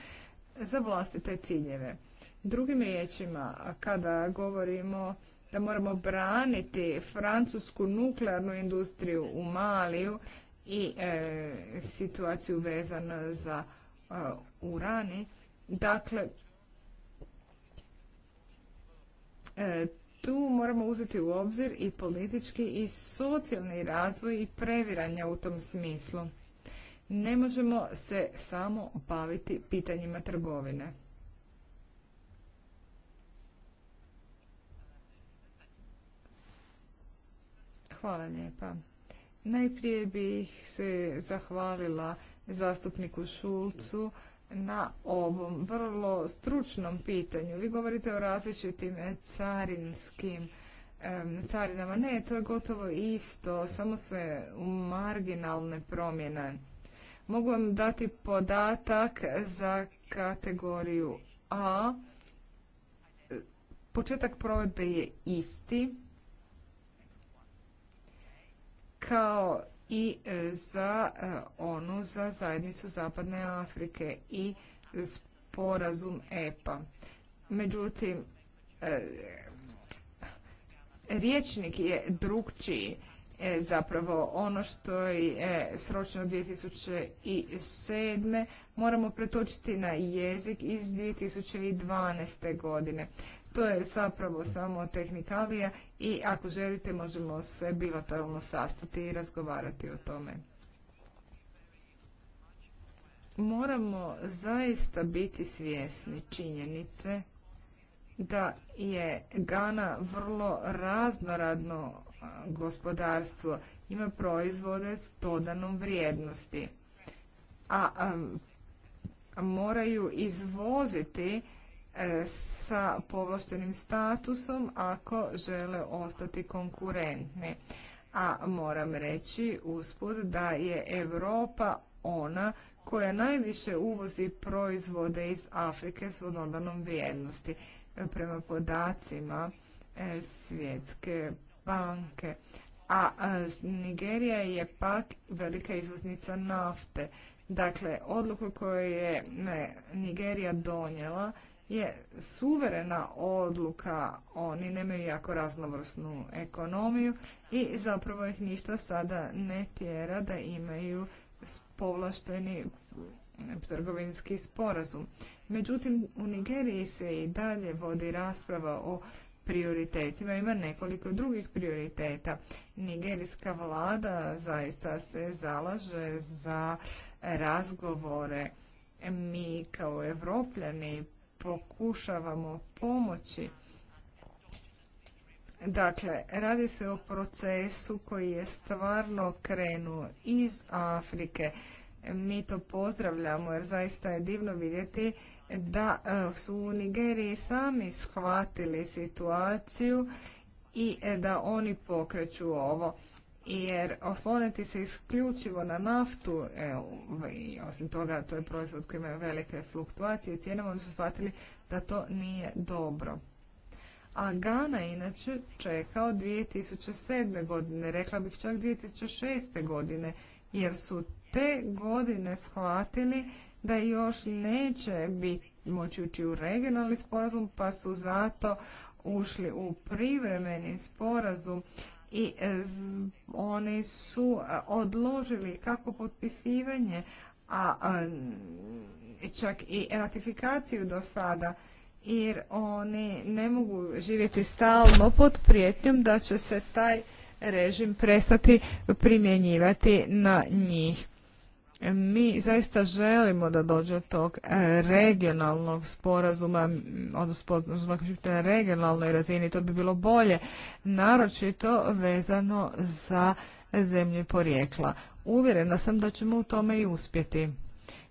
za vlastite ciljeve. Drugim riječima, kada govorimo da moramo braniti francusku nuklearnu industriju u Maliju, i e, situaciju vezanu za e, urani. Dakle, e, tu moramo uzeti u obzir i politički i socijalni razvoj i previranja u tom smislu. Ne možemo se samo baviti pitanjima trgovine. Hvala lijepa. Najprije bih se zahvalila zastupniku Šulcu na ovom vrlo stručnom pitanju. Vi govorite o različitim carinskim carinama. Ne, to je gotovo isto, samo se marginalne promjene. Mogu vam dati podatak za kategoriju A. Početak provedbe je isti kao i e, za e, onu za zajednicu Zapadne Afrike i sporazum EPA. Međutim, e, riječnik je drugčiji. zapravo ono što je sročno 2007. moramo pretočiti na jezik iz 2012. godine. To je zapravo samo tehnikalija i ako želite možemo se bilateralno sastati i razgovarati o tome. Moramo zaista biti svjesni činjenice da je Gana vrlo raznoradno gospodarstvo. Ima proizvode s dodanom vrijednosti. A, a moraju izvoziti E, sa povlaštenim statusom ako žele ostati konkurentni. A moram reći usput da je Europa ona koja najviše uvozi proizvode iz Afrike s dodanom vrijednosti. Prema podacima e, Svjetske banke. A Nigerija je pak velika izvoznica nafte. Dakle, odluku koju je Nigerija donijela je suverena odluka, oni nemaju jako raznovrsnu ekonomiju i zapravo ih ništa sada ne tjera da imaju povlašteni trgovinski sporazum. Međutim, u Nigeriji se i dalje vodi rasprava o prioritetima, ima nekoliko drugih prioriteta. Nigerijska vlada zaista se zalaže za razgovore. Mi kao evropljani pokušavamo pomoći. Dakle, radi se o procesu koji je stvarno krenuo iz Afrike. Mi to pozdravljamo jer zaista je divno vidjeti da e, su u Nigeriji sami shvatili situaciju i e, da oni pokreću ovo jer osloniti se isključivo na naftu, i ovaj, osim toga to je proizvod koji ima velike fluktuacije u cijenama, oni su shvatili da to nije dobro. A je inače čekao 2007. godine, rekla bih čak 2006. godine, jer su te godine shvatili da još neće biti moći ući u regionalni sporazum, pa su zato ušli u privremeni sporazum i e, oni su e, odložili kako potpisivanje, a, čak i ratifikaciju do sada jer oni ne mogu živjeti stalno pod prijetnjom da će se taj režim prestati primjenjivati na njih mi zaista želimo da dođe do tog e, regionalnog sporazuma, odnosno na regionalnoj razini, to bi bilo bolje, naročito vezano za zemlje porijekla. Uvjerena sam da ćemo u tome i uspjeti.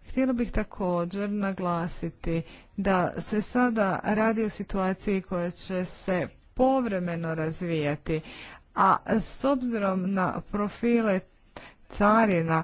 Htjela bih također naglasiti da se sada radi o situaciji koja će se povremeno razvijati, a s obzirom na profile carina,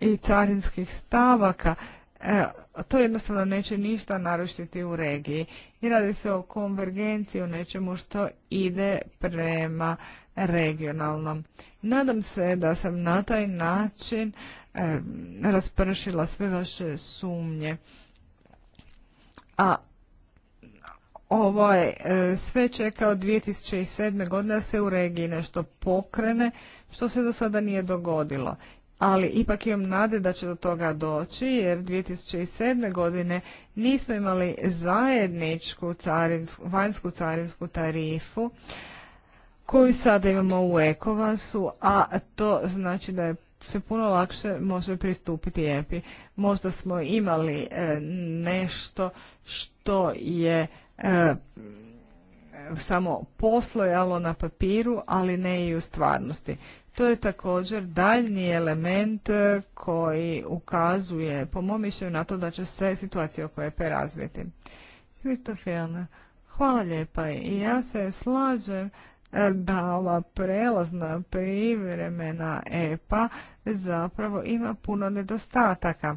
i carinskih stavaka, e, to jednostavno neće ništa narušiti u regiji. I radi se o konvergenciji, o nečemu što ide prema regionalnom. Nadam se da sam na taj način e, raspršila sve vaše sumnje. A Ovaj sve čeka od 2007. godine da se u regiji nešto pokrene, što se do sada nije dogodilo. Ali ipak imam nade da će do toga doći, jer 2007. godine nismo imali zajedničku carinsku, vanjsku carinsku tarifu, koju sada imamo u Ekovasu, a to znači da je se puno lakše može pristupiti EPI. Možda smo imali e, nešto što je E, samo poslojalo na papiru, ali ne i u stvarnosti. To je također daljni element e, koji ukazuje, po mom mišljenju, na to da će se situacija oko EPE razviti. Kristofijana, hvala lijepa i ja se slažem e, da ova prelazna privremena EPA zapravo ima puno nedostataka.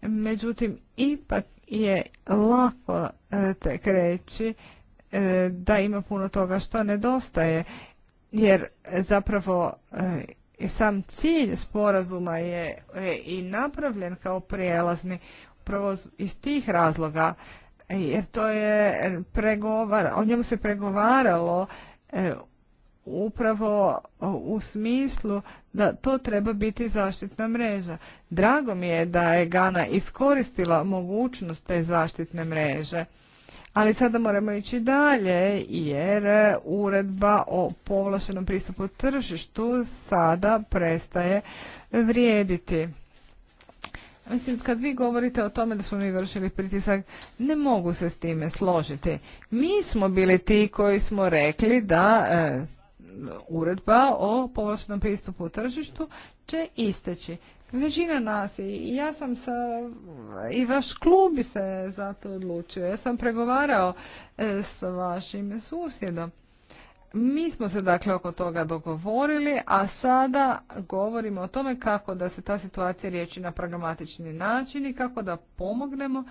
Međutim, ipak je lako e, tek reći e, da ima puno toga što nedostaje jer zapravo e, sam cilj sporazuma je i napravljen kao prijelazni upravo iz tih razloga jer to je pregovar, o njemu se pregovaralo upravo u smislu da to treba biti zaštitna mreža. Drago mi je da je Gana iskoristila mogućnost te zaštitne mreže. Ali sada moramo ići dalje jer uredba o povlašenom pristupu tržištu sada prestaje vrijediti. Mislim, kad vi govorite o tome da smo mi vršili pritisak, ne mogu se s time složiti. Mi smo bili ti koji smo rekli da e, uredba o povlaštenom pristupu tržištu će isteći. Većina nas i ja sam sa, i vaš klub se za to odlučio. Ja sam pregovarao e, s vašim susjedom. Mi smo se dakle oko toga dogovorili, a sada govorimo o tome kako da se ta situacija riječi na pragmatični način i kako da pomognemo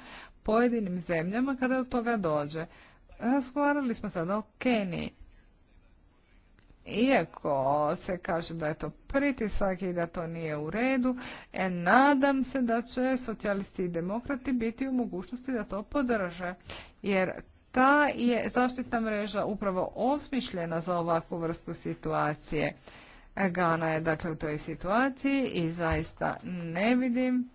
pojedinim zemljama kada do toga dođe. Razgovarali smo sada o Keniji. Iako se kaže da je to pritisak i da to nije u redu, e, nadam se da će socijalisti i demokrati biti u mogućnosti da to podrže. Jer ta je zaštitna mreža upravo osmišljena za ovakvu vrstu situacije. E, Gana je dakle u toj situaciji i zaista ne vidim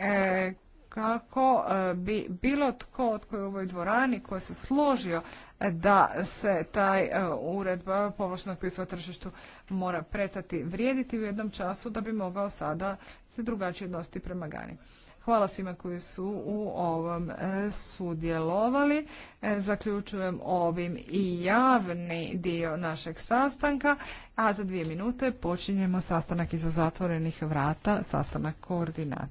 e, kako e, bi bilo tko tko je u ovoj dvorani koji se složio da se taj e, uredba e, povlaštenog o tržištu mora pretati vrijediti u jednom času da bi mogao sada se drugačije odnositi prema Gani. Hvala svima koji su u ovom sudjelovali. Zaključujem ovim i javni dio našeg sastanka, a za dvije minute počinjemo sastanak iza zatvorenih vrata, sastanak koordinata.